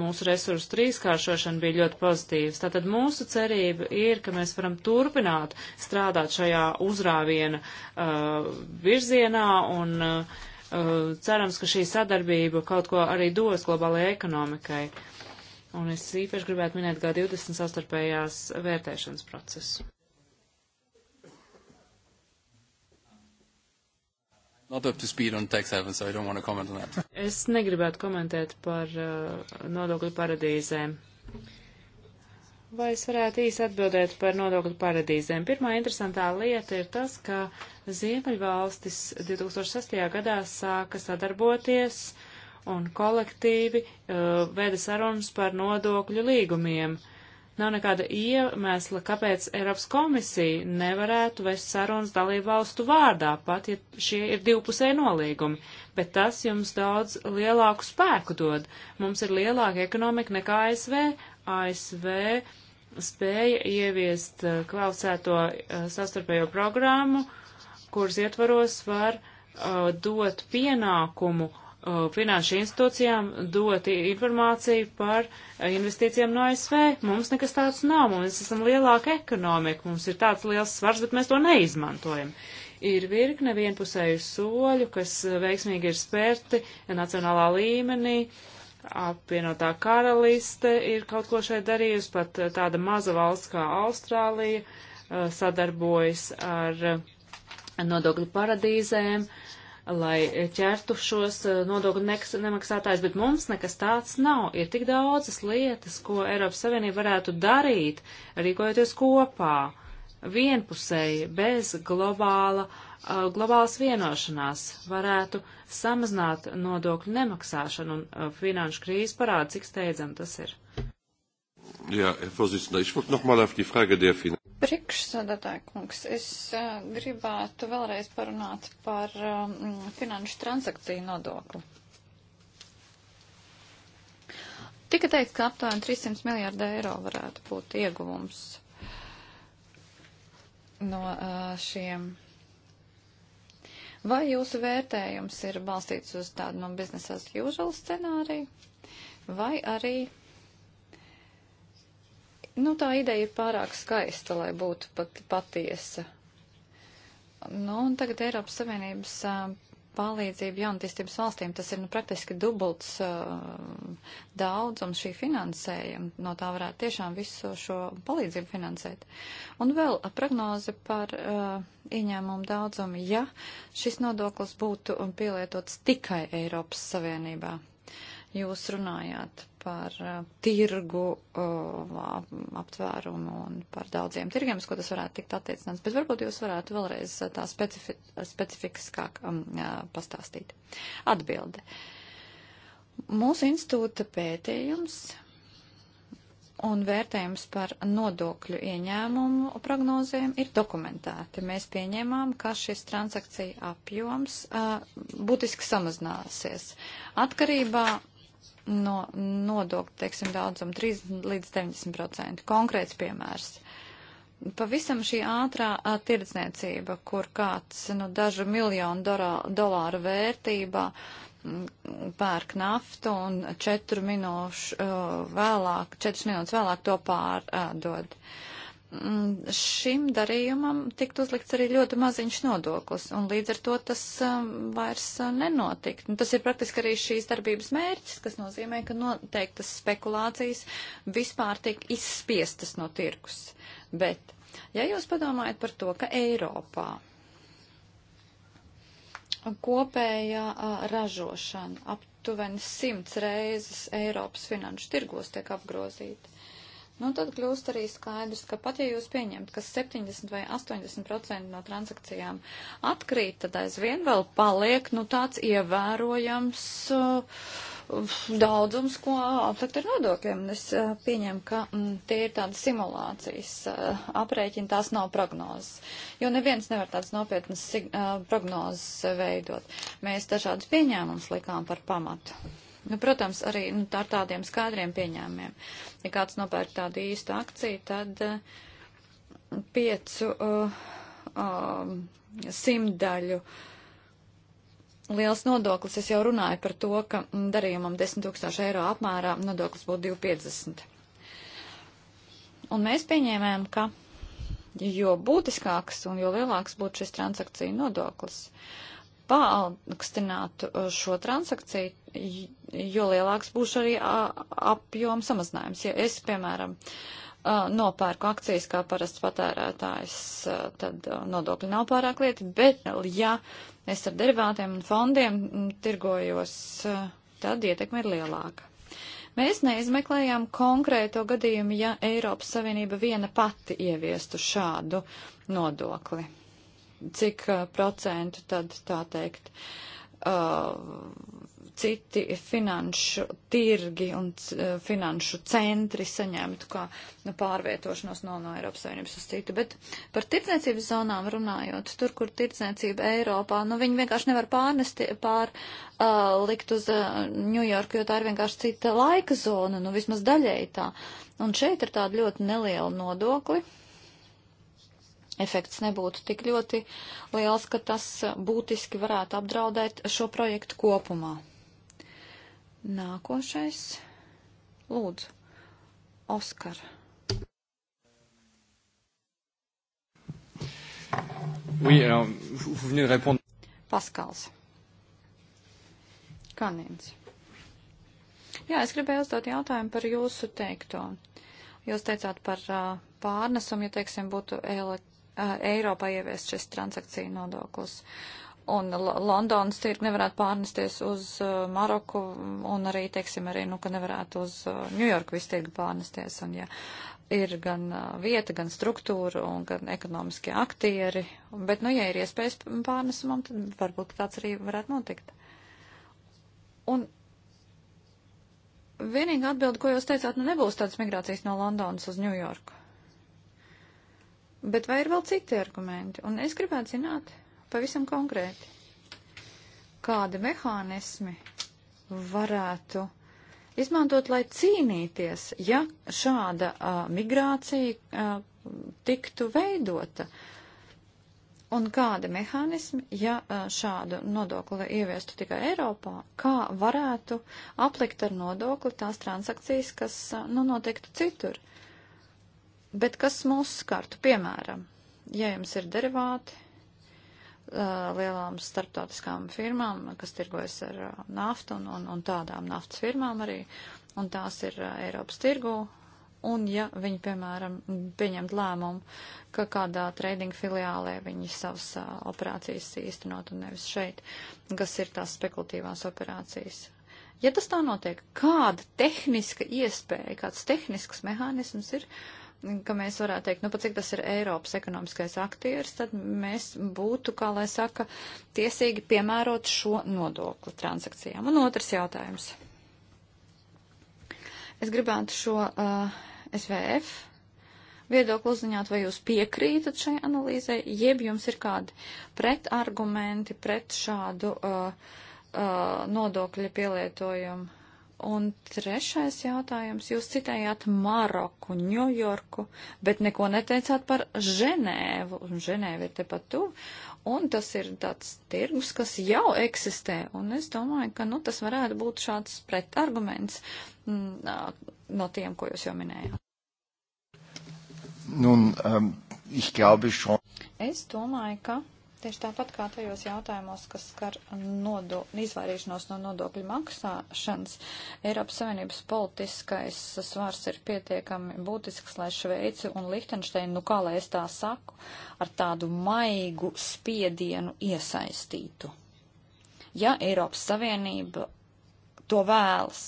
mūsu resursu trīskāršošanu bija ļoti pozitīvs. Tātad mūsu cerība ir, ka mēs varam turpināt strādāt šajā uzrāviena uh, virzienā un uh, uh cerams, ka šī sadarbība kaut ko arī dos globālajai ekonomikai. Un es īpaši gribētu minēt G20 sastarpējās vērtēšanas procesu. Not up to speed on tax havens, so I don't want to comment on that. Es negribētu komentēt par uh, nodokļu paradīzēm. Vai es varētu īsi atbildēt par nodokļu paradīzēm? Pirmā interesantā lieta ir tas, ka Ziemeļvalstis 2006. gadā sāka sadarboties un kolektīvi uh, veda sarunas par nodokļu līgumiem. Uh, Nav nekāda iemesla, kāpēc Eiropas komisija nevarētu vest sarunas dalību valstu vārdā, pat ja šie ir divpusēji nolīgumi, bet tas jums daudz lielāku spēku dod. Mums ir lielāka ekonomika nekā ASV. ASV spēja ieviest uh, kvalificēto uh, sastarpējo programmu, kuras ietvaros var uh, dot pienākumu Uh, finanšu institūcijām dot informāciju par uh, investīcijām no ASV. Mums nekas tāds nav, mums esam lielāka ekonomika, mums ir tāds liels svars, bet mēs to neizmantojam. Ir virkne vienpusēju soļu, kas uh, veiksmīgi ir spērti nacionālā līmenī. Apvienotā karaliste ir kaut ko šeit darījusi, pat tāda maza valsts kā Austrālija sadarbojas ar nodokļu paradīzēm. Uh, lai ķertu šos eh, nodokļu nemaksātājus, bet mums nekas tāds nav. Ir tik daudzas lietas, ko Eiropas Savienība varētu darīt, rīkojoties kopā, vienpusēji, bez globāla, eh, globālas vienošanās, varētu samazināt nodokļu nemaksāšanu, un eh, finanšu krīze parāda, cik steidzam tas ir. Ja, Herr Vorsitzender, ich wollte noch mal auf die Frage der Finanzen. Priekšsādātāja kungs, es uh, gribētu vēlreiz parunāt par um, finanšu transakciju nodokli. Tika teikt, ka aptuveni 300 miljārdi eiro varētu būt ieguvums no uh, šiem. Vai jūsu vērtējums ir balstīts uz tādu no business as usual scenāriju, vai arī Nu, tā ideja ir pārāk skaista, lai būtu pat patiesa. Nu, un tagad Eiropas Savienības palīdzību jaunatīstības valstīm, tas ir nu, praktiski dubults uh, daudzums šī finansējuma. No tā varētu tiešām visu šo palīdzību finansēt. Un vēl prognoze par uh, ieņēmumu daudzumu, ja šis nodoklis būtu pielietots tikai Eiropas Savienībā. Jūs runājāt par uh, tirgu uh, aptvērumu un par daudziem tirgiem, uz ko tas varētu tikt attiecināts, bet varbūt jūs varētu vēlreiz uh, tā specifi specifiskāk um, pastāstīt. Atbilde. Mūsu institūta pētījums un vērtējums par nodokļu ieņēmumu prognozēm ir dokumentēti. Mēs pieņēmām, ka šis transakcija apjoms uh, būtiski samazināsies atkarībā no nodokļa, teiksim, daudzumu 30 līdz 90%. Konkrēts piemērs. Pavisam šī ātrā a, tirdzniecība, kur kāds nu, dažu miljonu dorā, dolāru vērtībā m, pērk naftu un četru minūšu uh, vēlāk, četras minūtes vēlāk to pārdod. Uh, Mm, šim darījumam tiktu uzlikts arī ļoti maziņš nodoklis, un līdz ar to tas um, vairs uh, nenotikt. Un tas ir praktiski arī šīs darbības mērķis, kas nozīmē, ka noteiktas spekulācijas vispār tiek izspiestas no tirkus. Bet, ja jūs padomājat par to, ka Eiropā kopējā uh, ražošana aptuveni simts reizes Eiropas finanšu tirgos tiek apgrozīta, nu tad kļūst arī skaidrs, ka pat ja jūs pieņemt, ka 70 vai 80% no transakcijām atkrīt, tad aizvien vēl paliek, nu, tāds ievērojams uh, daudzums, ko aplikt ar nodokļiem. Es uh, pieņemu, ka mm, tie ir tādas simulācijas uh, aprēķini, tās nav prognozes, jo neviens nevar tādas nopietnas uh, prognozes veidot. Mēs dažādas pieņēmumus likām par pamatu. Nu, protams, arī nu, tā ar tādiem skaidriem pieņēmumiem. Ja kāds nopērk tādu īstu akciju, tad uh, piecu uh, eh, uh, eh, simdaļu liels nodoklis. Es jau runāju par to, ka mm, darījumam 10 tūkstoši eiro apmērā nodoklis būtu 250. Un mēs pieņēmējam, ka jo būtiskāks un jo lielāks būtu šis transakciju nodoklis, paaugstinātu šo transakciju jo lielāks būs arī apjoma samazinājums. Ja es, piemēram, nopērku akcijas kā parasts patērētājs, tad nodokļi nav pārāk lieti, bet ja es ar derivātiem un fondiem tirgojos, tad ietekme ir lielāka. Mēs neizmeklējām konkrēto gadījumu, ja Eiropas Savienība viena pati ieviestu šādu nodokli. Cik uh, procentu tad tā teikt? Uh, citi finanšu tirgi un eh, finanšu centri saņemtu kā nu, pārvietošanos no, no Eiropas Savienības uz citu. Bet par tirdzniecības zonām runājot, tur, kur tirdzniecība Eiropā, nu viņi vienkārši nevar pārnest, pārlikt eh, uh, uz Ņujorku, eh, uh, jo tā ir vienkārši cita laika zona, nu vismaz daļēji tā. Un šeit ir tāda ļoti neliela nodokļa efekts nebūtu tik ļoti liels, ka tas būtiski varētu apdraudēt šo projektu kopumā. Nākošais. Lūdzu, Oskar. Oui, alors, vous, vous venez de répondre. Paskals. Kanins. Jā, es gribēju uzdot jautājumu par jūsu teikto. Jūs teicāt par uh, pārnesumu, ja, teiksim, būtu ele, uh, Eiropā ieviest šis transakciju nodoklis. Uh, un Londonas tirgi nevarētu pārnesties uz uh, Maroku un arī, teiksim, arī, nu, ka nevarētu uz Ņujorku uh, visu tirgu pārnesties. Un, ja ir gan uh, vieta, gan struktūra un gan ekonomiskie aktieri, bet, nu, ja ir iespējas pārnesumam, tad varbūt tāds arī varētu notikt. Un vienīgā atbilde, ko jūs teicāt, nu, nebūs tādas migrācijas no Londonas uz Ņujorku. Bet vai ir vēl citi argumenti? Un es gribētu zināt, pavisam konkrēti. Kādi mehānismi varētu izmantot, lai cīnīties, ja šāda uh, migrācija uh, tiktu veidota? Un kādi mehānismi, ja uh, šādu nodokli ieviestu tikai Eiropā, kā varētu aplikt ar nodokli tās transakcijas, kas uh, nu, notiktu citur? Bet kas mūs skartu, piemēram, ja jums ir derivāti, Uh, lielām starptautiskām firmām, kas tirgojas ar uh, naftu un, un, un tādām naftas firmām arī, un tās ir uh, Eiropas tirgu. Un ja viņi, piemēram, pieņemt lēmumu, ka kādā trading filiālē viņi savas uh, operācijas īstenot un nevis šeit, kas ir tās spekulatīvās operācijas. Ja tas tā notiek, kāda tehniska iespēja, kāds tehnisks mehānisms ir uh, ka mēs varētu teikt, nu, pat cik tas ir Eiropas ekonomiskais aktieris, tad mēs būtu, kā lai saka, tiesīgi piemērot šo nodokli transakcijām. Un otrs jautājums. Es gribētu šo uh, SVF viedokli uzziņāt, vai jūs piekrītat šai analīzē, jeb jums ir kādi pretargumenti pret šādu uh, uh, nodokļa pielietojumu Un trešais jautājums. Jūs citējāt Maroku, Ņujorku, bet neko neteicāt par Ženēvu. Un Ženēva ir tepat tuvu. Un tas ir tāds tirgus, kas jau eksistē. Un es domāju, ka nu, tas varētu būt šāds pretarguments mm, no tiem, ko jūs jau minējāt. Nun, um, ich glaube schon. Es domāju, ka Tieši tāpat kā tajos jautājumos, kas skar nodo, izvairīšanos no nodokļu maksāšanas, Eiropas Savienības politiskais svars ir pietiekami būtisks, lai Šveici un Lihtenšteinu, nu kā lai es tā saku, ar tādu maigu spiedienu iesaistītu. Ja Eiropas Savienība to vēlas,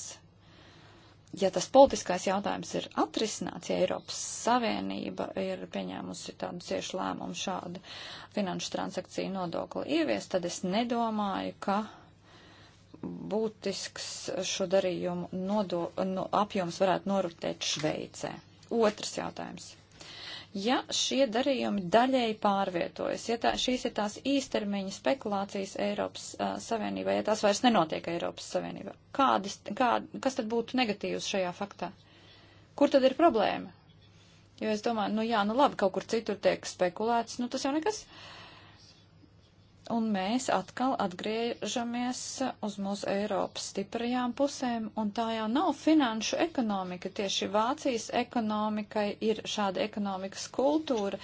ja tas politiskais jautājums ir atrisināts, ja Eiropas Savienība ir pieņēmusi tādu ciešu lēmumu šādu finanšu transakciju nodokli ieviest, tad es nedomāju, ka būtisks šo darījumu nodo, no, nu, apjoms varētu norutēt Šveicē. Otrs jautājums ja šie darījumi daļēji pārvietojas, ja tā, šīs ir tās īstermiņa spekulācijas Eiropas uh, Savienībā, ja tās vairs nenotiek Eiropas Savienībā. Kādas, kā, kas tad būtu negatīvs šajā faktā? Kur tad ir problēma? Jo es domāju, nu jā, nu labi, kaut kur citur tiek spekulēts, nu tas jau nekas. Uh, Un mēs atkal atgriežamies uz mūsu Eiropas stiprajām pusēm, un tā jau nav finanšu ekonomika. Tieši Vācijas ekonomikai ir šāda ekonomikas kultūra,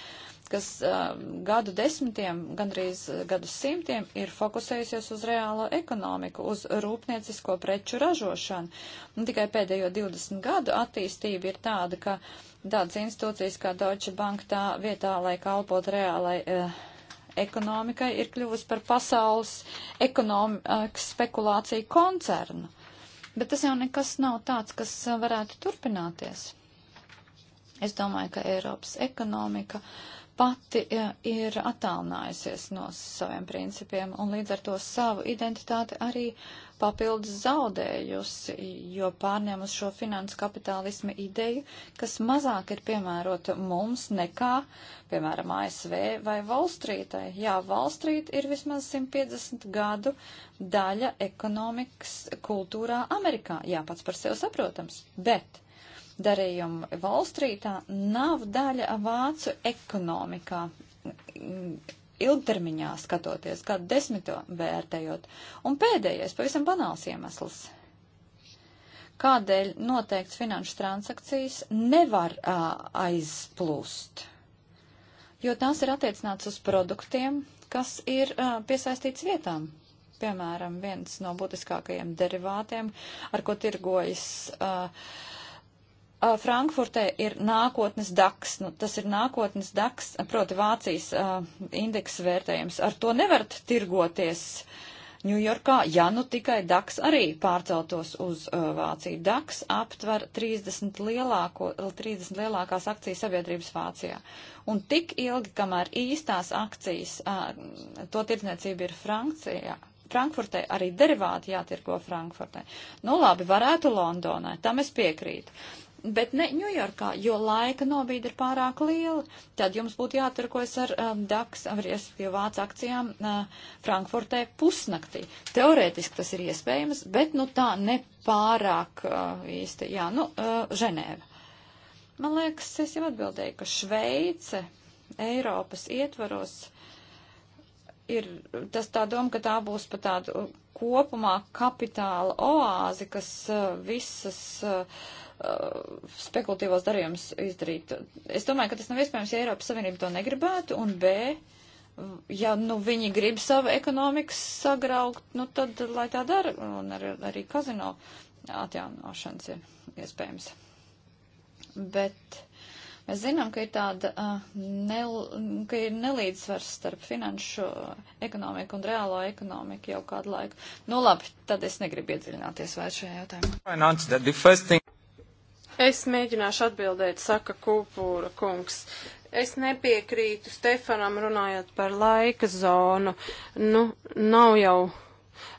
kas uh, gadu desmitiem, gandrīz gadu simtiem ir fokusējusies uz reālo ekonomiku, uz rūpniecisko preču ražošanu. Un tikai pēdējo 20 gadu attīstība ir tāda, ka tādas institūcijas kā Deutsche Bank tā vietā, lai kalpot reālai. Uh, ekonomikai ir kļuvusi par pasaules ekonomikas spekulāciju koncernu. Bet tas jau nekas nav tāds, kas varētu turpināties. Es domāju, ka Eiropas ekonomika pati e, ir attālinājusies no saviem principiem un līdz ar to savu identitāti arī papildus zaudējusi, jo pārņēmus šo finansu kapitālismu ideju, kas mazāk ir piemērota mums nekā, piemēram, ASV vai Valstrītai. Jā, Valstrīt ir vismaz 150 gadu daļa ekonomikas kultūrā Amerikā. Jā, pats par sevi saprotams, bet darījumi Valstrītā nav daļa vācu ekonomikā ilgtermiņā skatoties, kādu desmito vērtējot. Un pēdējais, pavisam banāls iemesls. Kādēļ noteikts finanšu transakcijas nevar uh, aizplūst? Jo tās ir attiecināts uz produktiem, kas ir uh, piesaistīts vietām. Piemēram, viens no būtiskākajiem derivātiem, ar ko tirgojas. Uh, uh, Frankfurtē ir nākotnes daks, nu, tas ir nākotnes daks, proti Vācijas uh, indeksa vērtējums. Ar to nevarat tirgoties Ņujorkā, ja nu tikai daks arī pārceltos uz uh, Vāciju. Daks aptver 30, lielāko, 30 lielākās akcijas sabiedrības Vācijā. Un tik ilgi, kamēr īstās akcijas, uh, to tirdzniecība ir Francijā, Frankfurtē, arī derivāti jātirko Frankfurtē. Nu labi, varētu Londonai, tam es piekrītu bet ne Ņujorkā, jo laika nobīde ir pārāk liela. Tad jums būtu jāturkojas ar um, DAX, respektīvi vācu akcijām uh, Frankfurtē pusnaktī. Teorētiski tas ir iespējams, bet nu tā ne pārāk uh, īsti, jā, nu, uh, Ženēva. Man liekas, es jau atbildēju, ka Šveice Eiropas ietvaros ir tas tā doma, ka tā būs pa tādu uh, kopumā kapitāla oāzi, kas uh, visas. Uh, Uh, spekulatīvos darījumus izdarīt. Es domāju, ka tas nav iespējams, ja Eiropas Savienība to negribētu, un B, ja nu viņi grib savu ekonomiku sagraukt, nu tad lai tā dara, un ar, arī kazino atjaunošanas ir iespējams. Bet mēs zinām, ka ir tāda, uh, ne, ka ir nelīdzsvars starp finanšu uh, ekonomiku un reālo ekonomiku jau kādu laiku. Nu labi, tad es negribu iedziļināties vairs šajā jautājumā. Es mēģināšu atbildēt, saka Kūpūra kungs. Es nepiekrītu Stefanam runājot par laika zonu. Nu, nav jau.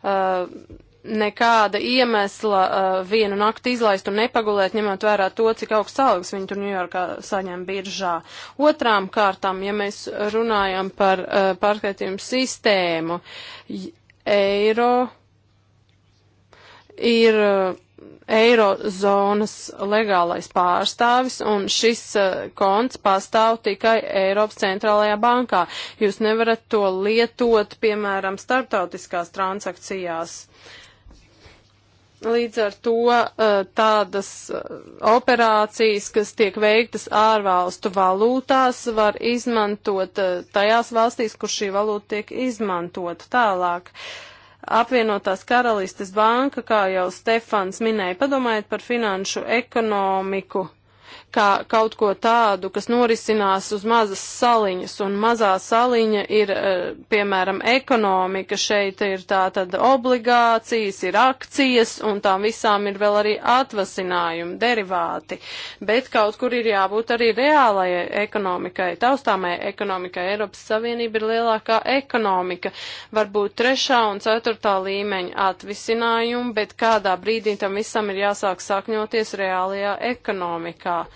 Uh, nekāda iemesla uh, vienu nakti izlaist un nepagulēt, ņemot vērā to, cik augsts algas viņi tur Ņujorkā saņem biržā. Otrām kārtām, ja mēs runājam par uh, pārskaitījumu sistēmu, eiro ir. Uh, eirozonas legālais pārstāvis, un šis uh, konts pastāv tikai Eiropas centrālajā bankā. Jūs nevarat to lietot, piemēram, starptautiskās transakcijās. Līdz ar to uh, tādas eh, operācijas, kas tiek veiktas ārvalstu valūtās, var izmantot uh, tajās valstīs, kur šī valūta tiek izmantota tālāk. Uh, apvienotās karalistes banka, kā jau Stefans minēja, padomājiet par finanšu ekonomiku kā kaut ko tādu, kas norisinās uz mazas saliņas, un mazā saliņa ir, eh, piemēram, ekonomika, šeit ir tā tad obligācijas, ir akcijas, un tām visām ir vēl arī atvasinājumi, derivāti, bet kaut kur ir jābūt arī reālajai ekonomikai, taustāmai ekonomikai. Eiropas Savienība ir lielākā ekonomika, varbūt trešā un ceturtā līmeņa atvisinājumi, bet kādā brīdī tam visam ir jāsāk sakņoties reālajā ekonomikā.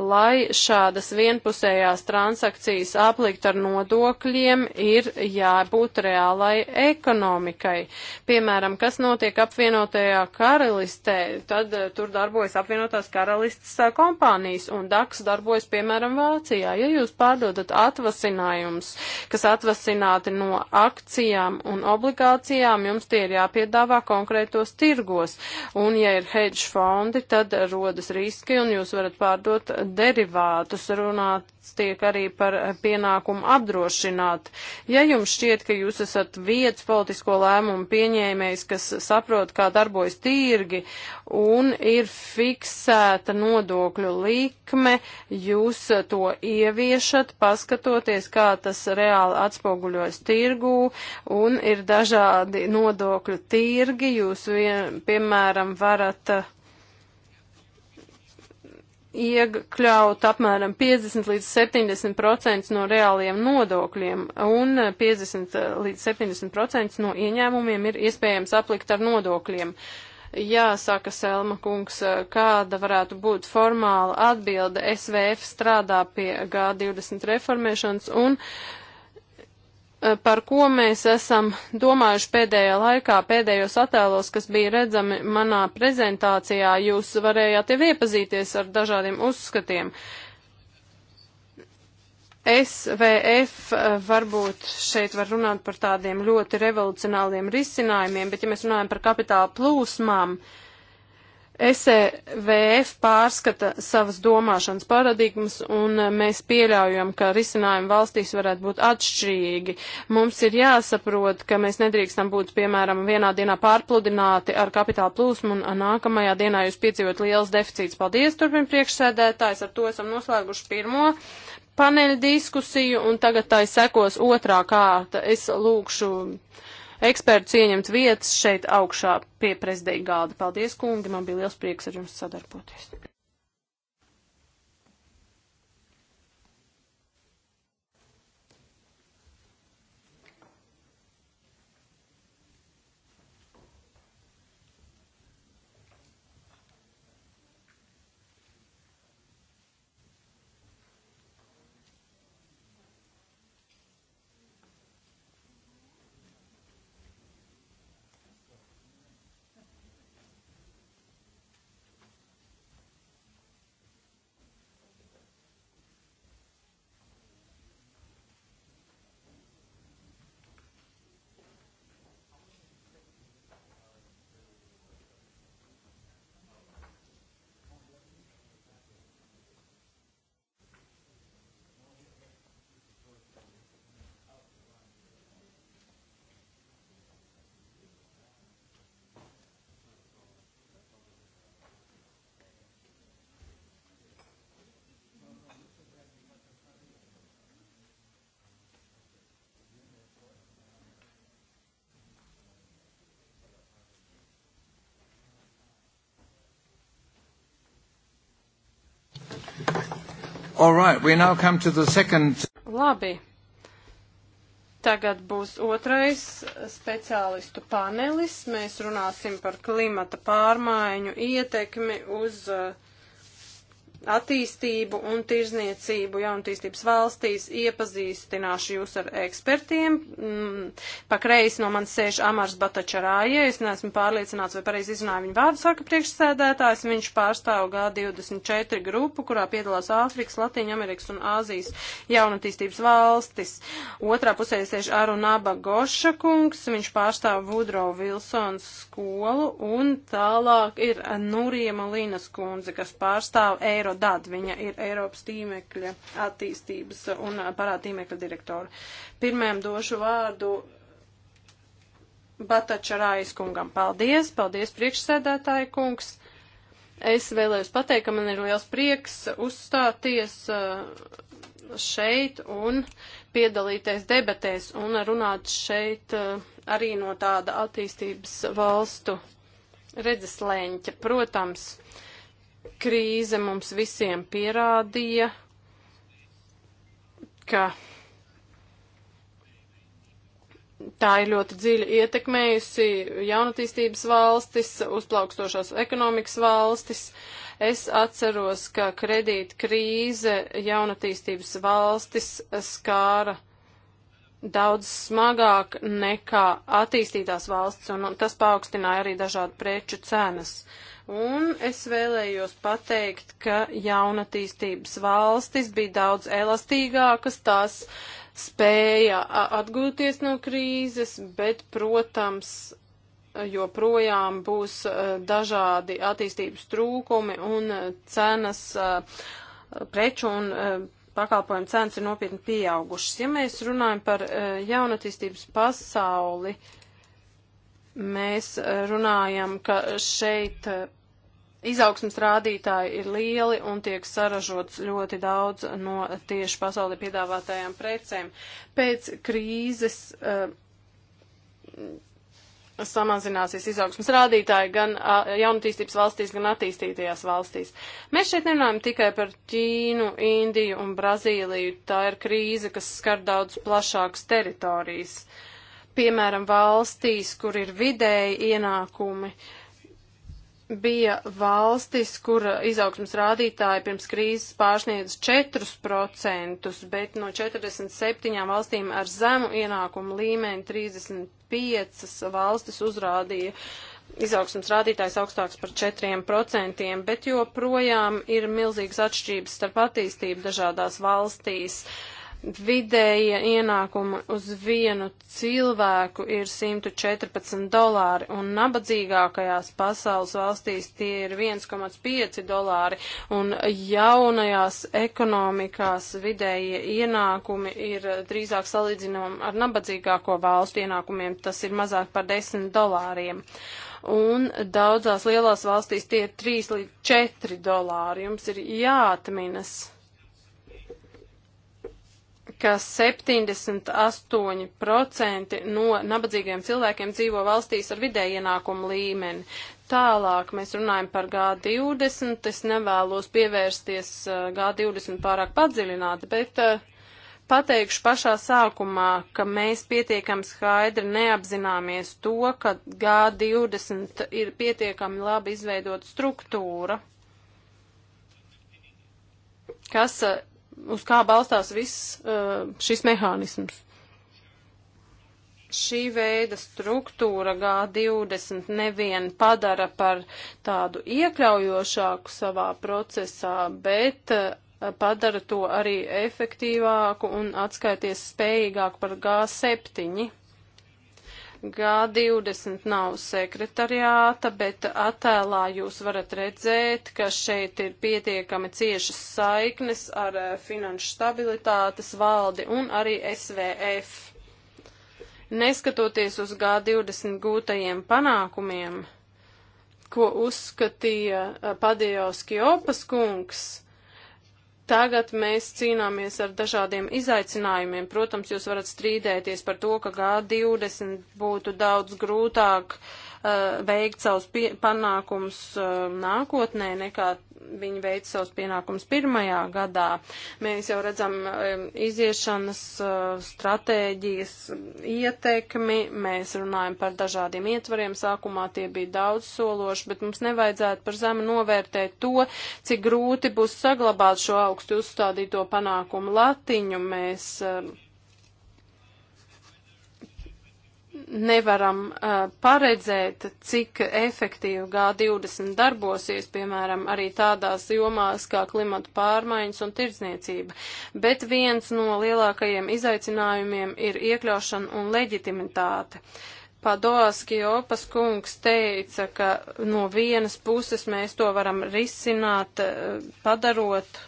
lai šādas vienpusējās transakcijas apliktu ar nodokļiem, ir jābūt reālai ekonomikai. Piemēram, kas notiek apvienotajā karalistē, tad eh, tur darbojas apvienotās karalistes eh, kompānijas un DAX darbojas, piemēram, Vācijā. Ja jūs pārdodat atvasinājums, kas atvasināti no akcijām un obligācijām, jums tie ir jāpiedāvā konkrētos tirgos. Un, ja ir hedge fondi, tad rodas riski un jūs varat pārdot derivātus, runāts tiek arī par pienākumu apdrošināt. Ja jums šķiet, ka jūs esat vietas politisko lēmumu pieņēmējs, kas saprot, kā darbojas tirgi un ir fiksēta nodokļu likme, jūs to ieviešat, paskatoties, kā tas reāli atspoguļojas tirgū un ir dažādi nodokļu tirgi. Jūs, vien, piemēram, varat iekļaut apmēram 50 līdz 70 procents no reāliem nodokļiem, un 50 eh, līdz 70 procents no ieņēmumiem ir iespējams aplikt ar nodokļiem. Jāsaka, Selma kungs, eh, kāda varētu būt formāla atbilde. SVF strādā pie G20 reformēšanas, un uh, Eh, par ko mēs esam domājuši pēdējā laikā, pēdējos attēlos, kas bija redzami manā prezentācijā, jūs varējāt jau iepazīties ar dažādiem uzskatiem. SVF eh, varbūt šeit var runāt par tādiem ļoti revolucionāliem risinājumiem, bet ja mēs runājam par kapitāla plūsmām, uh, SEVF pārskata savas domāšanas paradigmas, un eh, mēs pieļaujam, ka risinājumi valstīs varētu būt atšķirīgi. Mums ir jāsaprot, ka mēs nedrīkstam būt, piemēram, vienā dienā pārpludināti ar kapitāla plūsmu, un nākamajā dienā jūs piedzīvot liels deficīts. Paldies, turpin priekšsēdētājs, ar to esam noslēguši pirmo paneļa diskusiju, un tagad tai sekos otrā kārta. Es lūkšu ekspertus ieņemt vietas šeit augšā pie prezidenta gāda. Paldies, kungi, man bija liels prieks ar jums sadarboties. All right, we now come to the second. Labi. Tagad būs otrais speciālistu panelis. Mēs runāsim par klimata pārmaiņu ietekmi uz uh, attīstību un tirzniecību jaunatīstības valstīs, iepazīstināšu jūs ar ekspertiem. Mm, Pakreis no manis sēž Amars Batačarāja, es neesmu pārliecināts, vai pareizi izrunāju viņu vārdu saka priekšsēdētājs, viņš pārstāv G24 grupu, kurā piedalās Āfrikas, Latīņa Amerikas un Āzijas jaunatīstības valstis. Otrā pusē sēž Arunaba Goša kungs, viņš pārstāv Vudro Vilsons skolu un tālāk ir Nurija Malīnas kundze, kas pārstāv Eiro eiro dad. Viņa ir Eiropas tīmekļa attīstības un parāda tīmekļa direktora. Pirmajam došu vārdu Batačarājas kungam. Paldies, paldies priekšsēdētāja kungs. Es vēlējos pateikt, ka man ir liels prieks uzstāties uh, šeit un piedalīties debatēs un runāt šeit uh, arī no tāda attīstības valstu redzeslēņķa. Protams, uh, Krīze mums visiem pierādīja, ka tā ir ļoti dziļi ietekmējusi jaunatīstības valstis, uzplaukstošās ekonomikas valstis. Es atceros, ka kredīt krīze jaunatīstības valstis skāra daudz smagāk nekā attīstītās valsts, un tas paaugstināja arī dažādu preču cenas. Uh, Un es vēlējos pateikt, ka jaunatīstības valstis bija daudz elastīgākas, tās spēja atgūties no krīzes, bet, protams, joprojām būs dažādi attīstības trūkumi un cenas, preču un pakalpojumu cenas ir nopietni pieaugušas. Ja mēs runājam par jaunatīstības pasauli, mēs runājam, ka šeit izaugsmas rādītāji ir lieli un tiek saražots ļoti daudz no tieši pasaulē piedāvātajām precēm. Pēc krīzes uh, samazināsies izaugsmas rādītāji gan uh, jaunatīstības valstīs, gan attīstītajās valstīs. Mēs šeit nerunājam tikai par Ķīnu, Indiju un Brazīliju. Tā ir krīze, kas skar daudz plašākas teritorijas. Piemēram, valstīs, kur ir vidēji ienākumi. Uh, bija valstis, kur izaugsmas rādītāji pirms krīzes pārsniedz 4%, bet no 47 valstīm ar zemu ienākumu līmeni 35 valstis uzrādīja izaugsmas rādītājs augstāks par 4%, bet joprojām ir milzīgas atšķirības starp attīstību dažādās valstīs. Uh, Vidēja ienākuma uz vienu cilvēku ir 114 dolāri, un nabadzīgākajās pasaules valstīs tie ir 1,5 dolāri, un jaunajās ekonomikās vidēja ienākumi ir drīzāk salīdzinām ar nabadzīgāko valstu ienākumiem, tas ir mazāk par 10 dolāriem un daudzās lielās valstīs tie ir 3 līdz 4 dolāri. Jums ir jāatminas ka 78% no nabadzīgiem cilvēkiem dzīvo valstīs ar vidēju ienākumu līmeni. Tālāk mēs runājam par G20. Es nevēlos pievērsties eh, G20 pārāk padziļināti, bet eh, pateikšu pašā sākumā, ka mēs pietiekami skaidri neapzināmies to, ka G20 ir pietiekami labi izveidota struktūra, kas eh, uz kā balstās viss uh, šis mehānisms. Šī veida struktūra G20 nevien padara par tādu iekļaujošāku savā procesā, bet uh, padara to arī efektīvāku un atskaities spējīgāku par G7. G20 nav sekretariāta, bet attēlā jūs varat redzēt, ka šeit ir pietiekami ciešas saiknes ar eh, finanšu stabilitātes valdi un arī SVF. Neskatoties uz G20 gūtajiem panākumiem, ko uzskatīja eh, Padijos Kjopas kungs, Tagad mēs cīnāmies ar dažādiem izaicinājumiem. Protams, jūs varat strīdēties par to, ka G20 būtu daudz grūtāk uh, veikt savus panākumus uh, nākotnē nekā viņi veic savus pienākumus pirmajā gadā. Mēs jau redzam um, iziešanas uh, stratēģijas um, ietekmi, mēs runājam par dažādiem ietvariem, sākumā tie bija daudz sološi, bet mums nevajadzētu par zemi novērtēt to, cik grūti būs saglabāt šo augstu uzstādīto panākumu latiņu. Mēs, um, nevaram uh, paredzēt, cik efektīvi G20 darbosies, piemēram, arī tādās jomās kā klimata pārmaiņas un tirdzniecība. Bet viens no lielākajiem izaicinājumiem ir iekļaušana un leģitimitāte. Padoas Kjopas kungs teica, ka no vienas puses mēs to varam risināt, uh, padarot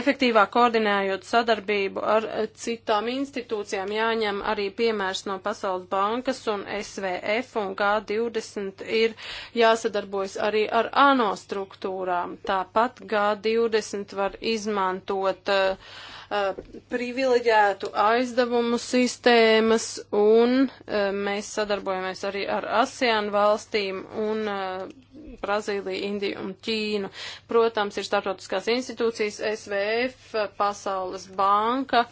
efektīvāk koordinējot sadarbību ar citām institūcijām, jāņem arī piemērs no Pasaules bankas un SVF un G20 ir jāsadarbojas arī ar ANO struktūrām. Tāpat G20 var izmantot uh, privileģētu aizdevumu sistēmas un mēs sadarbojamies arī ar ASEAN valstīm un Brazīliju, Indiju un Ķīnu. Protams, ir starptautiskās institūcijas, SVF, Pasaules banka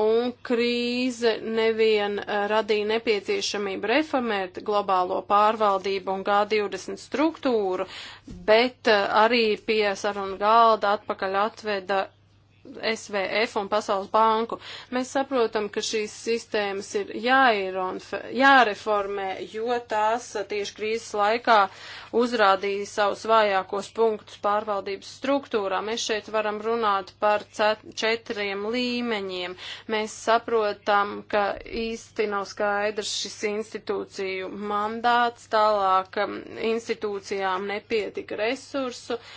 un krīze nevien radīja nepieciešamību reformēt globālo pārvaldību un G20 struktūru, bet arī pie sarunu galda atpakaļ atveda SVF un Pasaules banku. Mēs saprotam, ka šīs sistēmas ir jāreformē, jo tās tieši krīzes laikā uzrādīja savus vājākos punktus pārvaldības struktūrā. Mēs šeit varam runāt par četriem līmeņiem. Mēs saprotam, ka īsti nav skaidrs šis institūciju mandāts, tālāk um, institūcijām nepietika resursu. Uh,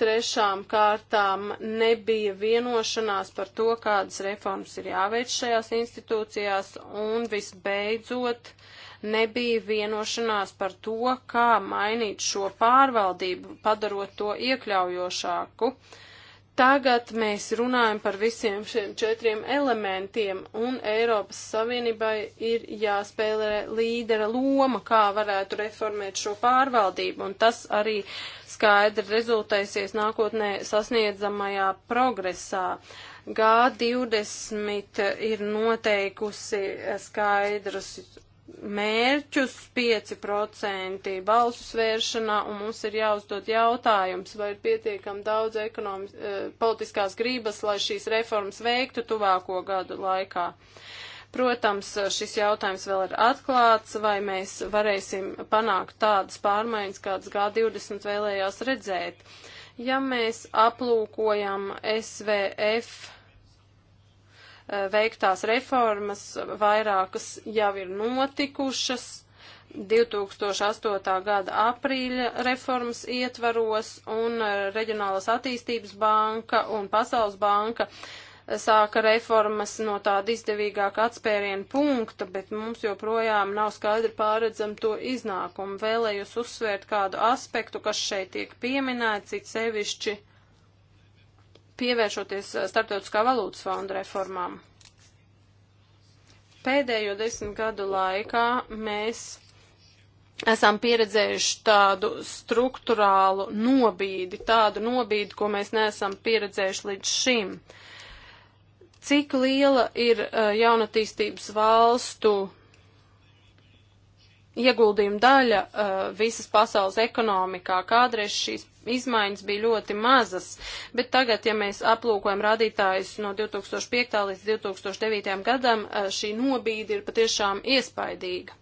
Trešām kārtām nebija vienošanās par to, kādas reformas ir jāveic šajās institūcijās, un visbeidzot nebija vienošanās par to, kā mainīt šo pārvaldību, padarot to iekļaujošāku. Uh, Tagad mēs runājam par visiem šiem četriem elementiem, un Eiropas Savienībai ir jāspēlē līdera loma, kā varētu reformēt šo pārvaldību, un tas arī skaidri rezultēsies nākotnē sasniedzamajā progresā. G20 ir noteikusi skaidrus mērķus 5% balsu svēršanā, un mums ir jāuzdod jautājums, vai ir pietiekam daudz ekonomis, eh, politiskās grības, lai šīs reformas veiktu tuvāko gadu laikā. Protams, šis jautājums vēl ir atklāts, vai mēs varēsim panākt tādas pārmaiņas, kādas G20 vēlējās redzēt. Ja mēs aplūkojam SVF Eh, veiktās reformas, vairākas jau ir notikušas. 2008. gada aprīļa reformas ietvaros un eh, Reģionālās attīstības banka un Pasaules banka eh, sāka reformas no tāda izdevīgāka atspēriena punkta, bet mums joprojām nav skaidri pāredzam to iznākumu. Vēlējos uzsvērt kādu aspektu, kas šeit tiek pieminēts, it sevišķi pievēršoties eh, starptautiskā valūtas fonda reformām. Pēdējo desmit gadu laikā mēs esam pieredzējuši tādu struktūrālu nobīdi, tādu nobīdi, ko mēs neesam pieredzējuši līdz šim. Cik liela ir eh, jaunatīstības valstu ieguldījuma daļa eh, visas pasaules ekonomikā? Kādreiz šīs izmaiņas bija ļoti mazas, bet tagad, ja mēs aplūkojam rādītājus no 2005. līdz 2009. gadam, eh, šī nobīde ir patiešām iespaidīga.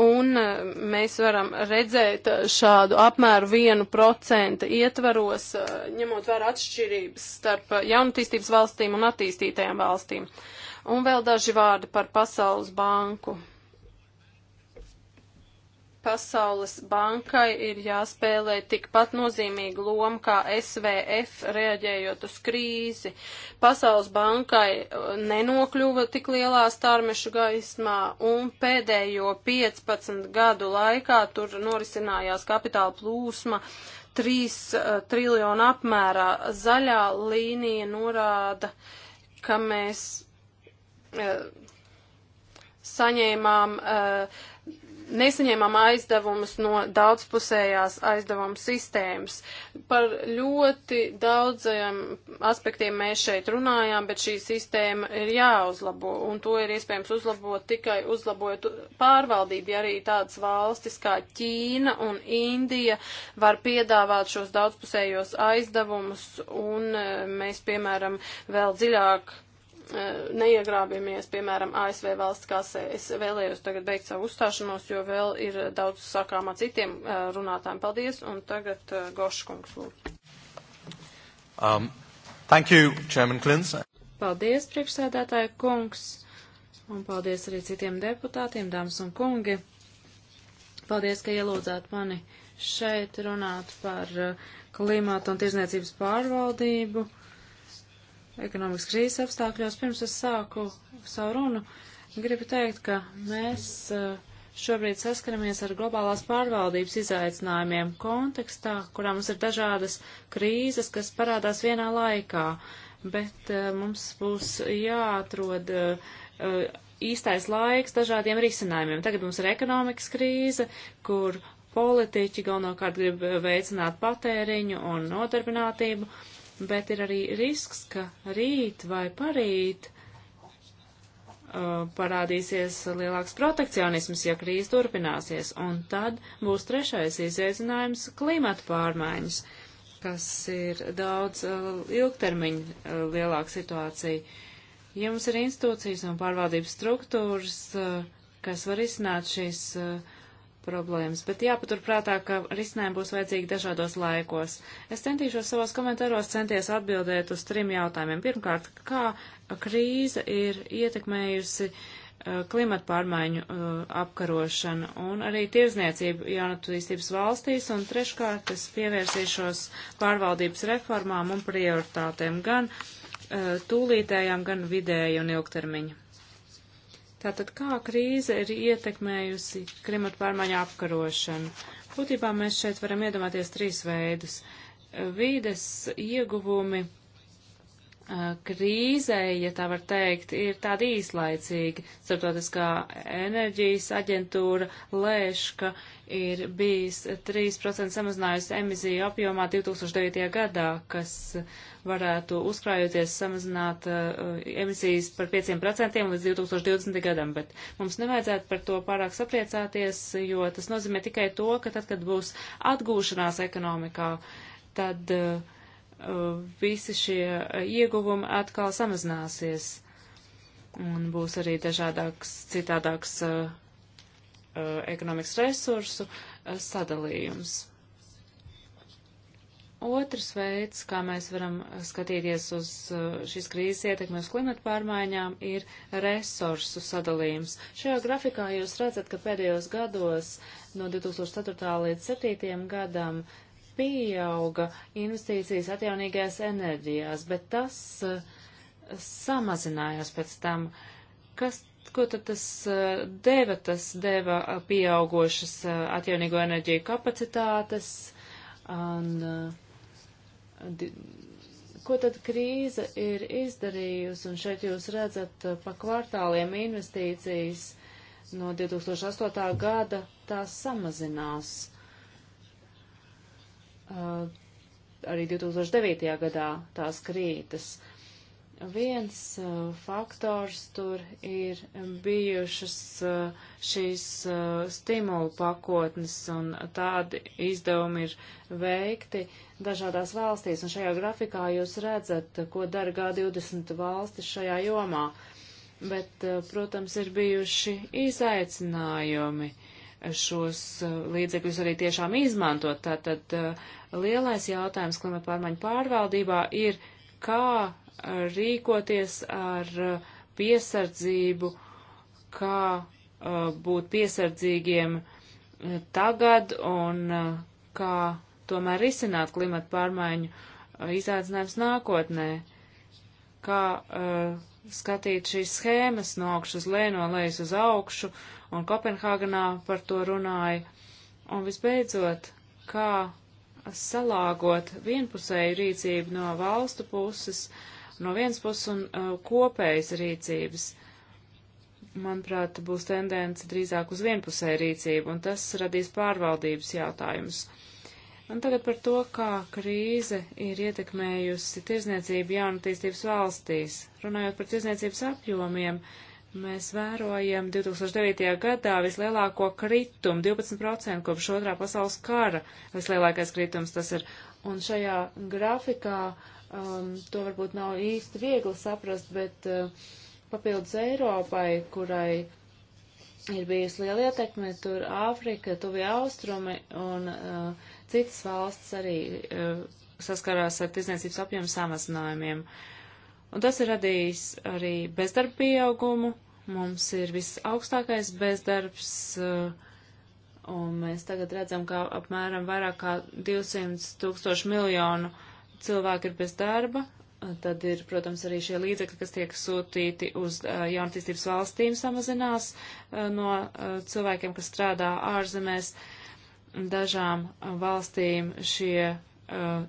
Un eh, mēs varam redzēt eh, šādu apmēru 1% ietvaros, ņemot vērā atšķirības starp jaunatīstības valstīm un attīstītajām valstīm. Un vēl daži vārdi par Pasaules banku. Pasaules bankai ir jāspēlē tikpat nozīmīga loma kā SVF reaģējot uz krīzi. Pasaules bankai uh, nenokļuva tik lielā starmešu gaismā un pēdējo 15 gadu laikā tur norisinājās kapitāla plūsma 3 uh, triljonu apmērā. Zaļā līnija norāda, ka mēs. Uh, saņēmām uh, nesaņēmām aizdevumus no daudzpusējās aizdevumu sistēmas. Par ļoti daudziem aspektiem mēs šeit runājām, bet šī sistēma ir jāuzlabo, un to ir iespējams uzlabot tikai uzlabojot pārvaldību, ja arī tādas valstis kā Ķīna un Indija var piedāvāt šos daudzpusējos aizdevumus, un eh, mēs, piemēram, vēl dziļāk E, neiegrābjamies, piemēram, ASV valsts kasē. Es vēlējos tagad beigt savu uzstāšanos, jo vēl ir daudz sakāmā citiem e, runātājiem. Paldies, un tagad e, Goškungs lūdzu. Um, thank you, Chairman Klins. Paldies, priekšsēdētāja kungs, un paldies arī citiem deputātiem, dāmas un kungi. Paldies, ka ielūdzāt mani šeit runāt par klimātu un tirzniecības pārvaldību ekonomikas krīzes apstākļos. Pirms es sāku savu runu, gribu teikt, ka mēs eh, šobrīd saskaramies ar globālās pārvaldības izaicinājumiem kontekstā, kurā mums ir dažādas krīzes, kas parādās vienā laikā, bet eh, mums būs jāatrod eh, īstais laiks dažādiem risinājumiem. Tagad mums ir ekonomikas krīze, kur politiķi galvenokārt grib veicināt patēriņu un nodarbinātību. Uh, bet ir arī risks, ka rīt vai parīt uh, parādīsies lielāks protekcionisms, ja krīze turpināsies, un tad būs trešais izaicinājums - klimata pārmaiņas, kas ir daudz uh, ilgtermiņa uh, lielāka situācija. Ja mums ir institūcijas un pārvaldības struktūras, uh, kas var izsnāt šīs uh, problēmas, bet jāpaturprātā, ka risinājumi būs vajadzīgi dažādos laikos. Es centīšos savos komentāros centies atbildēt uz trim jautājumiem. Pirmkārt, kā krīze ir ietekmējusi uh, klimata pārmaiņu uh, apkarošanu un arī tirzniecību jaunatīstības valstīs, un treškārt es pievērsīšos pārvaldības reformām un prioritātēm gan uh, tūlītējām, gan vidēju un ilgtermiņu. Tātad, kā krīze ir ietekmējusi klimatu pārmaiņu apkarošanu? Būtībā mēs šeit varam iedomāties trīs veidus. Vīdes ieguvumi Eh, krīzei, ja tā var teikt, ir tāda īslaicīga. Starptautiskā enerģijas aģentūra lēš, ka ir bijis 3% samazinājusi emisiju apjomā 2009. gadā, kas varētu uzkrājoties samazināt uh, emisijas par 5% līdz 2020. gadam, bet mums nevajadzētu par to pārāk sapriecāties, jo tas nozīmē tikai to, ka tad, kad būs atgūšanās ekonomikā, tad uh, Uh, visi šie uh, ieguvumi atkal samazināsies un būs arī dažādāks, citādāks uh, uh, ekonomikas resursu uh, sadalījums. Otrs veids, kā mēs varam skatīties uz uh, šīs krīzes ietekmi uz klimatu pārmaiņām, ir resursu sadalījums. Šajā grafikā jūs redzat, ka pēdējos gados no 2004. līdz 2007. gadam uh, pieauga investīcijas atjaunīgajās enerģijās, bet tas uh, samazinājās pēc tam. Kas, ko tad tas uh, deva? Tas deva eh, pieaugošas uh, atjaunīgo enerģiju kapacitātes un di, ko tad krīze ir izdarījusi, un šeit jūs redzat pa kvartāliem investīcijas no 2008. gada tās samazinās. Uh, arī 2009. gadā tās krītas. Viens uh, faktors tur ir bijušas uh, šīs stimulu pakotnes, un tādi izdevumi ir veikti dažādās valstīs. Un šajā grafikā jūs redzat, ko dara G20 valstis šajā jomā. Bet, protams, ir bijuši izaicinājumi. Uh, šos eh, līdzekļus arī tiešām izmantot. Tātad eh, lielais jautājums klimata pārmaiņu pārvaldībā ir, kā rīkoties ar eh, piesardzību, kā būt piesardzīgiem tagad un kā tomēr risināt klimata pārmaiņu izaicinājums nākotnē, kā uh, skatīt šīs schēmas no augšas uz leju, no lejas uz augšu, un Kopenhāganā par to runāja. Un visbeidzot, kā salāgot vienpusēju rīcību no valstu puses, no vienas puses un uh, kopējas rīcības. Manuprāt, būs tendence drīzāk uz vienpusēju rīcību, un tas radīs pārvaldības jautājumus. Uh, Un tagad par to, kā krīze ir ietekmējusi tirzniecību jaunatīstības valstīs. Runājot par tirzniecības apjomiem, Mēs vērojam 2009. gadā vislielāko kritumu, 12% kopš otrā pasaules kara, vislielākais kritums tas ir. Un šajā grafikā um, to varbūt nav īsti viegli saprast, bet uh, papildus Eiropai, kurai ir bijusi liela ietekme, tur Āfrika, tuvie austrumi un uh, Citas valsts arī uh, saskarās ar tirdzniecības apjomu samazinājumiem. Un tas ir radījis arī bezdarba pieaugumu. Mums ir visaugstākais bezdarbs, uh, un mēs tagad redzam, ka apmēram vairāk kā 200 tūkstoši miljonu cilvēku ir bez darba. Tad ir, protams, arī šie līdzekļi, kas tiek sūtīti uz uh, jaunatīstības valstīm samazinās uh, no cilvēkiem, kas strādā ārzemēs. Uh, dažām valstīm šie uh,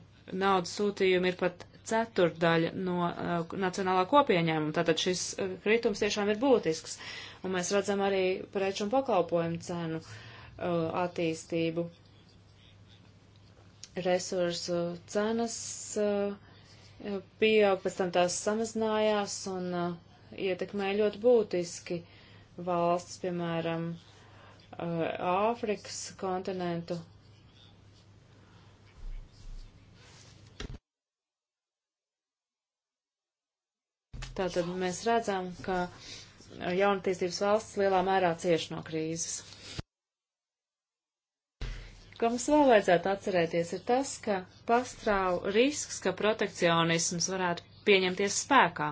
naudas sūtījumi ir pat ceturdaļa no uh, nacionālā kopieņēmuma. Tātad šis uh, kritums tiešām ir būtisks. Un mēs redzam arī preču un pakalpojumu cenu uh, attīstību. Resursu cenas uh, pieaug, pēc tam tās samazinājās un uh, ietekmē ļoti būtiski valsts, piemēram, uh, Uh, Āfrikas kontinentu. Tātad mēs redzam, ka jaunatīstības valsts lielā mērā cieši no krīzes. Ko mums vēl vajadzētu atcerēties, ir tas, ka pastāv risks, ka protekcionisms varētu pieņemties spēkā.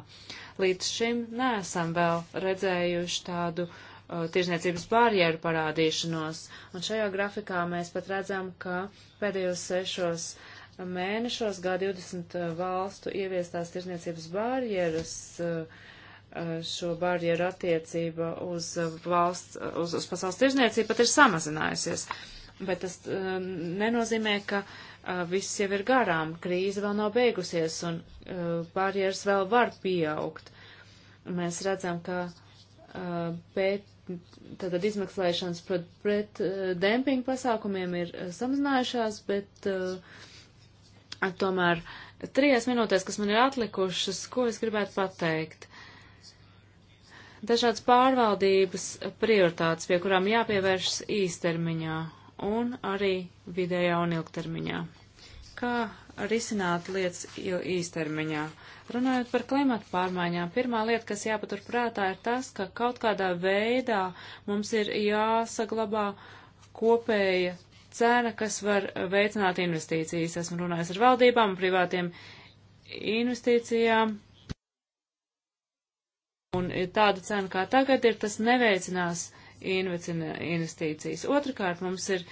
Līdz šim neesam vēl redzējuši tādu uh, Uh, tirzniecības barjeru parādīšanos. Un šajā grafikā mēs pat redzam, ka pēdējos sešos mēnešos G20 uh, valstu ieviestās tirzniecības barjeras uh, šo barjeru attiecība uz valsts, uz, uz pasaules tirzniecību pat ir samazinājusies. Bet tas um, nenozīmē, ka uh, viss jau ir garām, krīze vēl nav beigusies un uh, barjeras vēl var pieaugt. Mēs redzam, ka uh, pēt, tātad izmaksāšanas pret, pret eh, dempingu pasākumiem ir eh, samazinājušās, bet eh, tomēr trijās minūtēs, kas man ir atlikušas, ko es gribētu pateikt. Dažādas pārvaldības prioritātes, pie kurām jāpievēršas īstermiņā un arī vidējā un ilgtermiņā. Kā risināt lietas jau īstermiņā? Runājot par klimatu pārmaiņām, pirmā lieta, kas jāpatur prātā, ir tas, ka kaut kādā veidā mums ir jāsaglabā kopēja cena, kas var veicināt investīcijas. Esmu runājis ar valdībām, privātiem investīcijām. Un tāda cena kā tagad ir, tas neveicinās investīcijas. Otrakārt, mums ir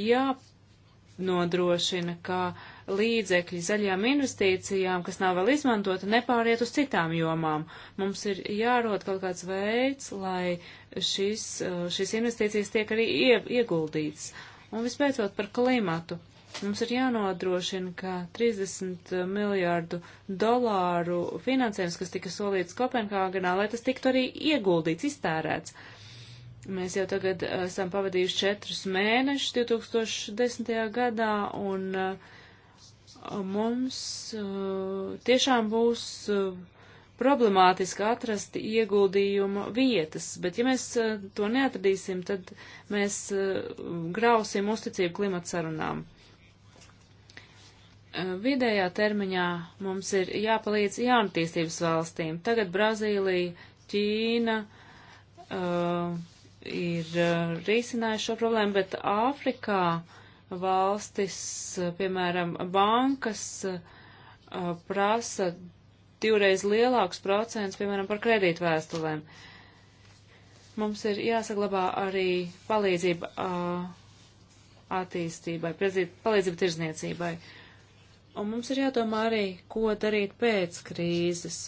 jānodrošina, ka uh, līdzekļi zaļajām investīcijām, kas nav vēl izmantota, nepāriet uz citām jomām. Mums ir jārod kaut kāds veids, lai šis, uh, šis investīcijas tiek arī ieguldīts. Un vispēcot par klimatu. Mums ir jānodrošina, ka 30 miljārdu dolāru finansējums, kas tika solīts Kopenhāgenā, lai tas tiktu arī ieguldīts, iztērēts. Mēs jau tagad uh, esam pavadījuši četrus mēnešus 2010. gadā, un uh, mums uh, tiešām būs uh, problemātiski atrast ieguldījuma vietas, bet ja mēs uh, to neatradīsim, tad mēs grausim uzticību klimata sarunām. Vidējā termiņā mums ir jāpalīdz jaunatīstības valstīm. Tagad Brazīlija, Ķīna uh, ir risinājuši šo problēmu, bet Āfrikā uh, valstis, eh, piemēram, bankas eh, prasa divreiz lielāks procents, piemēram, par kredītvēstulēm. Mums ir jāsaglabā arī palīdzība eh, attīstībai, palīdzība tirzniecībai. Un mums ir jādomā arī, ko darīt pēc krīzes.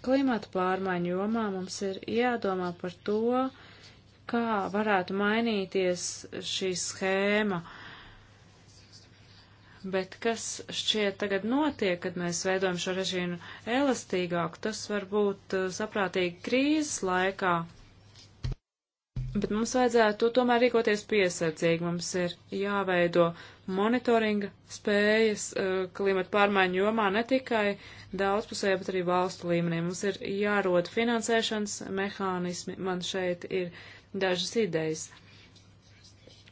Klimata pārmaiņu jomā mums ir jādomā par to, kā varētu mainīties šī schēma uh, bet kas šķiet tagad notiek, kad mēs veidojam šo režīmu elastīgāku, tas var būt uh, saprātīgi krīzes laikā. Bet mums vajadzētu tomēr rīkoties piesardzīgi. Mums ir jāveido monitoringa spējas uh, klimata pārmaiņu jomā ne tikai daudzpusē, bet arī valstu līmenī. Mums ir jārod finansēšanas mehānismi. Man šeit ir dažas idejas.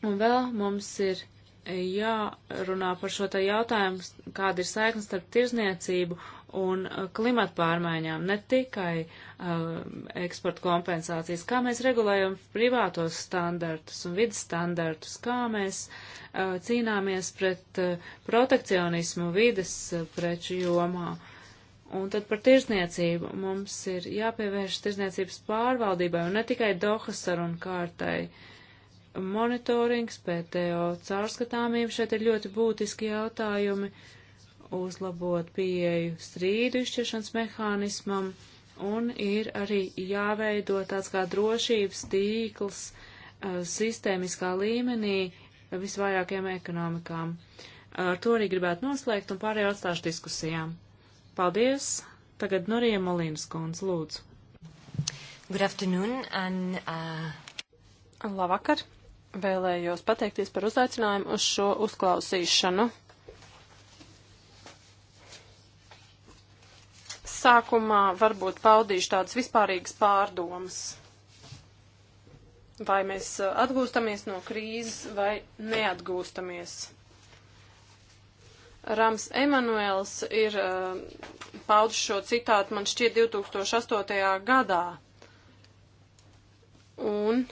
Un vēl mums ir jārunā par šo te jautājumu, kāda ir saiknes starp tirzniecību un uh, klimatu pārmaiņām, ne tikai uh, eksporta kompensācijas, kā mēs regulējam privātos standartus un vidas standartus, kā mēs uh, cīnāmies pret uh, protekcionismu vidas uh, preču jomā. Un tad par tirzniecību mums ir jāpievērš tirzniecības pārvaldībai un ne tikai Doha sarunu kārtai. Uh, Monitorings, PTO caurskatāmība šeit ir ļoti būtiski jautājumi, uzlabot pieeju strīdu izšķiršanas mehānismam un ir arī jāveido tāds kā drošības tīkls uh, sistēmiskā līmenī visvairākajām ekonomikām. Ar to arī gribētu noslēgt un pārējo atstāšu diskusijām. Paldies! Tagad Norija Malīnas kundze, lūdzu. Good afternoon and... Uh... Labvakar! Vēlējos pateikties par uzaicinājumu uz šo uzklausīšanu. Sākumā varbūt paudīšu tādas vispārīgas pārdomas. Vai mēs atgūstamies no krīzes vai neatgūstamies? Rams Emanuels ir eh, paudis šo citātu man šķiet 2008. gadā. Un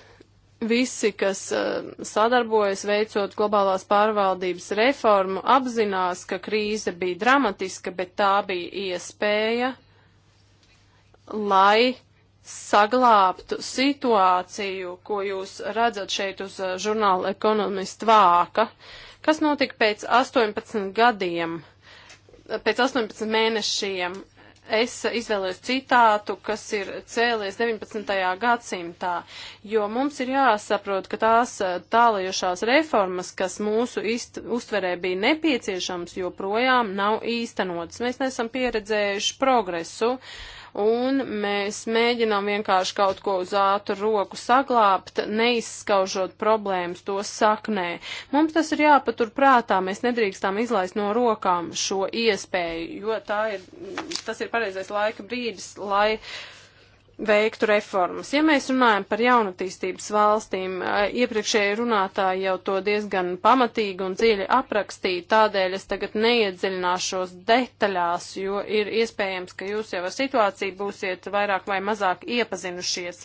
visi, kas eh, sadarbojas veicot globālās pārvaldības reformu, apzinās, ka krīze bija dramatiska, bet tā bija iespēja, lai saglābtu situāciju, ko jūs redzat šeit uz eh, žurnāla ekonomista vāka. Kas notika pēc 18 gadiem, pēc 18 mēnešiem? es izvēlējos citātu, kas ir cēlies 19. gadsimtā, jo mums ir jāsaprot, ka tās eh, tālajošās reformas, kas mūsu izt, uztverē bija nepieciešams, joprojām nav īstenotas. Mēs nesam pieredzējuši progresu. Uh, un mēs mēģinām vienkārši kaut ko uz ātru roku saglābt, neizskaužot problēmas to saknē. Mums tas ir jāpatur prātā, mēs nedrīkstam izlaist no rokām šo iespēju, jo tā ir, tas ir pareizais laika brīdis, lai uh, veiktu reformas. Ja mēs runājam par jaunatīstības valstīm, iepriekšēji runātāji jau to diezgan pamatīgi un dziļi aprakstīja, tādēļ es tagad neiedziļināšos detaļās, jo ir iespējams, ka jūs jau ar situāciju būsiet vairāk vai mazāk iepazinušies.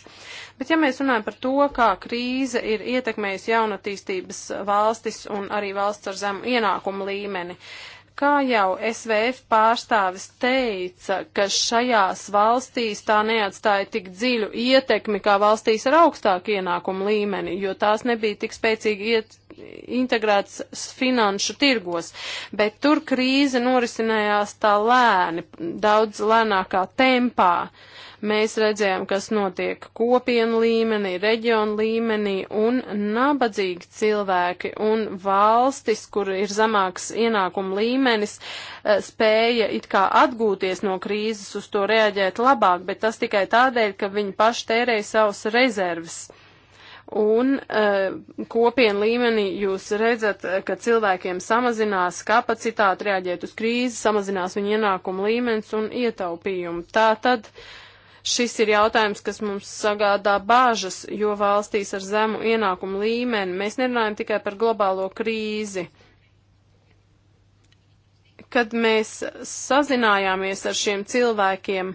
Bet ja mēs runājam par to, kā krīze ir ietekmējusi jaunatīstības valstis un arī valsts ar zemu ienākumu līmeni, uh, Kā jau SVF pārstāvis teica, ka šajās valstīs tā neatstāja tik dziļu ietekmi kā valstīs ar augstāku ienākumu līmeni, jo tās nebija tik spēcīgi iet integrētas finanšu tirgos, bet tur krīze norisinājās tā lēni, daudz lēnākā tempā. Uh, Mēs redzējām, kas notiek kopienu līmenī, reģionu līmenī un nabadzīgi cilvēki un valstis, kur ir zemāks ienākuma līmenis, eh, spēja it kā atgūties no krīzes, uz to reaģēt labāk, bet tas tikai tādēļ, ka viņi paši tērēja savus rezerves. Un uh, kopienu līmenī jūs redzat, eh, ka cilvēkiem samazinās kapacitāte reaģēt uz krīzi, samazinās viņu ienākumu līmenis un ietaupījumu. Tā tad uh, Šis ir jautājums, kas mums sagādā bāžas, jo valstīs ar zemu ienākumu līmeni mēs nerunājam tikai par globālo krīzi. Kad mēs sazinājāmies ar šiem cilvēkiem,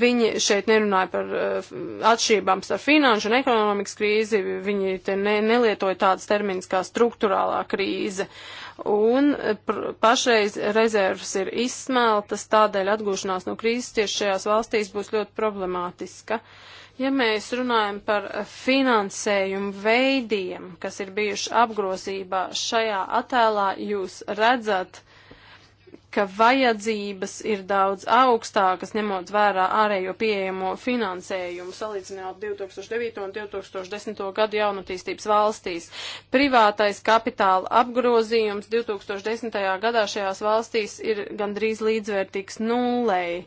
Viņi šeit nerunāja par uh, atšķirībām starp finanšu un ekonomikas krīzi, viņi te ne, nelietoja tādas terminas kā struktūrālā krīze un pašreiz rezervas ir izsmeltas, tādēļ atgūšanās no krīzes tieši šajās valstīs būs ļoti problemātiska. Ja mēs runājam par finansējumu veidiem, kas ir bijuši apgrozībā šajā attēlā, jūs redzat, ka vajadzības ir daudz augstākas, ņemot vērā ārējo pieejamo finansējumu, salīdzinot 2009 un 2010 gadu jaunatīstības valstīs. Privātais kapitāla apgrozījums 2010. gadā šajās valstīs ir gandrīz līdzvērtīgs nullei.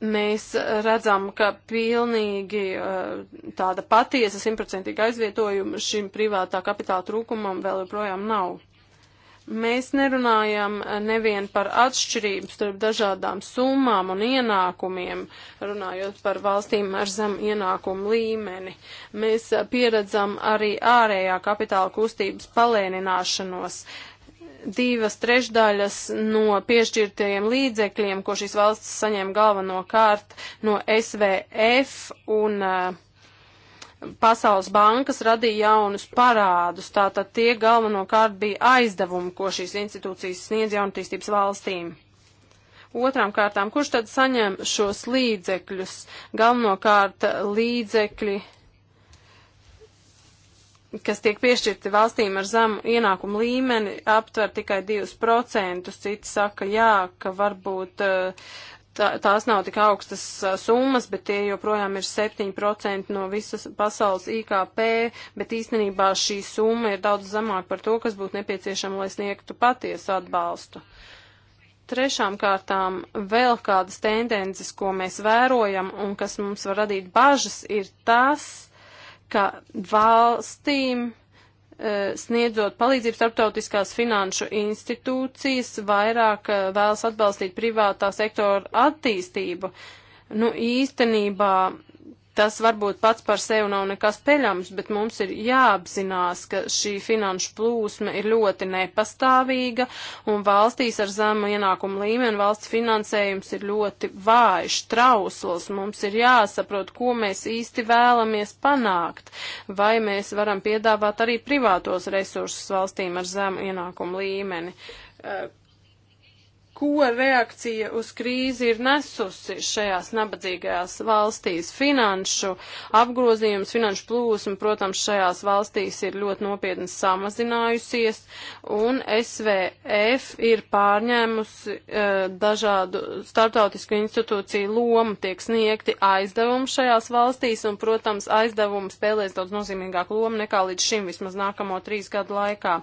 Mēs redzam, ka pilnīgi eh, tāda patiesa simtprocentīga aizvietojuma šim privātā kapitāla trūkumam vēl joprojām nav. Mēs nerunājam eh, nevien par atšķirību starp dažādām summām un ienākumiem, runājot par valstīm ar zem ienākumu līmeni. Mēs eh, pieredzam arī ārējā kapitāla kustības palēnināšanos. Divas trešdaļas no piešķirtajiem līdzekļiem, ko šīs valsts saņem galvenokārt no SVF un uh, Pasaules bankas radīja jaunus parādus, tātad tie galvenokārt bija aizdevumi, ko šīs institūcijas sniedz jaunatīstības valstīm. Otrām kārtām, kurš tad saņem šos līdzekļus? Galvenokārt līdzekļi, kas tiek piešķirti valstīm ar zemu ienākumu līmeni, aptver tikai 2%. Citi saka, jā, ka varbūt uh, tā, tās nav tik augstas uh, summas, bet tie joprojām ir 7% no visas pasaules IKP, bet īstenībā šī summa ir daudz zemāka par to, kas būtu nepieciešama, lai sniegtu patiesu atbalstu. Trešām kārtām vēl kādas tendences, ko mēs vērojam un kas mums var radīt bažas, ir tas, ka valstīm Eh, sniedzot palīdzību starptautiskās finanšu institūcijas, vairāk eh, vēlas atbalstīt privātā sektora attīstību. Nu, īstenībā Tas varbūt pats par sevi nav nekas peļams, bet mums ir jāapzinās, ka šī finanšu plūsma ir ļoti nepastāvīga un valstīs ar zemu ienākumu līmeni valsts finansējums ir ļoti vājš, trausls. Mums ir jāsaprot, ko mēs īsti vēlamies panākt, vai mēs varam piedāvāt arī privātos resursus valstīm ar zemu ienākumu līmeni eh, ko reakcija uz krīzi ir nesusi šajās nabadzīgajās valstīs. Finanšu apgrozījums, finanšu plūsma, protams, šajās valstīs ir ļoti nopietni samazinājusies, un SVF ir pārņēmusi e, dažādu starptautisku institūciju lomu, tiek sniegti aizdevumi šajās valstīs, un, protams, aizdevumi spēlēs daudz nozīmīgāku lomu nekā līdz šim vismaz nākamo trīs gadu laikā.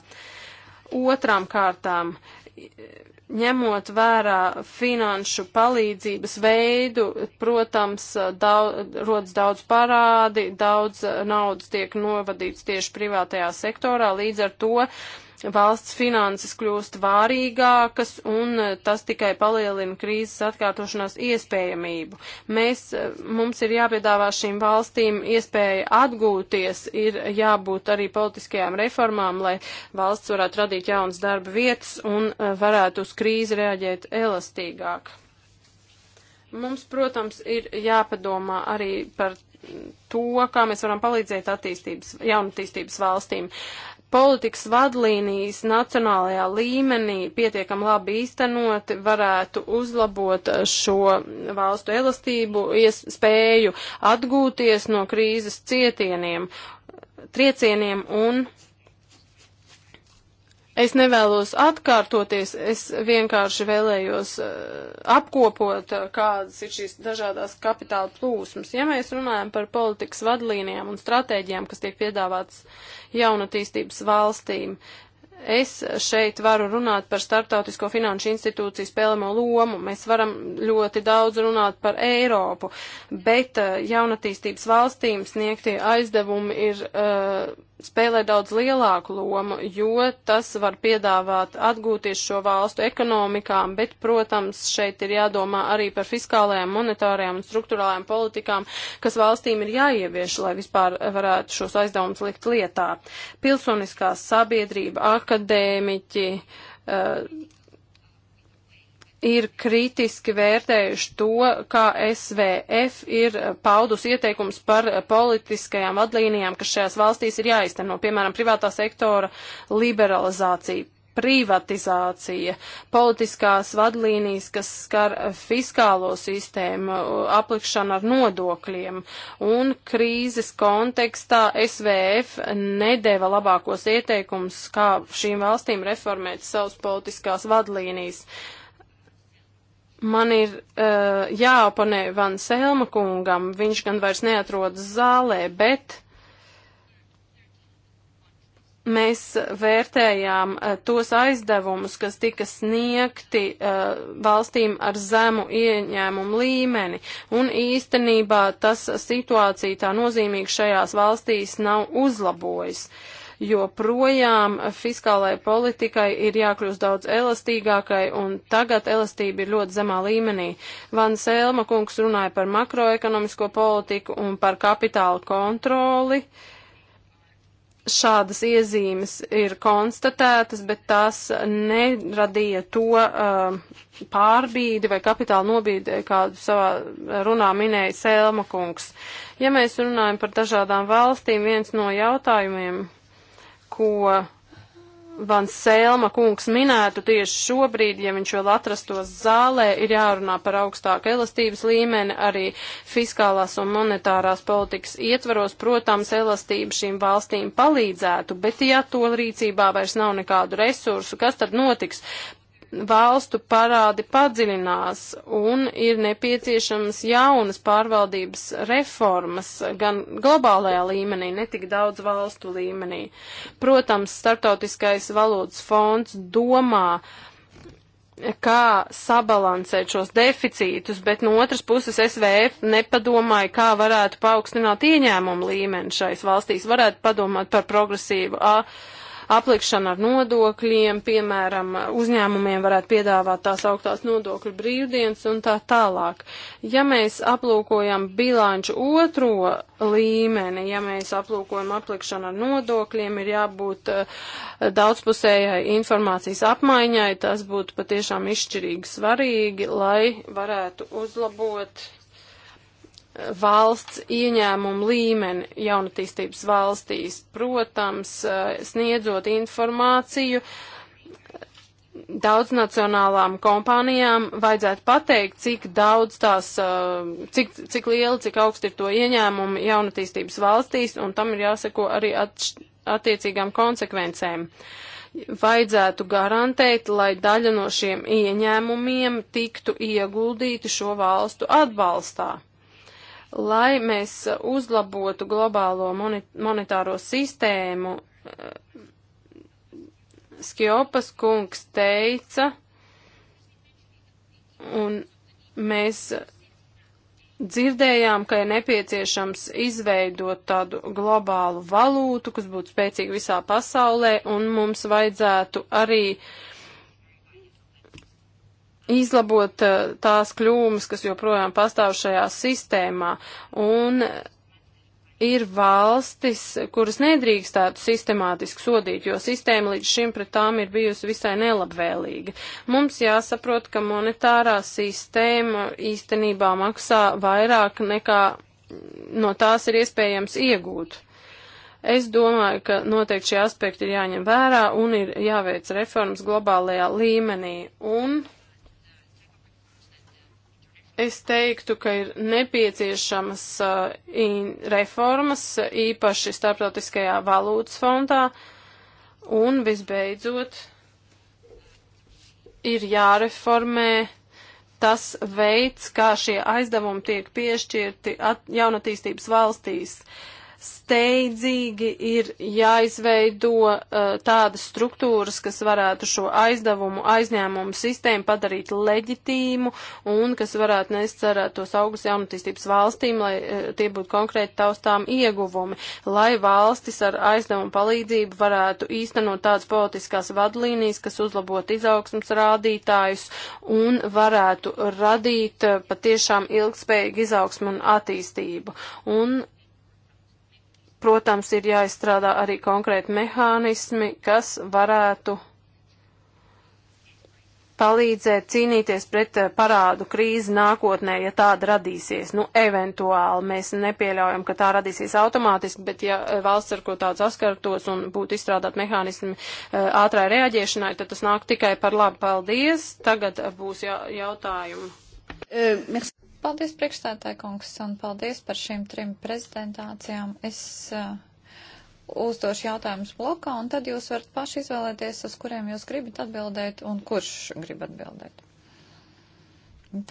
Otrām kārtām ņemot vērā finanšu palīdzības veidu, protams, daudz, rodas daudz parādi, daudz naudas tiek novadīts tieši privātajā sektorā, līdz ar to valsts finanses kļūst vārīgākas un eh, tas tikai palielina krīzes atkārtošanās iespējamību. Mēs, eh, mums ir jāpiedāvā šīm valstīm iespēja atgūties, ir jābūt arī politiskajām reformām, lai valsts varētu radīt jaunas darba vietas un eh, varētu uz krīzi reaģēt elastīgāk. Mums, protams, ir jāpadomā arī par to, kā mēs varam palīdzēt attīstības, jaunatīstības valstīm politikas vadlīnijas nacionālajā līmenī pietiekam labi īstenoti varētu uzlabot šo valstu elastību, spēju atgūties no krīzes cietieniem, triecieniem un Es nevēlos atkārtoties, es vienkārši vēlējos eh, apkopot, eh, kādas ir šīs dažādās kapitāla plūsmas. Ja mēs runājam par politikas vadlīnijām un stratēģijām, kas tiek piedāvāts jaunatīstības valstīm, Es šeit varu runāt par startautisko finanšu institūciju spēlamo lomu. Mēs varam ļoti daudz runāt par Eiropu, bet eh, jaunatīstības valstīm sniegtie aizdevumi ir uh, spēlē daudz lielāku lomu, jo tas var piedāvāt atgūties šo valstu ekonomikām, bet, protams, šeit ir jādomā arī par fiskālajām, monetārajām un struktūrālajām politikām, kas valstīm ir jāievieš, lai vispār varētu šos aizdevumus likt lietā. Pilsoniskā sabiedrība, akadēmiķi eh, ir kritiski vērtējuši to, kā SVF ir paudus ieteikums par politiskajām vadlīnijām, kas šajās valstīs ir jāizteno, piemēram, privātā sektora liberalizācija privatizācija, politiskās vadlīnijas, kas skar fiskālo sistēmu, aplikšanu ar nodokļiem, un krīzes kontekstā SVF nedēva labākos ieteikumus, kā šīm valstīm reformēt savus politiskās vadlīnijas. Man ir uh, jāoponē Van Selma kungam, viņš gan vairs neatrodas zālē, bet mēs vērtējām eh, tos aizdevumus, kas tika sniegti uh, valstīm ar zemu ieņēmumu līmeni, un īstenībā tas situācija tā nozīmīgi šajās valstīs nav uzlabojis jo projām fiskālai politikai ir jākļūst daudz elastīgākai, un tagad elastība ir ļoti zemā līmenī. Vans Elma kungs runāja par makroekonomisko politiku un par kapitāla kontroli. Uh, šādas iezīmes ir konstatētas, bet tās neradīja to uh, pārbīdi vai kapitāla nobīdi, kādu savā runā minēja Sēlma kungs. Ja mēs runājam par dažādām valstīm, viens no jautājumiem, ko Van Sēlma kungs minētu tieši šobrīd, ja viņš vēl atrastos zālē, ir jārunā par augstāku elastības līmeni, arī fiskālās un monetārās politikas ietvaros, protams, elastība šīm valstīm palīdzētu, bet ja to rīcībā vairs nav nekādu resursu, kas tad notiks? valstu parādi padziļinās un ir nepieciešamas jaunas pārvaldības reformas gan globālajā līmenī, ne tik daudz valstu līmenī. Protams, Startautiskais valodas fonds domā, kā sabalansēt šos deficītus, bet no otras puses SVF nepadomāja, kā varētu paaugstināt ieņēmumu līmeni šais valstīs, varētu padomāt par progresīvu. A, aplikšana ar nodokļiem, piemēram, uzņēmumiem varētu piedāvāt tās augtās nodokļu brīvdienas un tā tālāk. Ja mēs aplūkojam bilanču otro līmeni, ja mēs aplūkojam aplikšanu ar nodokļiem, ir jābūt uh, daudzpusējai informācijas apmaiņai, tas būtu patiešām izšķirīgi svarīgi, lai varētu uzlabot valsts ieņēmumu līmeni jaunatīstības valstīs, protams, eh, sniedzot informāciju daudz nacionālām kompānijām vajadzētu pateikt, cik daudz tās, eh, cik, cik liela, cik augsti ir to ieņēmumi jaunatīstības valstīs, un tam ir jāseko arī attiecīgām konsekvencēm. Uh, vajadzētu garantēt, lai daļa no šiem ieņēmumiem tiktu ieguldīti šo valstu atbalstā lai mēs uzlabotu globālo monetāro sistēmu. Eh, Skjopas kungs teica, un mēs dzirdējām, ka ir nepieciešams izveidot tādu globālu valūtu, kas būtu spēcīga visā pasaulē, un mums vajadzētu arī uh, izlabot eh, tās kļūmes, kas joprojām pastāv šajā sistēmā. Un ir valstis, kuras nedrīkstētu sistemātiski sodīt, jo sistēma līdz šim pret tām ir bijusi visai nelabvēlīga. Mums jāsaprot, ka monetārā sistēma īstenībā maksā vairāk nekā no tās ir iespējams iegūt. Es domāju, ka noteikti šie aspekti ir jāņem vērā un ir jāveic reformas globālajā līmenī. Un Es teiktu, ka ir nepieciešamas uh, reformas, uh, īpaši starptautiskajā valūtas fondā, un visbeidzot ir jāreformē tas veids, kā šie aizdevumi tiek piešķirti jaunatīstības valstīs. Uh, steidzīgi ir jāizveido uh, tādas struktūras, kas varētu šo aizdevumu aizņēmumu sistēmu padarīt leģitīmu un kas varētu nest cerētos augus jaunatīstības valstīm, lai uh, tie būtu konkrēti taustām ieguvumi, lai valstis ar aizdevumu palīdzību varētu īstenot tādas politiskās vadlīnijas, kas uzlabot izaugsmas rādītājus un varētu radīt uh, patiešām ilgspējīgu izaugsmu un attīstību. Un protams, ir jāizstrādā arī konkrēti mehānismi, kas varētu palīdzēt cīnīties pret eh, parādu krīzi nākotnē, ja tāda radīsies. Nu, eventuāli mēs nepieļaujam, ka tā radīsies automātiski, bet ja eh, valsts ar ko tāds askartos un būtu izstrādāt mehānismi eh, ātrai reaģēšanai, tad tas nāk tikai par labu. Paldies! Tagad būs jā, jautājumi. E, mēs... Paldies, priekšstādāja kungs, un paldies par šīm trim prezentācijām. Es uh, uzdošu jautājumus blokā, un tad jūs varat paši izvēlēties, uz kuriem jūs gribat atbildēt un kurš grib atbildēt.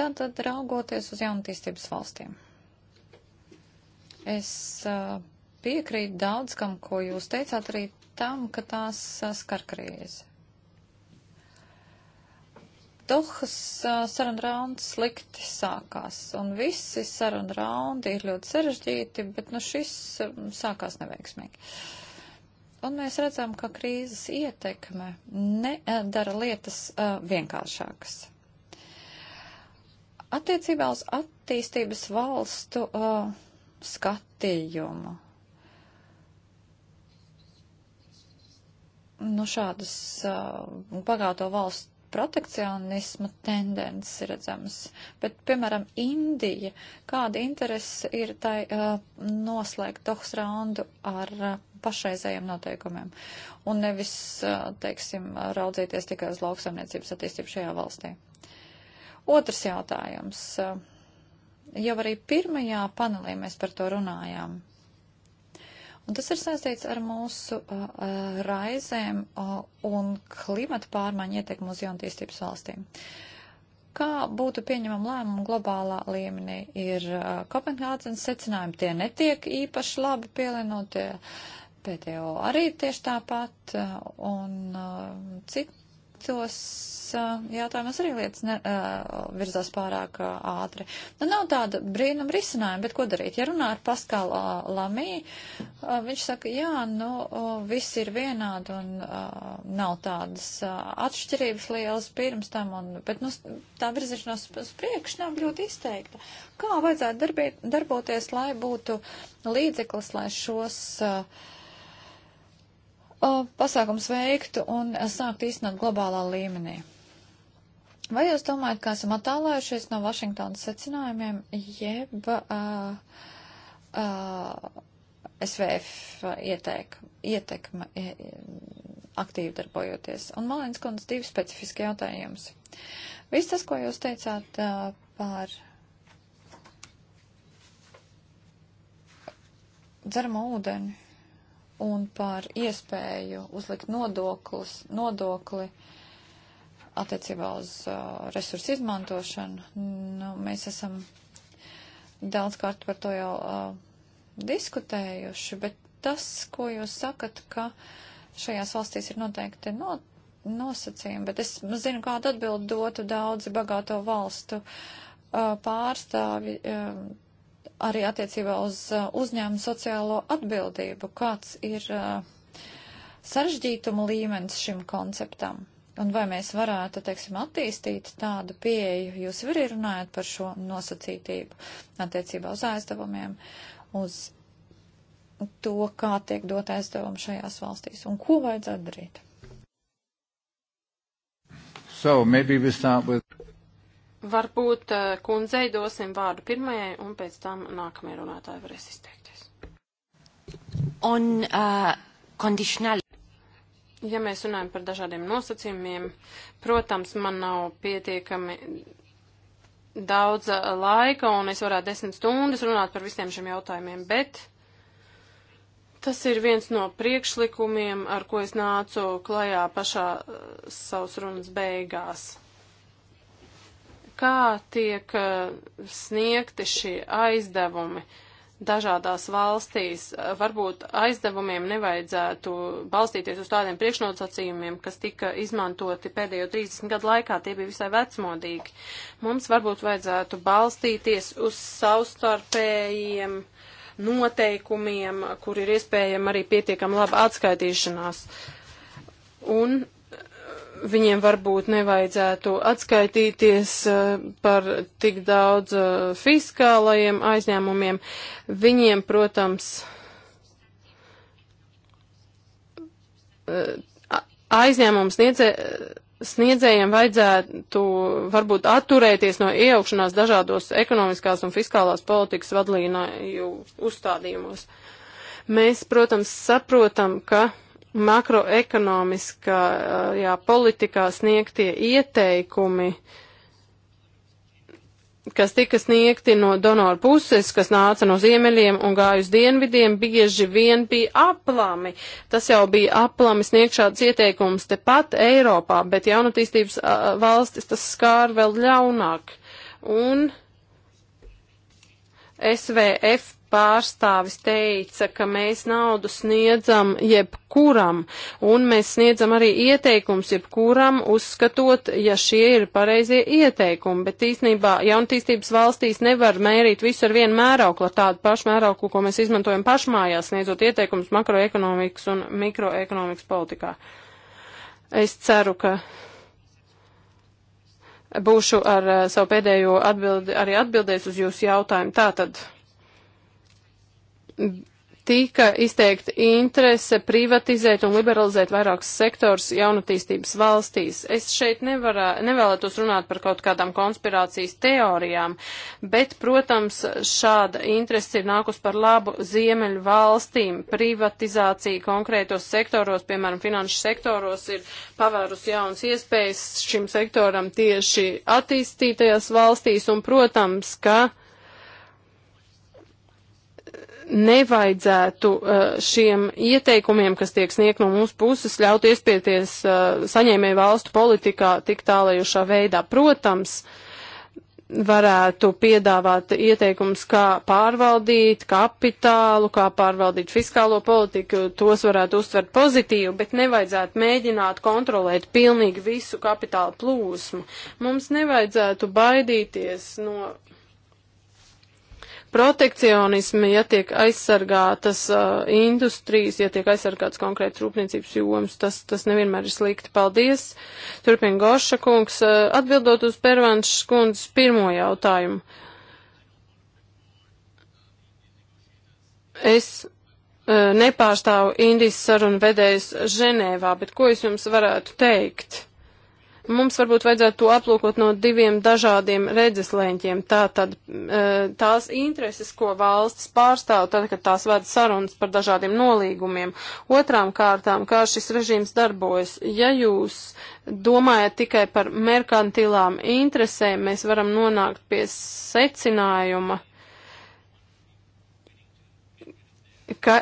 Tad, tad raugoties uz jaunatīstības valstīm. Es uh, piekrītu daudz kam, ko jūs teicāt, arī tam, ka tās uh, skar krīzi. Dohas saruna rauns slikti sākās, un visi saruna raundi ir ļoti sarežģīti, bet nu šis sākās neveiksmīgi. Un mēs redzam, ka krīzes ietekme nedara lietas uh, vienkāršākas. Attiecībā uz attīstības valstu uh, skatījumu. Nu, šādas uh, bagāto valstu protekcionisma tendences redzamas, bet, piemēram, Indija, kāda interese ir tai uh, noslēgt toks raundu ar uh, pašreizējiem noteikumiem un nevis, uh, teiksim, raudzīties tikai uz lauksaimniecības attīstību šajā valstī. Otrs jautājums. Uh, jau arī pirmajā panelī mēs par to runājām. Un tas ir saistīts ar mūsu uh, raizēm uh, un klimata pārmaiņu ietekmu uz jaunatīstības valstīm. Kā būtu pieņemam lēmumu globālā līmenī? Ir uh, Kopenhāgenes secinājumi, tie netiek īpaši labi pielienotie, PTO arī tieši tāpat, un uh, citi citos jautājumos arī lietas ne, virzās pārāk ātri. Nu, nav tāda brīnuma risinājuma, bet ko darīt? Ja runā ar Paskalu Lamī, viņš saka, jā, nu, viss ir vienādi un nav tādas atšķirības lielas pirms tam, un, bet, nu, tā virzīšanās uz priekšu nav ļoti izteikta. Kā vajadzētu darbie, darboties, lai būtu līdzeklis, lai šos uh, pasākums veiktu un sākt īstenot globālā līmenī. Vai jūs domājat, ka esam attālējušies no Vašingtonas secinājumiem, jeb uh, uh, SVF ieteik, ietekme aktīvi darbojoties? Un Malins kundze divi specifiski jautājums. Viss tas, ko jūs teicāt uh, par dzeramo ūdeni un par iespēju uzlikt nodoklis, nodokli attiecībā uz uh, resursu izmantošanu. Nu, mēs esam daudzkārt par to jau uh, diskutējuši, bet tas, ko jūs sakat, ka šajās valstīs ir noteikti no, nosacījumi, bet es zinu, kādu atbildu dotu daudzi bagāto valstu uh, pārstāvi. Uh, arī attiecībā uz uh, uzņēmumu sociālo atbildību, kāds ir uh, sarežģītuma līmenis šim konceptam. Un vai mēs varētu, teiksim, attīstīt tādu pieeju, jūs arī runājat par šo nosacītību attiecībā uz aizdevumiem, uz to, kā tiek dot aizdevumi šajās valstīs un ko vajadzētu darīt. So, with... Varbūt eh, kundzei dosim vārdu pirmajai, un pēc tam nākamie runātāji varēs izteikties. On uh, conditional. Ja mēs runājam par dažādiem nosacījumiem, protams, man nav pietiekami daudz eh, laika, un es varētu desmit stundas runāt par visiem šiem jautājumiem, bet tas ir viens no priekšlikumiem, ar ko es nācu klajā pašā savas runas beigās kā tiek eh, sniegti šie aizdevumi dažādās valstīs. Eh, varbūt aizdevumiem nevajadzētu balstīties uz tādiem priekšnosacījumiem, kas tika izmantoti pēdējo 30 gadu laikā, tie bija visai vecmodīgi. Mums varbūt vajadzētu balstīties uz savstarpējiem noteikumiem, kur ir iespējama arī pietiekama laba atskaitīšanās. Un viņiem varbūt nevajadzētu atskaitīties eh, par tik daudz eh, fiskālajiem aizņēmumiem. Viņiem, protams, eh, aizņēmums niedzē, sniedzējiem vajadzētu varbūt atturēties no iejaukšanās dažādos ekonomiskās un fiskālās politikas vadlīniju uzstādījumos. Mēs, protams, saprotam, ka makroekonomiskajā politikā sniegtie ieteikumi, kas tika sniegti no donoru puses, kas nāca no ziemeļiem un gāja uz dienvidiem, bieži vien bija aplami. Tas jau bija aplami sniegt šāds ieteikums tepat Eiropā, bet jaunatīstības valstis tas skār vēl ļaunāk. Un SVF pārstāvis teica, ka mēs naudu sniedzam jebkuram, un mēs sniedzam arī ieteikums jebkuram, uzskatot, ja šie ir pareizie ieteikumi, bet īstenībā jaunatīstības valstīs nevar mērīt visu ar vienu mērauklu, ar tādu pašu mērauklu, ko mēs izmantojam pašmājās, sniedzot ieteikumus makroekonomikas un mikroekonomikas politikā. Es ceru, ka būšu ar uh, savu pēdējo atbildi, arī atbildējis uz jūsu jautājumu. Tātad tika izteikta interese privatizēt un liberalizēt vairākus sektors jaunatīstības valstīs. Es šeit nevarā, nevēlētos runāt par kaut kādām konspirācijas teorijām, bet, protams, šāda interese ir nākus par labu ziemeļu valstīm. Privatizācija konkrētos sektoros, piemēram, finanšu sektoros, ir pavērus jaunas iespējas šim sektoram tieši attīstītajās valstīs, un, protams, ka nevajadzētu uh, šiem ieteikumiem, kas tiek sniegt no mūsu puses, ļaut iespieties uh, saņēmēju valstu politikā tik tālajušā veidā. Protams, varētu piedāvāt ieteikums, kā pārvaldīt kapitālu, kā pārvaldīt fiskālo politiku, tos varētu uztvert pozitīvi, bet nevajadzētu mēģināt kontrolēt pilnīgi visu kapitālu plūsmu. Mums nevajadzētu baidīties no protekcionismi, ja tiek aizsargātas uh, industrijas, ja tiek aizsargātas konkrētas rūpniecības jomas, tas, tas nevienmēr ir slikti. Paldies! Turpin Goša kungs, uh, atbildot uz Pervanšas kundzes pirmo jautājumu. Es uh, nepārstāvu Indijas sarunu vedējus Ženēvā, bet ko es jums varētu teikt? Mums varbūt vajadzētu to aplūkot no diviem dažādiem redzeslēņķiem. Tā tad e, tās intereses, ko valsts pārstāv, tad, kad tās ved sarunas par dažādiem nolīgumiem. Otrām kārtām, kā šis režīms darbojas. Ja jūs domājat tikai par merkantilām interesēm, mēs varam nonākt pie secinājuma, ka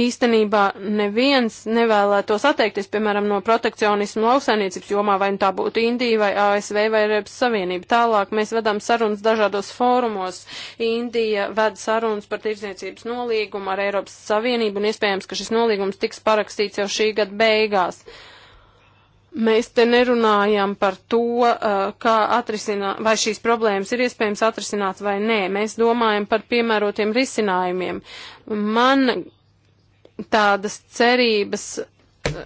īstenībā neviens nevēlētos atteikties, piemēram, no protekcionismu lauksainiecības jomā, vai nu tā būtu Indija vai ASV vai Eiropas Savienība. Tālāk mēs vedam sarunas dažādos fórumos. Indija ved sarunas par tirdzniecības nolīgumu ar Eiropas Savienību un iespējams, ka šis nolīgums tiks parakstīts jau šī gada beigās. Mēs te nerunājam par to, uh, kā atrisināt, vai šīs problēmas ir iespējams atrisināt vai nē. Mēs domājam par piemērotiem risinājumiem. Man tādas cerības eh,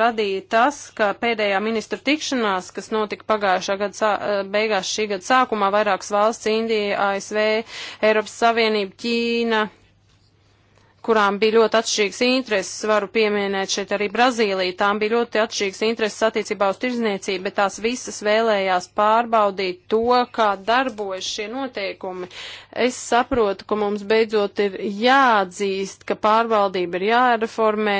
radīja tas, ka pēdējā ministru tikšanās, kas notika pagājušā gada eh, beigās šī gada sākumā, vairākas valsts - Indija, ASV, Eiropas Savienība, Ķīna, kurām bija ļoti atšķirīgas intereses, varu pieminēt šeit arī Brazīliju, tām bija ļoti atšķirīgas intereses attiecībā uz tirzniecību, bet tās visas vēlējās pārbaudīt to, kā darbojas šie noteikumi. Es saprotu, ka mums beidzot ir jāatzīst, ka pārvaldība ir jāreformē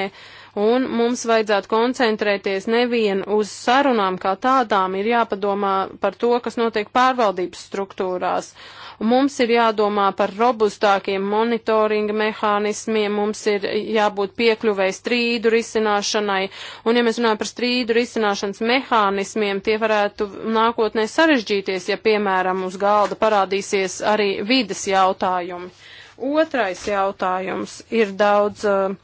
un mums vajadzētu koncentrēties nevien uz sarunām kā tādām, ir jāpadomā par to, kas notiek pārvaldības struktūrās. Uh, Un mums ir jādomā par robustākiem monitoringa mehānismiem, mums ir jābūt piekļuvēji strīdu risināšanai. Un ja mēs runājam par strīdu risināšanas mehānismiem, tie varētu nākotnē sarežģīties, ja piemēram uz galda parādīsies arī vides jautājumi. Otrais jautājums ir daudz uh,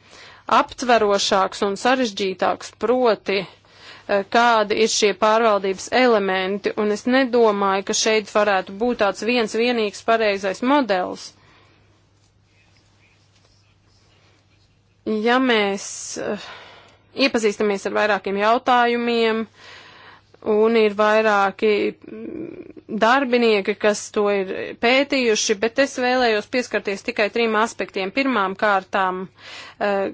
aptverošāks un sarežģītāks proti. Uh, Eh, kādi ir šie pārvaldības elementi, un es nedomāju, ka šeit varētu būt tāds viens vienīgs pareizais modelis. Ja mēs eh, iepazīstamies ar vairākiem jautājumiem, un ir vairāki mm, darbinieki, kas to ir pētījuši, bet es vēlējos pieskarties tikai trim aspektiem. Pirmām kārtām, eh,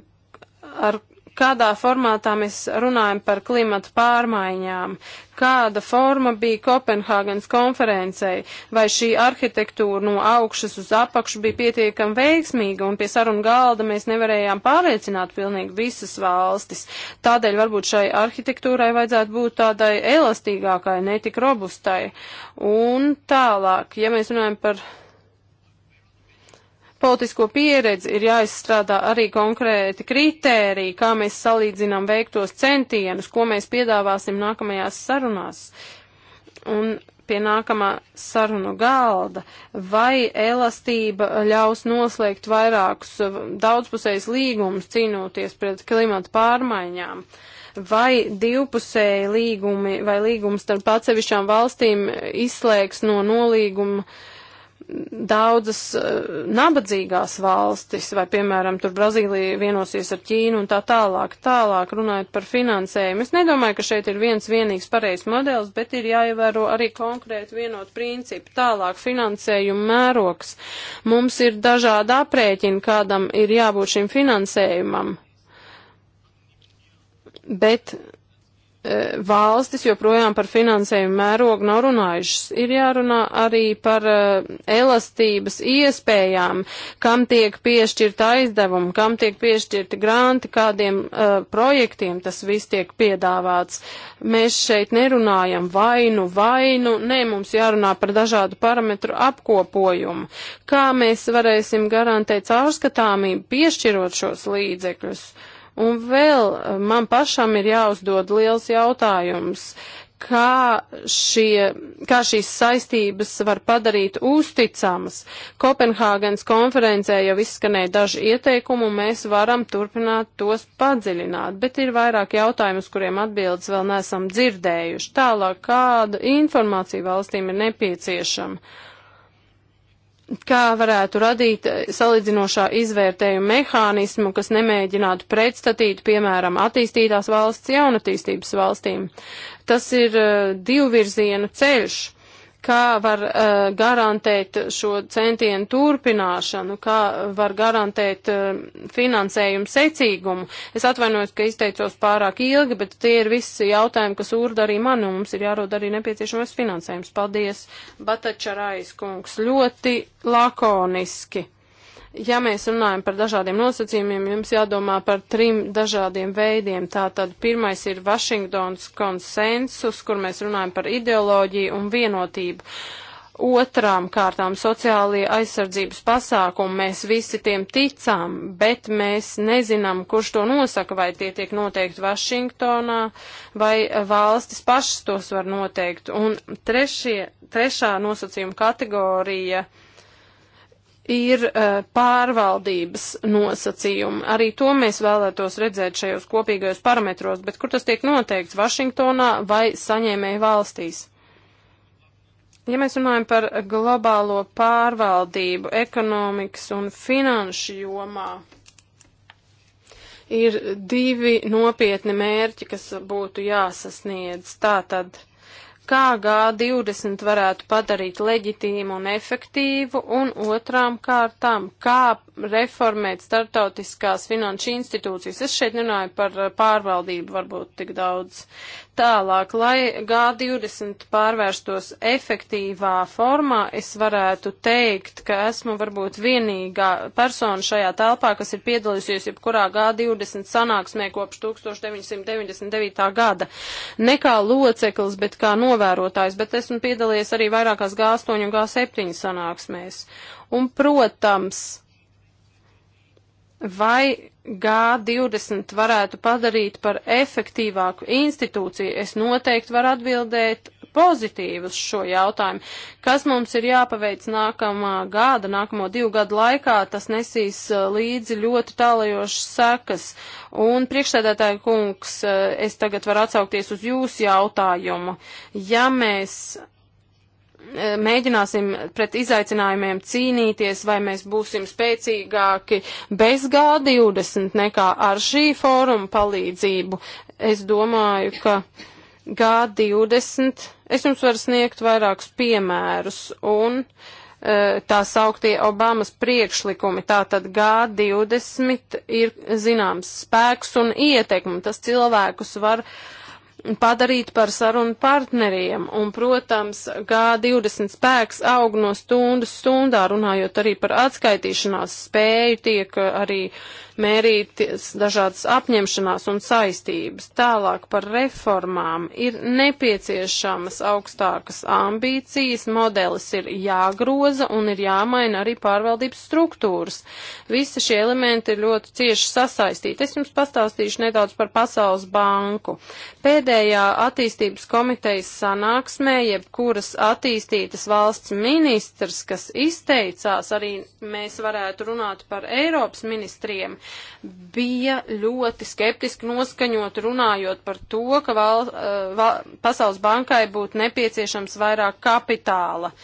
ar kādā formātā mēs runājam par klimatu pārmaiņām, kāda forma bija Kopenhāgenes konferencei, vai šī arhitektūra no augšas uz apakšu bija pietiekami veiksmīga, un pie sarunu galda mēs nevarējām pārliecināt pilnīgi visas valstis. Tādēļ varbūt šai arhitektūrai vajadzētu būt tādai elastīgākai, netik robustai. Un tālāk, ja mēs runājam par politisko pieredzi, ir jāizstrādā arī konkrēti kritēriji, kā mēs salīdzinām veiktos centienus, ko mēs piedāvāsim nākamajās sarunās. Un pie nākamā sarunu galda, vai elastība ļaus noslēgt vairākus eh, daudzpusējus līgumus cīnoties pret klimata pārmaiņām, vai divpusēji līgumi vai līgums starp atsevišķām valstīm izslēgs no nolīguma uh, daudzas uh, nabadzīgās valstis, vai, piemēram, tur Brazīlija vienosies ar Ķīnu un tā tālāk, tālāk runājot par finansējumu. Es nedomāju, ka šeit ir viens vienīgs pareizs modelis, bet ir jāievēro arī konkrēti vienot principi. Tālāk finansējuma mērogs. Mums ir dažādi aprēķini, kādam ir jābūt šim finansējumam. Bet E, valstis joprojām par finansējumu mērogu nav runājušas. Ir jārunā arī par uh, elastības iespējām, kam tiek piešķirta aizdevuma, kam tiek piešķirti granti, kādiem uh, projektiem tas viss tiek piedāvāts. Mēs šeit nerunājam vainu, vainu, nē, mums jārunā par dažādu parametru apkopojumu. Kā mēs varēsim garantēt caurskatāmību piešķirot šos līdzekļus? Uh, Un vēl eh, man pašam ir jāuzdod liels jautājums, kā, šie, kā šīs saistības var padarīt uzticamas. Kopenhāgenes konferencē jau izskanēja daži ieteikumi, un mēs varam turpināt tos padziļināt, bet ir vairāk jautājumu, uz kuriem atbildes vēl neesam dzirdējuši. Tālāk, kāda informācija valstīm ir nepieciešama? kā varētu radīt salīdzinošā izvērtējuma mehānismu, kas nemēģinātu pretstatīt, piemēram, attīstītās valsts jaunatīstības valstīm. Tas ir eh, divvirziena ceļš kā var uh, garantēt šo centienu turpināšanu, kā var garantēt uh, finansējumu secīgumu. Es atvainojos, ka izteicos pārāk ilgi, bet tie ir visi jautājumi, kas urda arī mani, un mums ir jārod arī nepieciešamais finansējums. Paldies, Batačarais kungs, ļoti lakoniski. Ja mēs runājam par dažādiem nosacījumiem, jums jādomā par trim dažādiem veidiem. Tātad pirmais ir Vašingtons konsensus, kur mēs runājam par ideoloģiju un vienotību. Otrām kārtām sociālie aizsardzības pasākumi mēs visi tiem ticām, bet mēs nezinām, kurš to nosaka, vai tie tiek noteikti Vašingtonā, vai valstis pašas tos var noteikt. Un trešie, trešā nosacījuma kategorija uh, ir uh, pārvaldības nosacījumi. Arī to mēs vēlētos redzēt šajos kopīgajos parametros, bet kur tas tiek noteikts - Vašingtonā vai saņēmēju valstīs? Ja mēs runājam par globālo pārvaldību ekonomikas un finanšu jomā, ir divi nopietni mērķi, kas būtu jāsasniedz. Tātad kā G20 varētu padarīt leģitīmu un efektīvu, un otrām kārtām, kā reformēt startautiskās finanšu institūcijas. Es šeit runāju par pārvaldību varbūt tik daudz tālāk. Lai G20 pārvērstos efektīvā formā, es varētu teikt, ka esmu varbūt vienīgā persona šajā telpā, kas ir piedalījusies jebkurā G20 sanāksmē kopš 1999. gada. Ne kā loceklis, bet kā novērotājs, bet esmu piedalījies arī vairākās G8 un G7 sanāksmēs. Un, protams, Vai G20 varētu padarīt par efektīvāku institūciju? Es noteikti varu atbildēt pozitīvi uz šo jautājumu. Kas mums ir jāpaveic nākamā gada, nākamo divu gadu laikā, tas nesīs uh, līdzi ļoti tālajošas sekas. Un priekšsēdētāja kungs, uh, es tagad varu atsaukties uz jūsu jautājumu. Ja mēs E, mēģināsim pret izaicinājumiem cīnīties, vai mēs būsim spēcīgāki bez G20 nekā ar šī fóruma palīdzību. Es domāju, ka G20, es jums varu sniegt vairākus piemērus un e, tā sauktie Obamas priekšlikumi. Tātad G20 ir zināms spēks un ietekme, tas cilvēkus var uh, padarīt par sarunu partneriem. Un, protams, G20 spēks aug no stundas stundā, runājot arī par atskaitīšanās spēju, tiek uh, arī mērītas dažādas apņemšanās un saistības. Tālāk par reformām ir nepieciešamas augstākas ambīcijas, modelis ir jāgroza un ir jāmaina arī pārvaldības struktūras. Visi šie elementi ir ļoti cieši sasaistīti. Es jums pastāstīšu nedaudz par Pasaules banku. Pēdējā pēdējā attīstības komitejas sanāksmē, jebkuras attīstītas valsts ministrs, kas izteicās, arī mēs varētu runāt par Eiropas ministriem, bija ļoti skeptiski noskaņot runājot par to, ka val, eh, val, Pasaules bankai būtu nepieciešams vairāk kapitāla. Uh,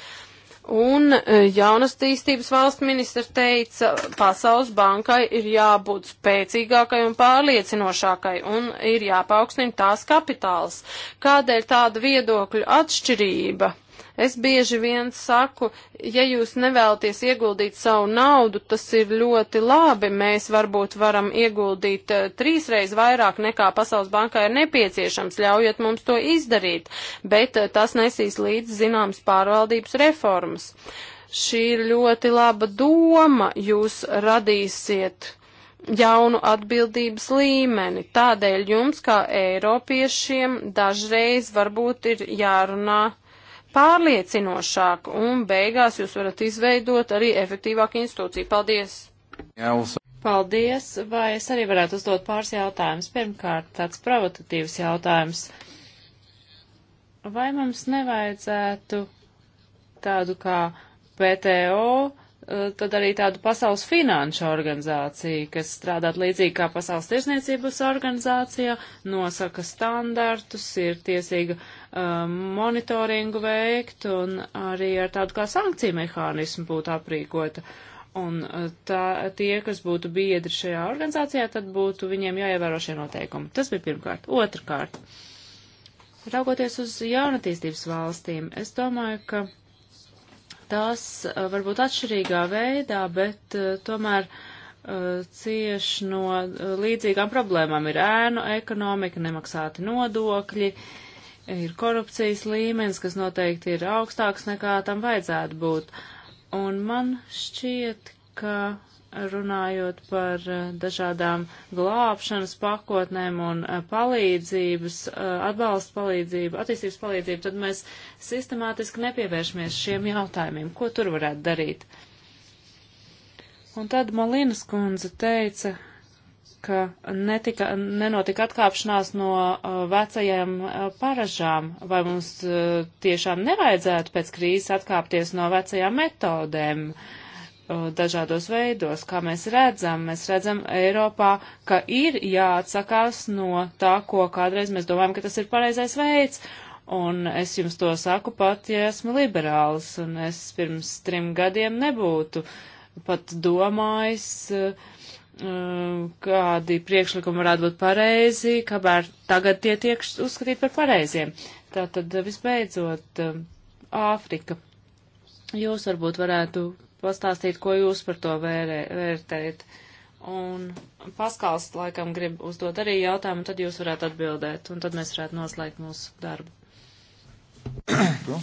Un e, jaunastīstības valsts ministrs teica, Pasaules bankai ir jābūt spēcīgākai un pārliecinošākai un ir jāpaukstina tās kapitāls. Kādēļ tāda viedokļu atšķirība? Es bieži vien saku, ja jūs nevēlaties ieguldīt savu naudu, tas ir ļoti labi. Mēs varbūt varam ieguldīt eh, trīsreiz vairāk nekā Pasaules bankā ir nepieciešams. Ļaujiet mums to izdarīt, bet eh, tas nesīs līdz zināmas pārvaldības reformas. Šī ir ļoti laba doma, jūs radīsiet jaunu atbildības līmeni. Tādēļ jums, kā Eiropiešiem, dažreiz varbūt ir jārunā pārliecinošāk, un beigās jūs varat izveidot arī efektīvāku institūciju. Paldies! Paldies! Vai es arī varētu uzdot pāris jautājumus? Pirmkārt, tāds provokatīvs jautājums. Vai mums nevajadzētu tādu kā PTO Eh, tad arī tādu pasaules finanšu organizāciju, kas strādāt līdzīgi kā pasaules tirsniecības organizācija, nosaka standartus, ir tiesīga um, monitoringu veikt un arī ar tādu kā sankciju mehānismu būtu aprīkota. Un eh, tā, tie, kas būtu biedri šajā organizācijā, tad būtu viņiem jāievēro šie noteikumi. Tas bija pirmkārt. Otrakārt, raugoties uz jaunatīstības valstīm, es domāju, ka tās varbūt atšķirīgā veidā, bet tomēr cieš no līdzīgām problēmām. Ir ēnu ekonomika, nemaksāti nodokļi, ir korupcijas līmenis, kas noteikti ir augstāks nekā tam vajadzētu būt. Un man šķiet, ka runājot par eh, dažādām glābšanas pakotnēm un eh, palīdzības, eh, atbalsta palīdzību, attīstības palīdzību, tad mēs sistemātiski nepievēršamies šiem jautājumiem, ko tur varētu darīt. Un tad Malinas kundze teica, ka netika, nenotika atkāpšanās no vecajām paražām, vai mums tiešām nevajadzētu pēc krīzes atkāpties no vecajām metodēm. Uh, Uh, dažādos veidos. Kā mēs redzam, mēs redzam Eiropā, ka ir jāatsakās no tā, ko kādreiz mēs domājam, ka tas ir pareizais veids. Un es jums to saku pat, ja esmu liberāls, un es pirms trim gadiem nebūtu pat domājis, uh, kādi priekšlikumi varētu būt pareizi, kamēr tagad tie tiek uzskatīti par pareiziem. Tātad uh, visbeidzot, Āfrika. Jūs varbūt varētu pastāstīt, ko jūs par to vērē, vērtējat. Un Paskals laikam grib uzdot arī jautājumu, tad jūs varētu atbildēt, un tad mēs varētu noslēgt mūsu darbu.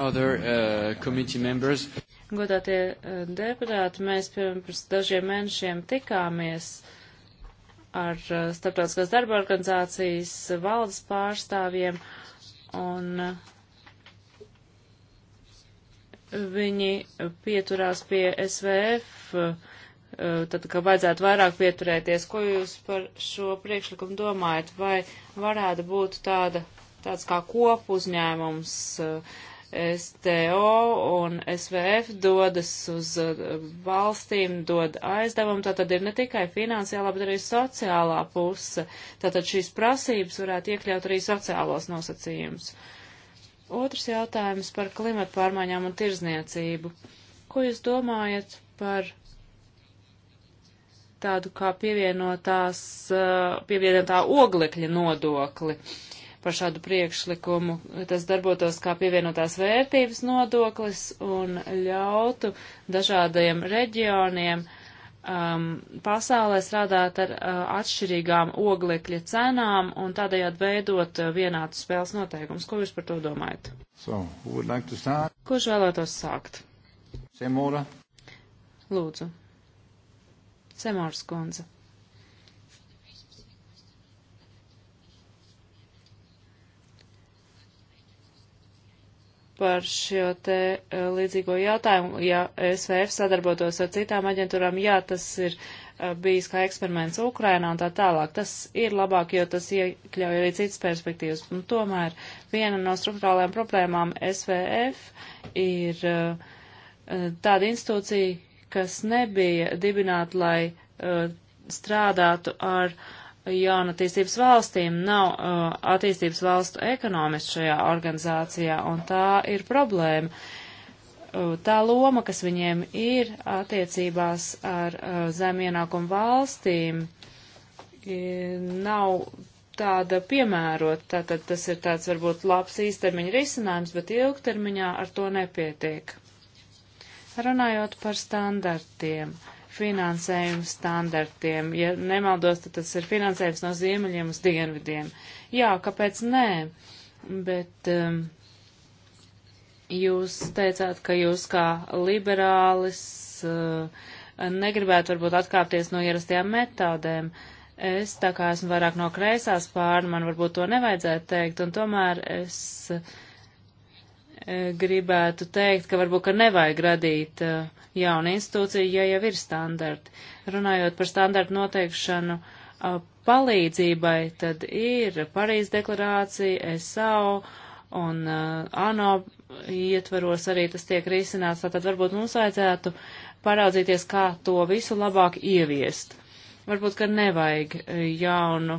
Other, uh, Godātie uh, deputāti, mēs pirms dažiem mēnešiem tikāmies ar uh, Starptautiskās darba organizācijas valdes pārstāvjiem, un uh, viņi pieturās pie SVF, eh, tad, ka vajadzētu vairāk pieturēties. Ko jūs par šo priekšlikumu domājat? Vai varētu būt tāda, tāds kā kopu uzņēmums eh, STO un SVF dodas uz eh, valstīm, dod aizdevumu, tātad ir ne tikai finansiālā, bet arī sociālā puse. Tātad šīs prasības varētu iekļaut arī sociālos nosacījumus. Uh, Otrs jautājums par klimatu pārmaiņām un tirzniecību. Ko jūs domājat par tādu kā pievienotās, pievienotā oglekļa nodokli? Par šādu priekšlikumu tas darbotos kā pievienotās vērtības nodoklis un ļautu dažādajiem reģioniem uh, um, pasaulē strādāt ar uh, atšķirīgām oglekļa cenām un tādējādi veidot uh, vienādu spēles noteikumus. Ko jūs par to domājat? So, like to start? Kurš vēlētos sākt? Semora. Lūdzu. Semors kundze. par šo te e, līdzīgo jautājumu. Ja SVF sadarbotos ar citām aģentūrām, jā, tas ir e, bijis kā eksperiments Ukrainā un tā tālāk. Tas ir labāk, jo tas iekļauj arī citas perspektīvas. Un tomēr viena no struktūrālajām problēmām SVF ir e, tāda institūcija, kas nebija dibināta, lai strādātu ar uh, jaunatīstības valstīm nav uh, attīstības valstu ekonomistu šajā organizācijā, un tā ir problēma. Uh, tā loma, kas viņiem ir attiecībās ar uh, zem ienākumu valstīm, nav tāda piemērota. Tātad tas ir tāds varbūt labs īstermiņa risinājums, bet ilgtermiņā ar to nepietiek. Runājot par standartiem. Uh, finansējuma standartiem. Ja nemaldos, tad tas ir finansējums no ziemeļiem uz dienvidiem. Jā, kāpēc nē? Bet um, jūs teicāt, ka jūs kā liberālis uh, negribētu varbūt atkāpties no ierastajām metodēm. Es tā kā esmu vairāk no kreisās pārna, man varbūt to nevajadzētu teikt, un tomēr es. Uh, E, gribētu teikt, ka varbūt, ka nevajag radīt e, jaunu institūciju, ja jau ir standarti. Runājot par standartu noteikšanu e, palīdzībai, tad ir Parīz deklarācija, SAO un ANO ietvaros arī tas tiek risināts, tātad varbūt mums vajadzētu paraudzīties, kā to visu labāk ieviest. Varbūt, ka nevajag jaunu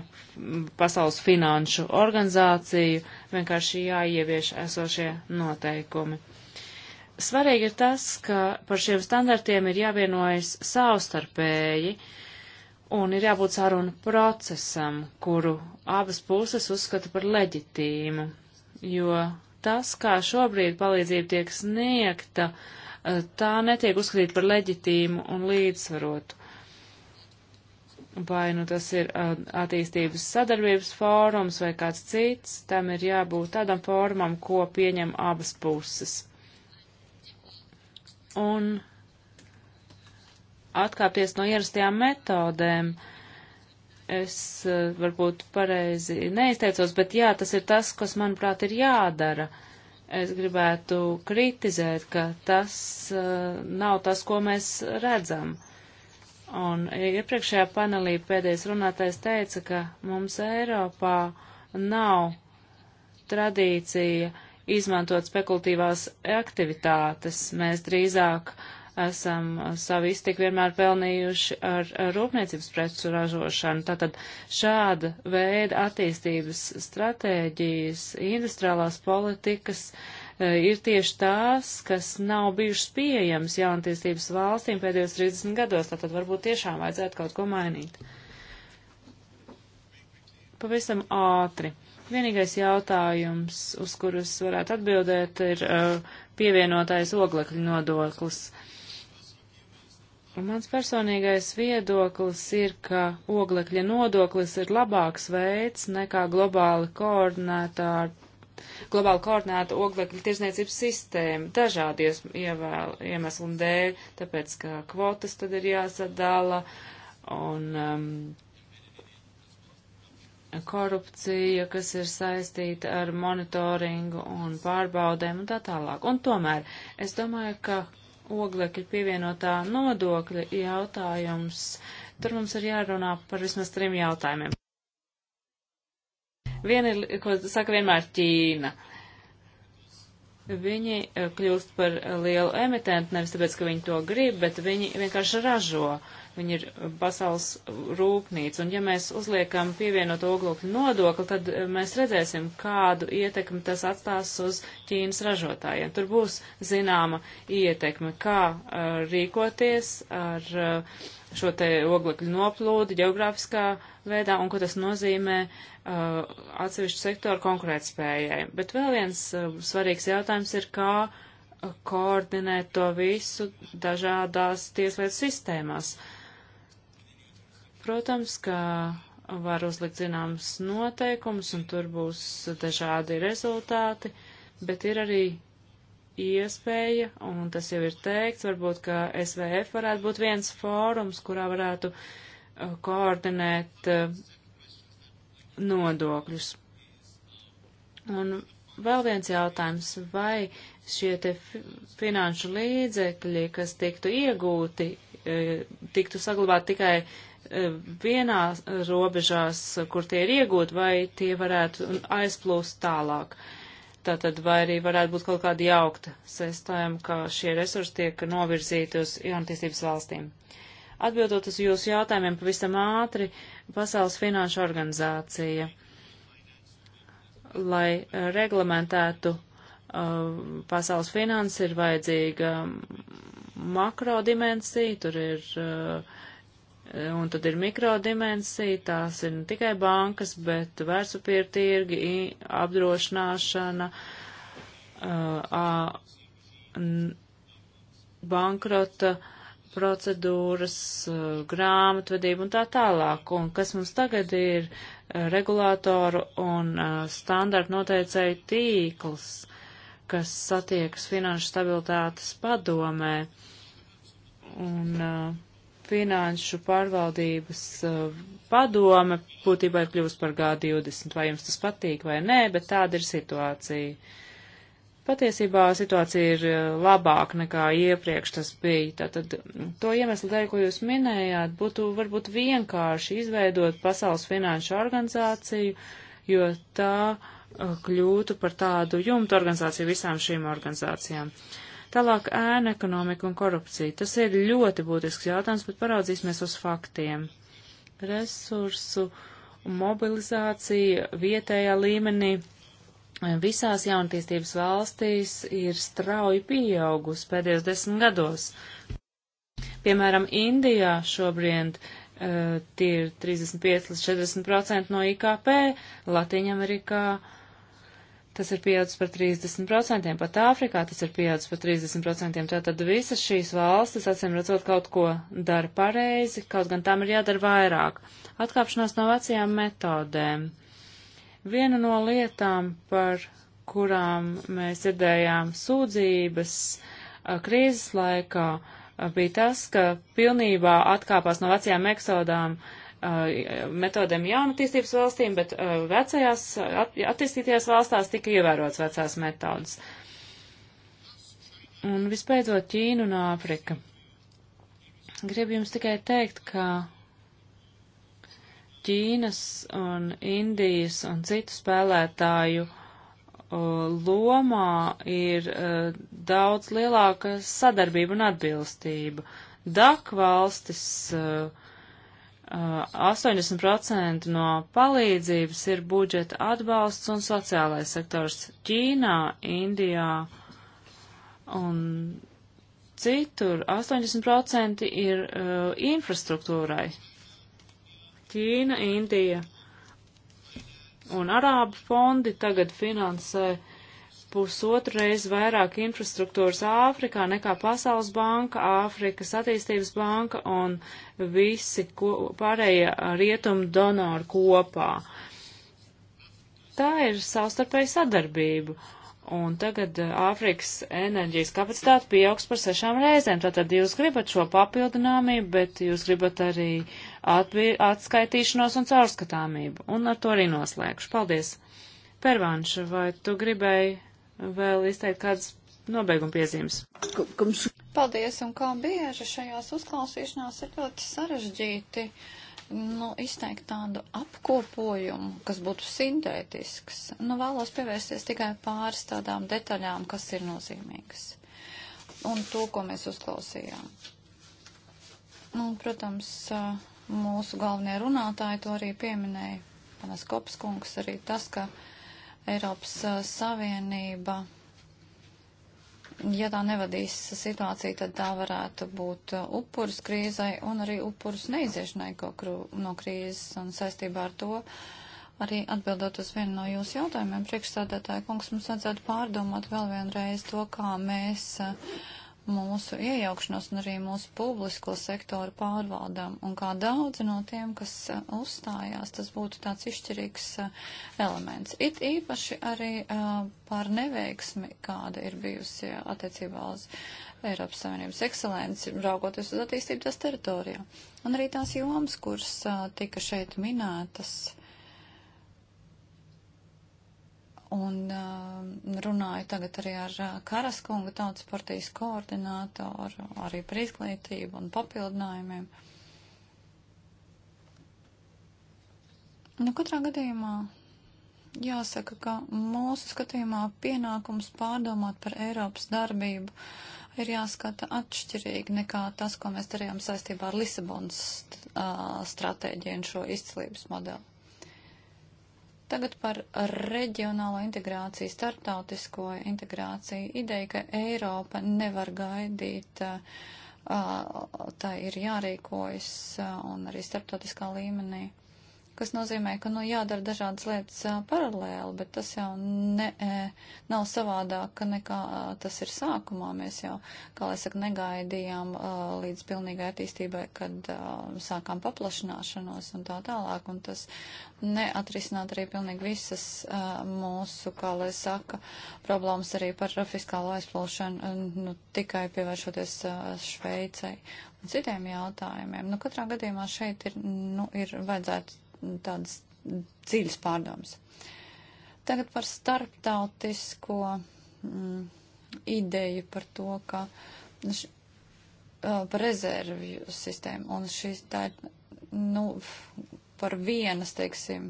pasaules finanšu organizāciju, vienkārši jāievieš esošie noteikumi. Svarīgi ir tas, ka par šiem standartiem ir jāvienojas savstarpēji un ir jābūt sarunu procesam, kuru abas puses uzskata par leģitīmu, jo tas, kā šobrīd palīdzība tiek sniegta, tā netiek uzskatīta par leģitīmu un līdzsvarotu vai nu tas ir attīstības sadarbības fórums vai kāds cits, tam ir jābūt tādam fórumam, ko pieņem abas puses. Un atkāpties no ierastajām metodēm, es varbūt pareizi neizteicos, bet jā, tas ir tas, kas, manuprāt, ir jādara. Es gribētu kritizēt, ka tas nav tas, ko mēs redzam. Uh, Un iepriekšējā panelī pēdējais runātais teica, ka mums Eiropā nav tradīcija izmantot spekulatīvās aktivitātes. Mēs drīzāk esam savu iztiku vienmēr pelnījuši ar, ar rūpniecības preču ražošanu. Tātad šāda veida attīstības stratēģijas, industriālās politikas uh, E, ir tieši tās, kas nav bijušas pieejamas jaunatīstības valstīm pēdējos 30 gados, tātad varbūt tiešām vajadzētu kaut ko mainīt. Pavisam ātri. Vienīgais jautājums, uz kurus varētu atbildēt, ir e, pievienotais oglekļu nodoklis. Un mans personīgais viedoklis ir, ka oglekļa nodoklis ir labāks veids nekā globāli koordinētā globāli koordinēta oglekļa tirzniecības sistēma dažādi iemeslu dēļ, tāpēc, ka kvotas tad ir jāsadala un um, korupcija, kas ir saistīta ar monitoringu un pārbaudēm un tā tālāk. Un tomēr es domāju, ka oglekļa pievienotā nodokļa jautājums, tur mums ir jārunā par vismaz trim jautājumiem. Viena ir, ko saka vienmēr Ķīna. Viņi eh, kļūst par lielu emitentu, nevis tāpēc, ka viņi to grib, bet viņi vienkārši ražo. Viņi ir pasaules rūpnīca. Un ja mēs uzliekam pievienoto oglokļu nodokli, tad eh, mēs redzēsim, kādu ietekmi tas atstās uz Ķīnas ražotājiem. Tur būs zināma ietekme, kā uh, rīkoties ar uh, šo te oglekļu noplūdu geogrāfiskā veidā un ko tas nozīmē uh, atsevišķu sektoru konkurētspējai. Bet vēl viens uh, svarīgs jautājums ir, kā uh, koordinēt to visu dažādās tieslietu sistēmās. Protams, ka var uzlikt zināmas noteikumus un tur būs dažādi rezultāti, bet ir arī iespēja, un tas jau ir teikts, varbūt, ka SVF varētu būt viens fórums, kurā varētu uh, koordinēt uh, nodokļus. Un vēl viens jautājums, vai šie te finanšu līdzekļi, kas tiktu iegūti, uh, tiktu saglabāti tikai uh, vienā robežās, kur tie ir iegūti, vai tie varētu aizplūst tālāk. Uh, Tātad vai arī varētu būt kaut kāda jaukta sestājuma, ka šie resursi tiek novirzīti uz jaunatīstības valstīm. Atbildot uz jūsu jautājumiem pavisam ātri, Pasaules finanšu organizācija, lai reglamentētu uh, pasaules finanses, ir vajadzīga makrodimensija, tur ir uh, Un tad ir mikrodimensija, tās ir ne tikai bankas, bet vērtspapīra tirgi, apdrošināšana, bankrota procedūras, grāmatvedība un tā tālāk. Un kas mums tagad ir regulātoru un standartu noteicēju tīkls, kas satiekas Finanšu stabilitātes padomē. Un, uh, finanšu pārvaldības uh, padome būtībā ir kļuvusi par G20. Vai jums tas patīk vai nē, bet tāda ir situācija. Patiesībā situācija ir eh, labāka nekā iepriekš tas bija. Tātad mm, to iemeslu dēļ, ko jūs minējāt, būtu varbūt vienkārši izveidot pasaules finanšu organizāciju, jo tā uh, kļūtu par tādu jumtu organizāciju visām šīm organizācijām. Uh, Tālāk ēna ekonomika un korupcija. Tas ir ļoti būtisks jautājums, bet paraudzīsimies uz faktiem. Resursu mobilizācija vietējā līmenī e, visās jauntīstības valstīs ir strauji pieaugusi pēdējos desmit gados. Piemēram, Indijā šobrīd uh, tie ir 35 līdz 40 procenti no IKP, Latīņamerikā uh, Tas ir pieaudzis par 30%, pat Āfrikā tas ir pieaudzis par 30%. Tātad visas šīs valstis, acīm redzot, kaut ko dara pareizi, kaut gan tam ir jādara vairāk. Atkāpšanās no vecajām metodēm. Viena no lietām, par kurām mēs dzirdējām sūdzības krīzes laikā, bija tas, ka pilnībā atkāpās no vecajām metodām uh, Uh, metodēm jaunatīstības valstīm, bet uh, vecajās, at, attīstītajās valstās tika ievērots vecās metodas. Un vispēcot Ķīnu un Āfrika. Gribu jums tikai teikt, ka Ķīnas un Indijas un citu spēlētāju uh, lomā ir uh, daudz lielāka sadarbība un atbilstība. DAK valstis uh, 80% no palīdzības ir budžeta atbalsts un sociālais sektors Ķīnā, Indijā un citur. 80% ir uh, infrastruktūrai. Ķīna, Indija un Arābu fondi tagad finansē uh, pusotru reizi vairāk infrastruktūras Āfrikā nekā Pasaules banka, Āfrikas attīstības banka un visi ko, pārējie rietumu donori kopā. Tā ir savstarpēja sadarbība. Un tagad eh, Āfrikas enerģijas kapacitāte pieaugs par sešām reizēm. Tātad jūs gribat šo papildināmību, bet jūs gribat arī atskaitīšanos un caurskatāmību. Un ar to arī noslēgšu. Paldies! Pervanš, vai tu gribēji vēl izteikt kādas nobeiguma piezīmes. Paldies, un kā bieži šajās uzklausīšanās ir ļoti sarežģīti nu, izteikt tādu apkopojumu, kas būtu sintētisks. Nu, vēlos pievērsties tikai pāris tādām detaļām, kas ir nozīmīgas. Un to, ko mēs uzklausījām. Nu, un, protams, mūsu galvenie runātāji to arī pieminēja. Panas Kopskungs arī tas, ka uh, Eiropas uh, Savienība, ja tā nevadīs situāciju, tad tā varētu būt uh, upurs krīzai un arī upurs neiziešanai no krīzes un saistībā ar to. Arī atbildot uz vienu no jūsu jautājumiem, priekšstādātāja kungs, mums vajadzētu pārdomāt vēl vienreiz to, kā mēs uh, mūsu iejaukšanos un arī mūsu publisko sektoru pārvaldām. Un kā daudzi no tiem, kas uh, uzstājās, tas būtu tāds izšķirīgs uh, elements. It īpaši arī uh, par neveiksmi, kāda ir bijusi attiecībā uz Eiropas Savienības ekscelenci, raugoties uz attīstību tās teritorijā. Un arī tās jomas, kuras tika šeit minētas Un um, runāju tagad arī ar uh, Karaskunga tautas partijas koordinātoru, arī par izglītību un papildinājumiem. Nu, katrā gadījumā jāsaka, ka mūsu skatījumā pienākums pārdomāt par Eiropas darbību ir jāskata atšķirīgi nekā tas, ko mēs darījām saistībā ar Lisabonas uh, stratēģiju un šo izcilības modeli. Tagad par reģionālo integrāciju, startautisko integrāciju. Ideja, ka Eiropa nevar gaidīt, tā ir jārīkojas un arī startautiskā līmenī kas nozīmē, ka, nu, jādara dažādas lietas a, paralēli, bet tas jau ne, e, nav savādāk, nekā a, tas ir sākumā. Mēs jau, kā lai saka, negaidījām a, līdz pilnīgai attīstībai, kad a, sākām paplašināšanos un tā tālāk, un tas neatrisināt arī pilnīgi visas a, mūsu, kā lai saka, problēmas arī par fiskālo aizplūšanu, a, nu, tikai pievēršoties a, Šveicai un citiem jautājumiem. Nu, katrā gadījumā šeit ir, nu, ir vajadzētu tādas dziļas pārdomas. Tagad par starptautisko mm, ideju par to, ka š, uh, par rezervju sistēmu un šīs tā ir, nu, par vienas, teiksim,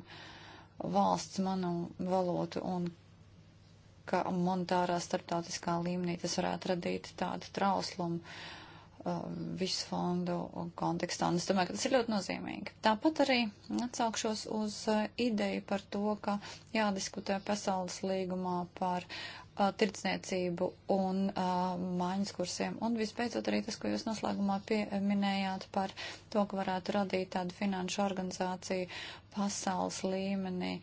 valsts manu valotu un ka monetārā starptautiskā līmenī tas varētu radīt tādu trauslumu. Uh, Um, visu fondu kontekstā. Un es domāju, ka tas ir ļoti nozīmīgi. Tāpat arī atsaukšos uz uh, ideju par to, ka jādiskutē pasaules līgumā par uh, tirdzniecību un uh, mājas kursiem. Un visbeidzot arī tas, ko jūs noslēgumā pieminējāt par to, ka varētu radīt tādu finanšu organizāciju pasaules līmenī.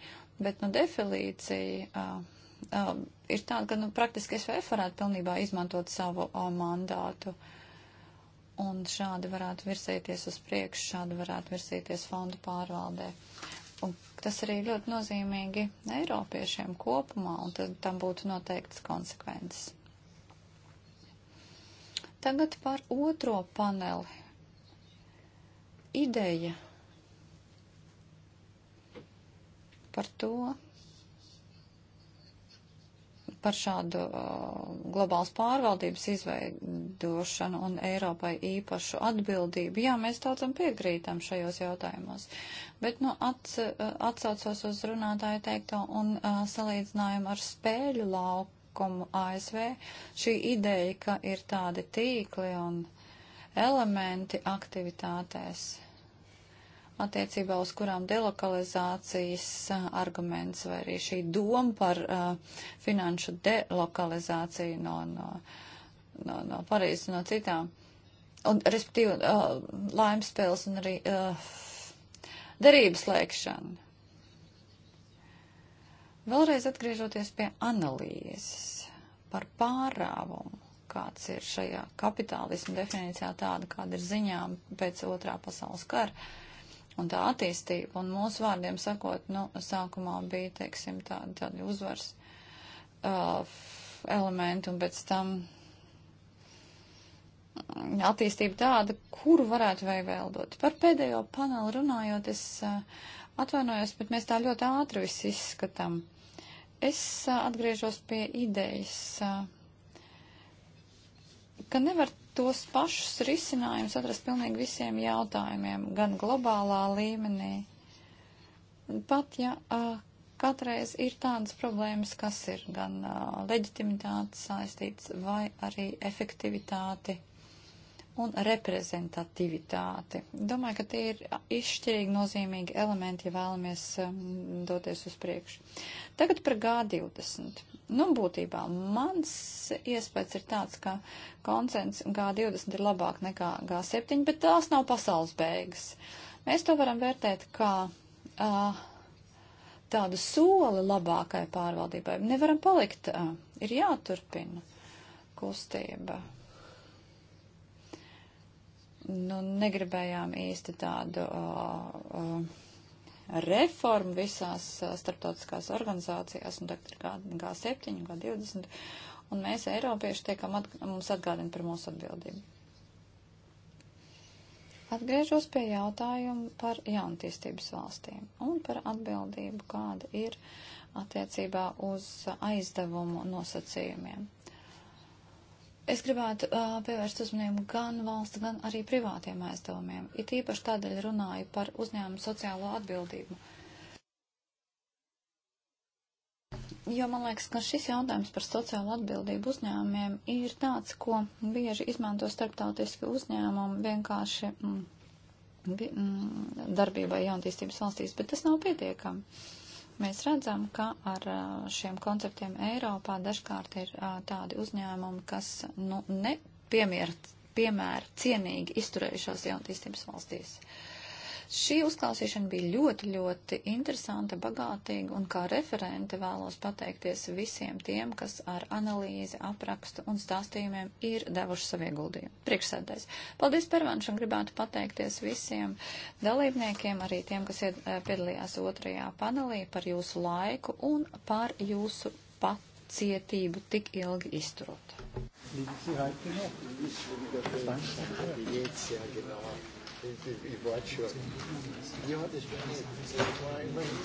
Bet, nu, defilīcija. Uh, Uh, ir tāda, ka nu, praktiski SVF varētu pilnībā izmantot savu uh, mandātu uh, un šādi varētu virsēties uz priekšu, šādi varētu virsēties fondu pārvaldē. Un tas arī ļoti nozīmīgi Eiropiešiem kopumā, un tad tam būtu noteikts konsekvences. Tagad par otro paneli. Ideja par to, par šādu uh, globālas pārvaldības izveidošanu un Eiropai īpašu atbildību. Jā, mēs daudzam piekrītam šajos jautājumos, bet nu, ats, uh, atsaucos uz runātāju teikto un uh, salīdzinājumu ar spēļu laukumu ASV. Šī ideja, ka ir tādi tīkli un elementi aktivitātēs attiecībā uz kurām delokalizācijas arguments vai arī šī doma par uh, finanšu delokalizāciju no, no, no, no Parīzes, no citām, un respektīvi uh, laimspēles un arī uh, derības lēkšana. Vēlreiz atgriežoties pie analīzes par pārāvumu kāds ir šajā kapitālismu definīcijā tāda, kāda ir ziņām pēc otrā pasaules kara. Uh, un tā attīstība. Un mūsu vārdiem sakot, nu, sākumā bija, teiksim, tādi, tādi uzvars uh, elementi, un pēc tam attīstība tāda, kuru varētu vai vēl dot. Par pēdējo panelu runājot, es uh, atvainojos, bet mēs tā ļoti ātri viss izskatām. Es uh, atgriežos pie idejas. Uh, ka nevar tos pašus risinājumus atrast pilnīgi visiem jautājumiem, gan globālā līmenī. Pat ja uh, katreiz ir tādas problēmas, kas ir gan uh, leģitimitātes saistītas vai arī efektivitāti un reprezentativitāti. Domāju, ka tie ir izšķirīgi nozīmīgi elementi, ja vēlamies um, doties uz priekšu. Tagad par G20. Nu, būtībā mans iespējas ir tāds, ka konsens G20 ir labāk nekā G7, bet tās nav pasaules beigas. Mēs to varam vērtēt kā uh, tādu soli labākai pārvaldībai. Nevaram palikt, uh, ir jāturpina kustība nu, negribējām īsti tādu uh, uh, reformu visās uh, starptautiskās organizācijās, un tagad ir kā, kā 7, kā 20, un mēs Eiropieši tiekam, at, mums atgādina par mūsu atbildību. Atgriežos pie jautājuma par jaunatīstības valstīm un par atbildību, kāda ir attiecībā uz aizdevumu nosacījumiem. Es gribētu uh, pievērst uzmanību gan valsts, gan arī privātiem aizdevumiem. It īpaši tādēļ runāju par uzņēmumu sociālo atbildību. Jo man liekas, ka šis jautājums par sociālo atbildību uzņēmumiem ir tāds, ko bieži izmanto starptautiski uzņēmumi vienkārši mm, mm darbībai jaunatīstības valstīs, bet tas nav pietiekami. Uh, Mēs redzam, ka ar šiem konceptiem Eiropā dažkārt ir tādi uzņēmumi, kas nu, nepiemēra cienīgi izturējušās jaunatīstības valstīs. Uh, Šī uzklausīšana bija ļoti, ļoti interesanta, bagātīga, un kā referente vēlos pateikties visiem tiem, kas ar analīzi, aprakstu un stāstījumiem ir devuši savu ieguldījumu. Priekšsēdēs. Paldies, Pervanš, un gribētu pateikties visiem dalībniekiem, arī tiem, kas ied, eh, piedalījās otrajā panelī par jūsu laiku un par jūsu pat cietību tik ilgi izturot. Liegt sie halt genau. Jetzt, ja, genau. Ich, ich war schon. Die hatte ich gar nicht. Das war immer ganz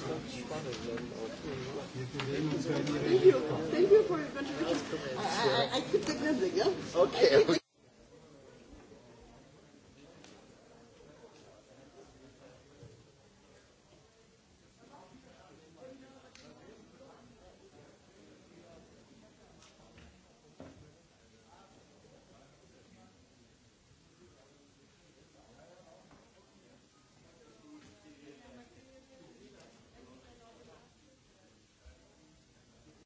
spannend. Thank you. Thank you for your contribution. I, I, I keep the gambling, yeah? Okay.